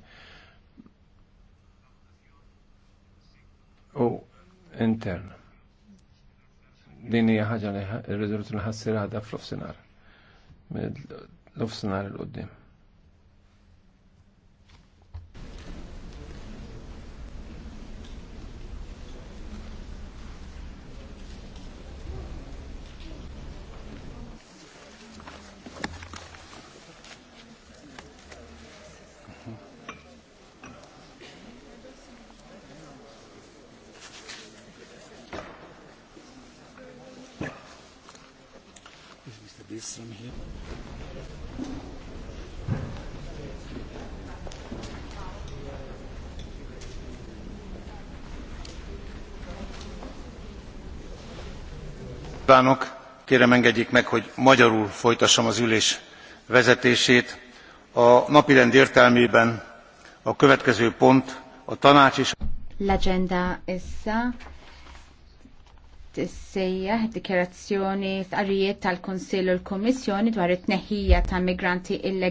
U intern. Din hija ħaġa li r-riżoluzzjoni ħassir fl-ofsinhar. L-ofsinhar il qoddim kívánok! Kérem engedjék meg, hogy magyarul folytassam az ülés vezetését. A napi rend értelmében a következő pont a tanács is. L'agenda essa issa tissejjaħ dikjerazzjoni f'qarrijiet tal-Konsill u l-Kommissjoni dwar it-tneħħija ta' migranti illegali.